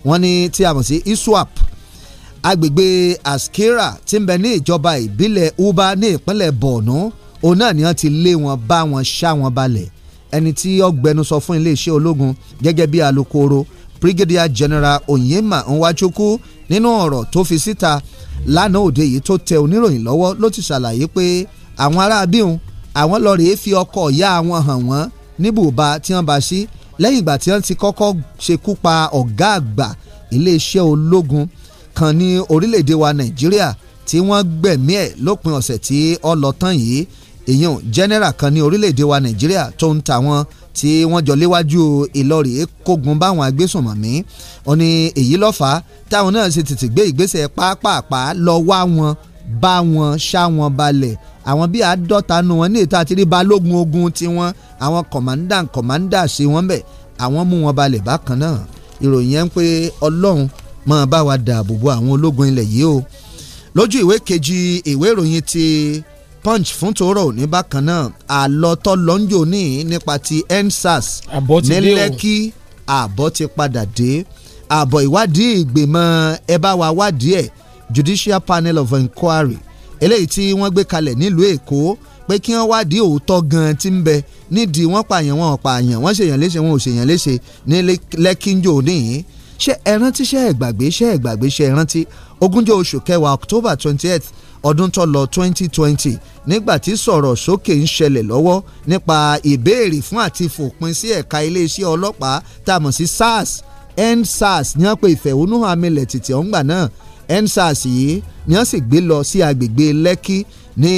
wọ́n ní tí a mọ̀ sí ISWAP agbègbè Askira tí ń bẹ ní ìjọba ìbílẹ̀ Uba ní ìpínlẹ̀ Borno òun náà ni wọ́n ti lé wọn bá wọn ṣá wọn balẹ̀ ẹni tí ọgbẹnusọ fún iléeṣẹ́ ológun gẹ́gẹ́ bí alukoro brigadier general Onyema Nwachukwu nínú ọ̀rọ̀ tó fi síta lánàá òde yìí tó tẹ oníròyìn lọ́wọ́ ló ti ṣàlàyé pé àwọn ará abíhun àwọn lọ rèé fi ọkọ̀ ìyá àwọn hàn wọ́n níbùba tí wọ́n bá sí lẹ́yìn ìgbà tí wọ́n ti kọ́kọ́ ṣekú pa ọ̀gá àgbà iléeṣẹ́ ológun kan ní orílẹ̀ wa Nàìjíríà tí wọ́n gbẹ̀mí ẹ̀ lópin ọ̀sẹ̀ tí ó lọ tán yìí èyàn general kan ní orílẹ̀-èdè wa nàìjíríà tó ń ta wọn tí wọ́n jọ léwájú ìlọrí kógun báwọn agbésùnmọ̀mí ó ní èyí lọ́fà táwọn náà ṣe tètè gbé ìgbésẹ̀ pápápá lọ wá wọn bá wọn ṣá wọn balẹ̀ àwọn bíi àádọ́ta nu wọn ní ìta àtìrí balógun ogun tiwọn àwọn kọ̀mándà kọ̀mándà ṣe wọ́n bẹ̀ àwọn mú wọn balẹ̀ bákan náà ìròyìn yẹn ń pé ọlọ́run máa bá wa dààbò bo àwọn ológun ilẹ̀ yìí o lójú ìwé kejì ìwé ìròyìn ti punch fún tòórọ́ òní bákan náà àlọ́tọ́ lọ́njọ́ ní nípa ti endsars ní lẹ́kí àbọ̀ ti padà dé àbọ̀ ìwádìí ìgbìmọ̀ ẹ wa wádìí ẹ̀ judicial panel of inquiry eléyìí tí wọ́n gbé kalẹ̀ nílùú èkó pé kí wọ́n wádìí òótọ́ gan-an ti ń bẹ nídìí wọ́n pààyàn wọn pààyàn wọ́n ṣèyàn léṣe wọn ò ṣèyàn léṣe ní lẹ́kínjò níyìn ṣé ẹ rántí ṣé ẹ gbàgbé ṣé ẹ gbàgbé oṣù kẹwàá October twenty eighth ọdún tó lọ 2020 nígbà tí sọ̀rọ̀ sókè ń ṣẹlẹ̀ lọ́wọ́ nípa ìbéèrè fún àti fòpin sí ẹ̀ka iléeṣẹ́ ọlọ́pàá tá a mọ̀ sí SARS EndSARS ní wọ́n pe ìfẹ̀hónúhàn amilẹ̀ tìtì ọ̀ǹgbà náà EndSARS yìí ni wọ́n sì gbé lọ sí agbègbè Lẹ́kí ní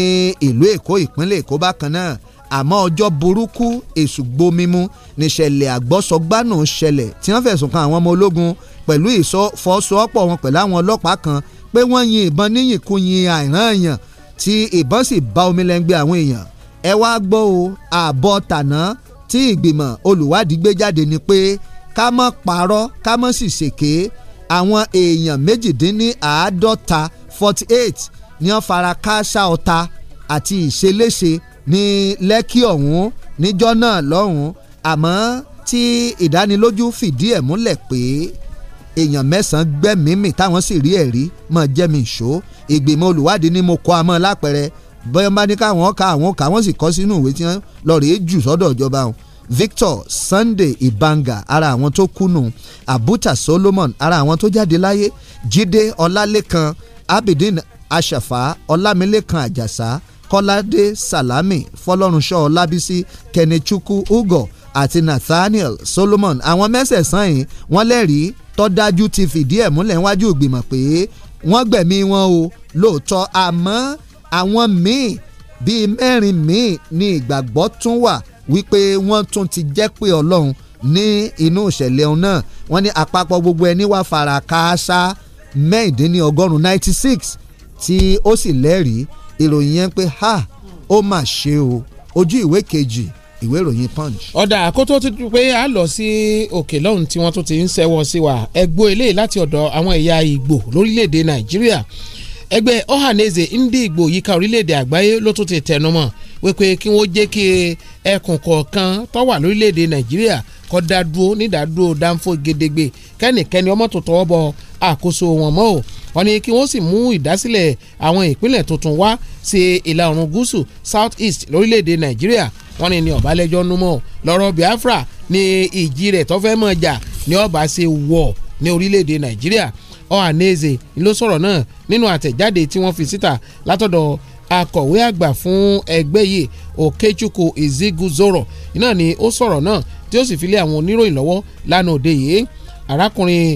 ìlú Èkó ìpínlẹ̀ Èkó bákan náà àmọ́ ọjọ́ burúkú èṣù gbomimu níṣẹ̀lẹ̀ àgbọ́sọgbánù ṣẹlẹ̀ tí wọ́n fẹ̀sùn kan àwọn ọmọ ológun pẹ̀lú ìfọwọ́sowọ́pọ̀ wọn pẹ̀lú àwọn ọlọ́pàá kan pé wọ́n yin ìbọn níyìnkúyin àìrán èèyàn tí ìbọn sì bá omi lẹ́ngbẹ́ àwọn èèyàn ẹ wá gbọ́ o àbọ̀ tàná tí ìgbìmọ̀ olùwádìí gbé jáde ni pé ká má parọ́ ká má sì ṣèké àwọn èèyàn méjìdínláàádọ́ta forty eight ni wọ́n fara kááṣá ọta àti ìṣeléṣe ní lẹ́kì ọ̀hún níjọ́ náà lọ́hùn-ún àmọ́ tí ìdánilójú fìdí ẹ̀ múlẹ̀ pé èèyàn mẹ́sàn-án gbẹ́mìímì táwọn sì rí ẹ̀rí mọ̀ jẹ́mi ìṣó ìgbìmọ̀ olùwádìí ni mo kọ́ amọ́ lápẹ̀rẹ̀ bọ́yọ̀ bá ní káwọn ka àwọn kà wọ́n sì kọ́ sínú ìwé tí wọ́n lọ rèé jù sọ́dọ̀ ìjọba wọn Victor Sunday Ibanga ara àwọn tó kùnú Abuta Solomon ara àwọn tó jáde láyé Jídé Ọlálékan Abidin Aṣàfà Ọlámilékan Àjàsá Kọ́ládé Salami Fọlọ́runṣọ́ Ọlábísí Kenechukwu Ugo àti Nathaniel Solomon àwọn mẹ́sẹ̀sán yìí wọ́n lẹ́rìí tó dájú ti fìdí ẹ̀ múlẹ̀ níwájú ìgbìmọ̀ pé wọ́n gbẹ̀mí wọn o lóòótọ́ àmọ́ àwọn míì bíi mẹ́rin míì ní ìgbàgbọ́ tún wà wípé wọ́n tún ti jẹ́ pé ọlọ́run ní inú ìṣẹ̀lẹ̀ ọ̀hún náà wọ́n ní àpapọ̀ gbogbo ẹni wá fara káásá mẹ́ẹ̀ẹ́dínlọ́gọ́rùn-ún ninety six tí ó sì lẹ́rìí ìròyìn yẹn pé ha ó mà ṣe o ojú ìwé kejì ìwé ìròyìn punch. ọ̀dà kó tó ti pé a lọ sí òkè lọ́hùn tí wọ́n tún ti ń ṣẹ́wọ́ sí wa ẹgbó eléyìí láti ọ̀dọ̀ àwọn ẹ̀yà ìgbò lórílẹ̀‐èdè nàìjíríà ẹgbẹ́ Ohanaeze Ndị Igbo yíká orílẹ̀‐èdè àgbáyé ló tún ti tẹnumọ́ wípé kí wọ́n jẹ́ kí ẹkùn kọ̀ọ̀kan tó wà lórílẹ̀‐èdè nàìjíríà kó dádúró nídàádúró dáńfó gedegbe kẹ́nìkẹ́ni ọmọ tó tọwọ́ bọ àkóso wọn mọ́ o wọ́n ní kí wọ́n sì mú ìdásílẹ̀ àwọn ìpínlẹ̀ tuntun wá sí ìlà oòrùn gúúsù south east lórílẹ̀‐èdè nàìjíríà wọ́n ní ní ọ̀bálẹ́jọ́ númọ̀ lọ́rọ̀ Biafra ní ìjì rẹ̀ tó fẹ́ mọ̀ jà ní ọba ṣe wọ̀ ní orílẹ̀-èdè Nàìjíríà Ohanaeze ló sọ̀rọ̀ náà nínú àtẹ̀jáde tí wọ́n fi síta látọ̀dọ̀ akọ̀wé àgbà fún ẹgbẹ́ yìí Okechukwu Iziguzoro iná ni ó sọ̀rọ̀ náà tí ó sì fi lé àwọn oníròyìn lọ́wọ́ lánàá òde yìí arákùnrin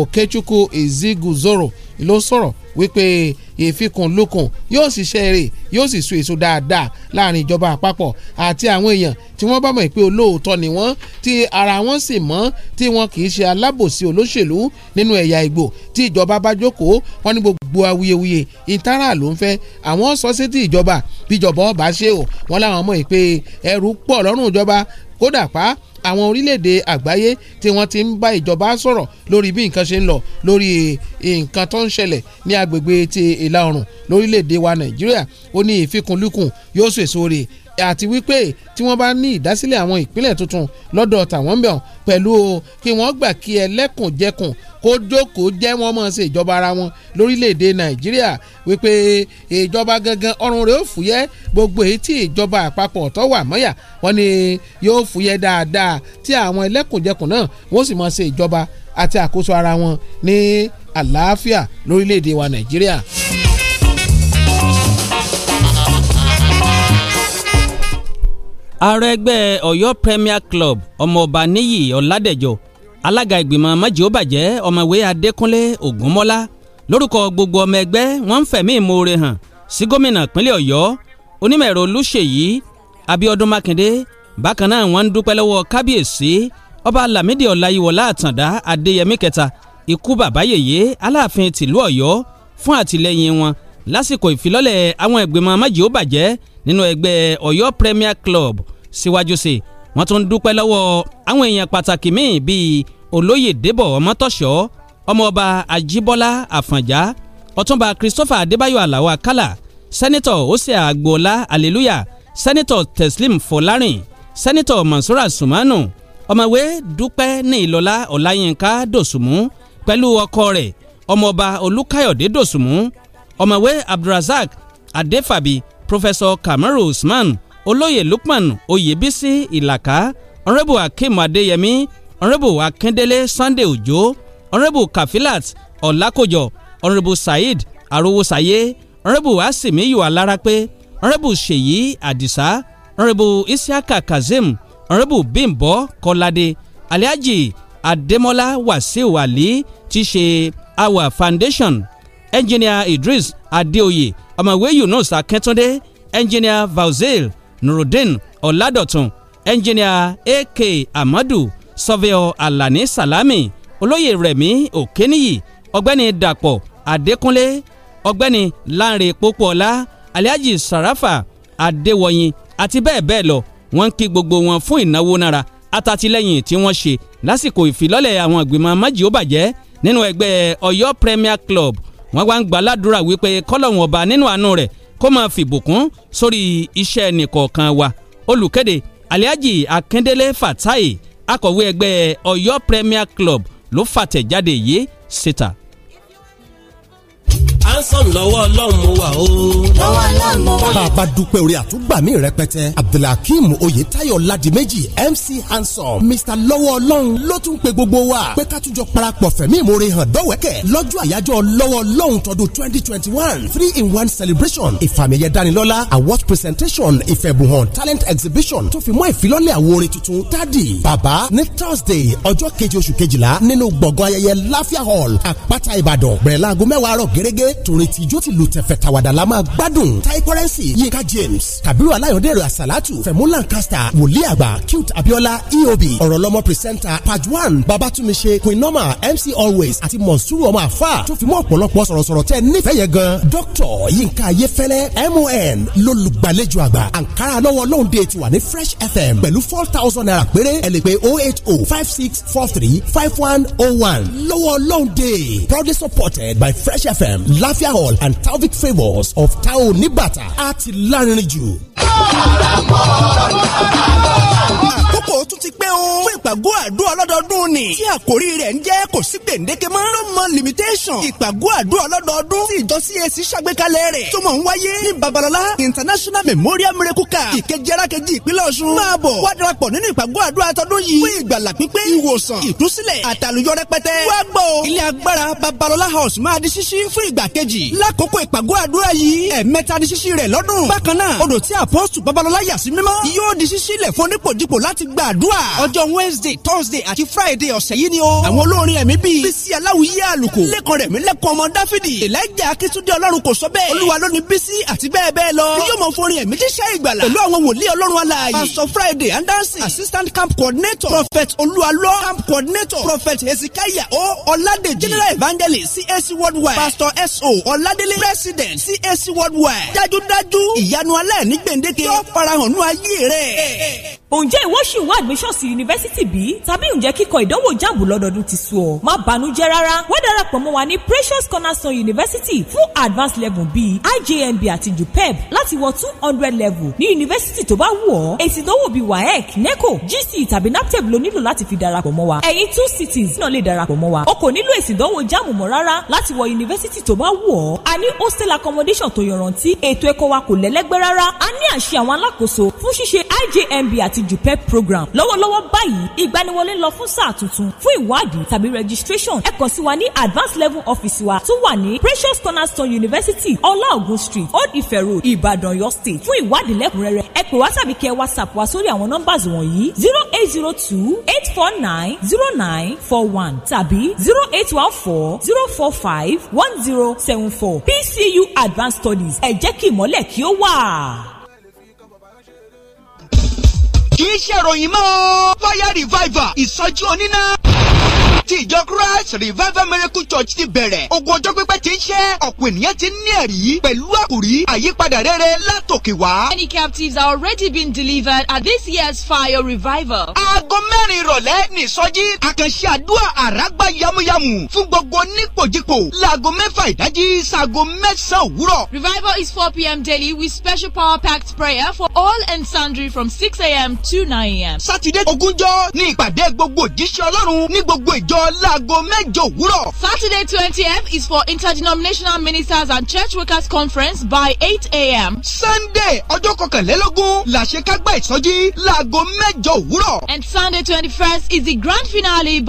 Okechukwu Iziguzoro ló sọ̀rọ̀ wípé ìfikùnlukùn yóò sì ṣeré yóò sì so èso dáadáa láàrin ìjọba àpapọ̀ àti àwọn èèyàn tí wọ́n bá mọ̀ pé olóòótọ́ ni wọ́n tí ara wọn sì mọ́ tí wọn kì í ṣe alábòsí olóṣèlú nínú ẹ̀yà Ìgbò tí ìjọba bá jókòó wọn ní gbogbo awuyewuye ìtara ló ń fẹ́ àwọn sọ sétí ìjọba bíjọba ọba ṣe o wọn láwọn mọ̀ pé ẹrù pọ̀ lọ́rùn ìjọba kódà pa àwọn orílẹ̀-èdè àgbáyé tí wọ́n ti ń bá ìjọba sọ̀rọ̀ lórí bí nǹkan ṣe ń lọ lórí eh, nǹkan tó ń ṣẹlẹ̀ ní agbègbè ti ìlà oòrùn lórílẹ̀-èdè wa Nàìjíríà ó ní ìfikùnlukùn yóò sèso àti wípé tí wọ́n bá ní ìdásílẹ̀ àwọn ìpínlẹ̀ tuntun lọ́dọ̀ tàwọn ń bẹ̀ wọ́n pẹ̀lú kí wọ́n gbà kí ẹlẹ́kùnjẹkùn kó jókòó jẹ́ wọ́n mọ̀ ṣe ìjọba ara wọn lórílẹ̀‐èdè nàìjíríà wípé ìjọba gangan ọrùn rẹ̀ ó fúyẹ́ gbogbo èyí tí ìjọba àpapọ̀ tó wà mọ́yà wọ́n ní yóò fúyẹ́ dáadáa tí àwọn ẹlẹ́kùnjẹkùn náà wọ́n sì mọ̀ ṣe ìjọba àti àkóso ara wọn ní àlàáfíà lórílẹ̀‐èdè wa nàìjíríà. ààrẹ ẹgbẹ́ ọ̀yọ́ premier club ọmọọba níyì ọ̀làdẹ̀jọ alága ìgbìmọ̀ májèóbàjẹ́ ọmọwé adékúnlé ògúnmọ́lá lórúkọ gbogbo ọmọ ẹgbẹ́ wọ́n ń fẹ̀mí ìmoore hàn sí gómìnà ìpínlẹ̀ ọ̀yọ́ onímọ̀ ẹ̀rọ olúṣèyí abíọ́dún mákindé bákan náà wọ́n ń dúpẹ́ lọ́wọ́ kábíyèsí ọba lámìdí ọláyíwọlá àtàndá adéyẹmí kẹta ikú bàbá yèyé aláàfin tìlú ọ̀yọ́ fún àtìlẹ́yìn wọn lásìkò ìfilọ́lẹ̀ àwọn ìgbìmọ̀ májèó bàjẹ́ nínú ẹgbẹ́ Ọ̀yọ́ Premier Club síwájú sí wọ́n tún dúpẹ́ lọ́wọ́ àwọn èèyàn pàtàkì míì bíi olóyè débọ̀ ọmọtọ́ṣọ́ ọmọọba ajíbọ́lá àfọ̀njá ọ̀túnba christopher adébáyọ̀ aláwọ̀ àkàlà sẹ́nitọ̀ ose agboola aleluya sẹ́nitọ̀ teslim fọlárin sẹ́nitọ̀ mansoura sumanu ọ̀mọ̀wé dúpẹ́ ní ìlọ́lá ọláyínká dòsùnmú pẹ̀lú ọkọ rẹ̀ ọmọọba olùkáyọ̀dé dòsùnmú ọ̀mọ̀wé abdulrasaq Adefabi, professor kamaru usman olóyè lukman oyèbísí ìlàkà ọ̀rẹ́bù akeem adéyẹmí ọ̀rẹ́bù akíndélé sunday òjó ọ̀rẹ́bù kafilat ọ̀làkọjọ ọ̀rẹ́bù saheed arówósàyé ọ̀rẹ́bù asimiyu alárápé ọ̀rẹ́bù ṣèyí àdìsá ọ̀rẹ́bù isiaka kazeem ọ̀rẹ́bù bímbọ́ kọ́ládé aliaji adémọ́lá wàsíù ali ti ṣe our foundation engineer Idris Adeoye ọ̀mọ̀wé Yunus Akẹ́túndé engineer Vauzil Nurudeen Ọ̀làdọ̀tun engineer AK Amadu surveyor Alani Salami olóyè Rẹ̀mí Òkèníyì ọ̀gbẹ́ni Dàpọ̀ Adékúnlé ọ̀gbẹ́ni Lánrè Pópóọlá Alhaji Sarafa Adéwọ̀yìn àti bẹ́ẹ̀ bẹ́ẹ̀ lọ wọ́n ń kí gbogbo wọn fún ìnáwó nára àtàtìlẹ́yìn tí wọ́n ṣe lásìkò ìfilọ́lẹ̀ àwọn ìgbìmọ̀ májì ó bàjẹ́ nínú ẹgbẹ́ Ọ̀yọ́ Premier Club wọ́n wá ń gbàládùra wípé kọ́lọ́hún ọba nínú àánú rẹ̀ kó máa fìbùkún sórí iṣẹ́ nìkọ̀ọ̀kan wa olùkéde aliaji akindele fatai akọ̀wé ẹgbẹ́ ọ̀yọ́ premier club ló fàtẹ̀jáde yìí síta ransom lọ́wọ́ ọlọ́run mo wà o. lọ́wọ́ ọlọ́run mo wà. bàbá dúpẹ́ orí àtúgbàmí rẹpẹtẹ abdulhakeem oyetayo ladimeji mc handsome mr lọ́wọ́ ọlọ́run ló tún pe gbogbo wa pé ká tún jọ parapọ̀ fẹ̀mí ìmoore hàn dọ́wẹ́kẹ̀ lọ́jọ́ àyájọ́ lọ́wọ́ ọlọ́run tọdún twenty twenty one three in one celebration ìfàmìyẹ dánilọ́lá award presentation ìfẹ̀bùhàn talent exhibition tó fi mọ́ ìfilọ́lẹ̀ àwo orin tuntun tádì bàbá ní thursday ọjọ́ keje oṣù kejìlá nínú gbọ̀ngàn ayẹyẹ láfíà hall àpáta ìbàdàn bẹ̀rẹ̀ láago mẹ́wàá àárọ̀ gẹ́gẹ́ àtòrètí ìjó ti lò tẹ̀fẹ̀ tàwàdà la máa gbádùn tai currency yinka james kabiru alayọ̀dẹ̀rẹ̀ àsàlátù fẹ̀mú lancaster wòlíì àgbà cute abiola eob ọ̀rọ̀lọ́mọ pírísẹ́ńtà pajwan babatunmise queen norma mc always àti monsuru ọmọ àfà tó fi mọ́ ọ̀pọ̀lọpọ̀ sọ̀rọ̀sọ̀rọ̀ tẹ́ nífẹ̀ẹ́ yẹn gan dr yinka ayefẹ́lẹ́ mon lólùgbàlejò àgbà ankara lọ́wọ́ lóhùndé ti wà ní fresh fm pẹ̀lú four thousand naira péré ẹ lè pè oh eight oh five six four three five one oh one lọ́wọ́ lóhùndé proudly supported by fresh fm láti Alafia Hall and Talvik Favours of Tao Nibata. A ti lárinrin jù ìpàgọ́ àdúrà ọlọ́dọọdún ni tí àkórí rẹ̀ ń jẹ́ kò sí gbèǹdéke mọ́. no more limitation ìpàgọ́ àdúrà ọlọ́dọọdún tí ìjọ CAC ṣàgbékalẹ̀ rẹ̀ tó mọ̀ ń wáyé ní Babalọlá International Memorial Miracle Camp ìkejì-arakejì ìpínlẹ̀ Ọ̀ṣun. máa bọ̀ wá darapọ̀ nínú ìpàgọ́ àdúrà tọdún yìí fún ìgbàlà pípé ìwòsàn ìtúsílẹ̀ àtàlùyọ rẹpẹtẹ. wá gbọ́ ilé agbára house máa di ṣíṣí fún ìgbà kejì lákòókò ìpàgọ́ àdúrà yìí ẹ̀ẹ̀mẹ́ta di ṣíṣí rẹ̀ lọ́dún. bákan náà odò tí àpọ́sù Babalọlá yà sí mímọ́ yóò di ṣíṣí lẹ̀ fún Wednesday wednesday thursday àti friday ọ̀sẹ̀ yìí ni o. àwọn olórin ẹ̀mí bíi bísí aláwìyé àlùkò lẹ́kọ̀ọ́ rẹ̀ mí lẹ́kọ̀ọ́ ọmọ dáfídì elijah akíntúndé ọlọ́run kò sọ bẹ́ẹ̀ olúwa ló ní bísí àti bẹ́ẹ̀ bẹ́ẹ̀ lọ. yóò mọ forin ẹ̀mí jíṣẹ́ ìgbàlà pẹ̀lú àwọn wòlíì ọlọ́run alààyè pastor friday andansi assistant camp coordinator prophet olúwalọ camp coordinator prophet Ezekiah, o ọládèjì general evangelist cac worldwide pastor so ọládélé president cac worldwide dájúdájú ìyanu aláìní gbèǹdéke yóò farahàn ní ayé rẹ̀. ǹjẹ́ ìwọ ṣì wá admission sí yunifásitì ìbí tàbí ǹjẹ́ kíkọ ìdánwò jáàbù lọ́dọọdún ti sú ọ? Má banújẹ́ rárá, wá darapọ̀ mọ́ wa ní Precious Cornerstone University fún advanced level bíi IJMB àti JUPEB láti wọ two hundred level ní yunifásítì tó bá wù ọ́. Èsì ìdánwò bíi WAEC, NECO, GC e tàbí NAPTEP ló nílò láti fi darapọ̀ mọ́ wa. Ẹ̀yin two cities náà lè darapọ̀ mọ́ wa. O kò nílò èsì ìdánwò jáàmù mọ́ rárá láti wọ yunifásítì tó bá wù ọ́. A ní hostel accommodation tó yọrantí, ètò ẹ̀kọ́ wa kò lẹ́lẹ́gbẹ́ rárá. A ní àṣẹ àwọn alákòóso fún ṣíṣe IJMB àti JUPEB program. Lọ́wọ́lọ́wọ́ báyìí, ìgbaniwọlé lọ fún sáà tuntun fún ìwádìí tàbí registration ẹ kàn sí wa ní advanced level office wa tó wà ní precious cornerstone university ọláògùn street old ife road ìbàdàn Ọ̀yọ́ state fún ìwádìí lẹ́kùnrẹ́rẹ́ ẹ pè wá tàbí kẹ whatsapp wa sórí àwọn nọ́mbàsì wọ̀nyí zero eight zero two eight four nine zero nine four one tàbí zero eight one four zero four five one zero seven four pcu advanced studies ẹ jẹ́ kí ìmọ́lẹ̀ kí ó wà kì í ṣe ìròyìn mọ́ fire revival ìsọjí oníná tí ìjọ Christ Revival Miracle Church ti bẹ̀rẹ̀ ogun ọjọ́ pípẹ́ ti ń ṣẹ́ ọ̀pọ̀ ènìyàn ti ní ẹ̀rí pẹ̀lú àkòrí àyípadà rere látòkè wá. Many captives are already being delivered at this year's fire revival. Aago mẹ́rin ìrọ̀lẹ́ ní ìsọjí àkànṣe àdúrà àràgbá yamuyamu fún gbogbo onípòjìpò láago mẹ́fà ìdájí sáago mẹ́sàn-án òwúrọ̀. Revival is 4 p.m. daily with special power-packed prayer for all and sundry from 6 a.m. to 9 a.m. Sátidé ogúnjọ́ ní ìpàdé gbogbo òjíṣẹ́ Ọlọ́run ní gbogbo ìj mẹ́jọ láago mẹ́jọ òwúrọ̀. Saturday twentieth is for interdenominational ministers and church workers conference by eight a.m. Sunday ọjọ́ kọkànlélógún làṣekágbá ìsọjí láago mẹ́jọ òwúrọ̀. And Sunday twenty-first is the grand finale by.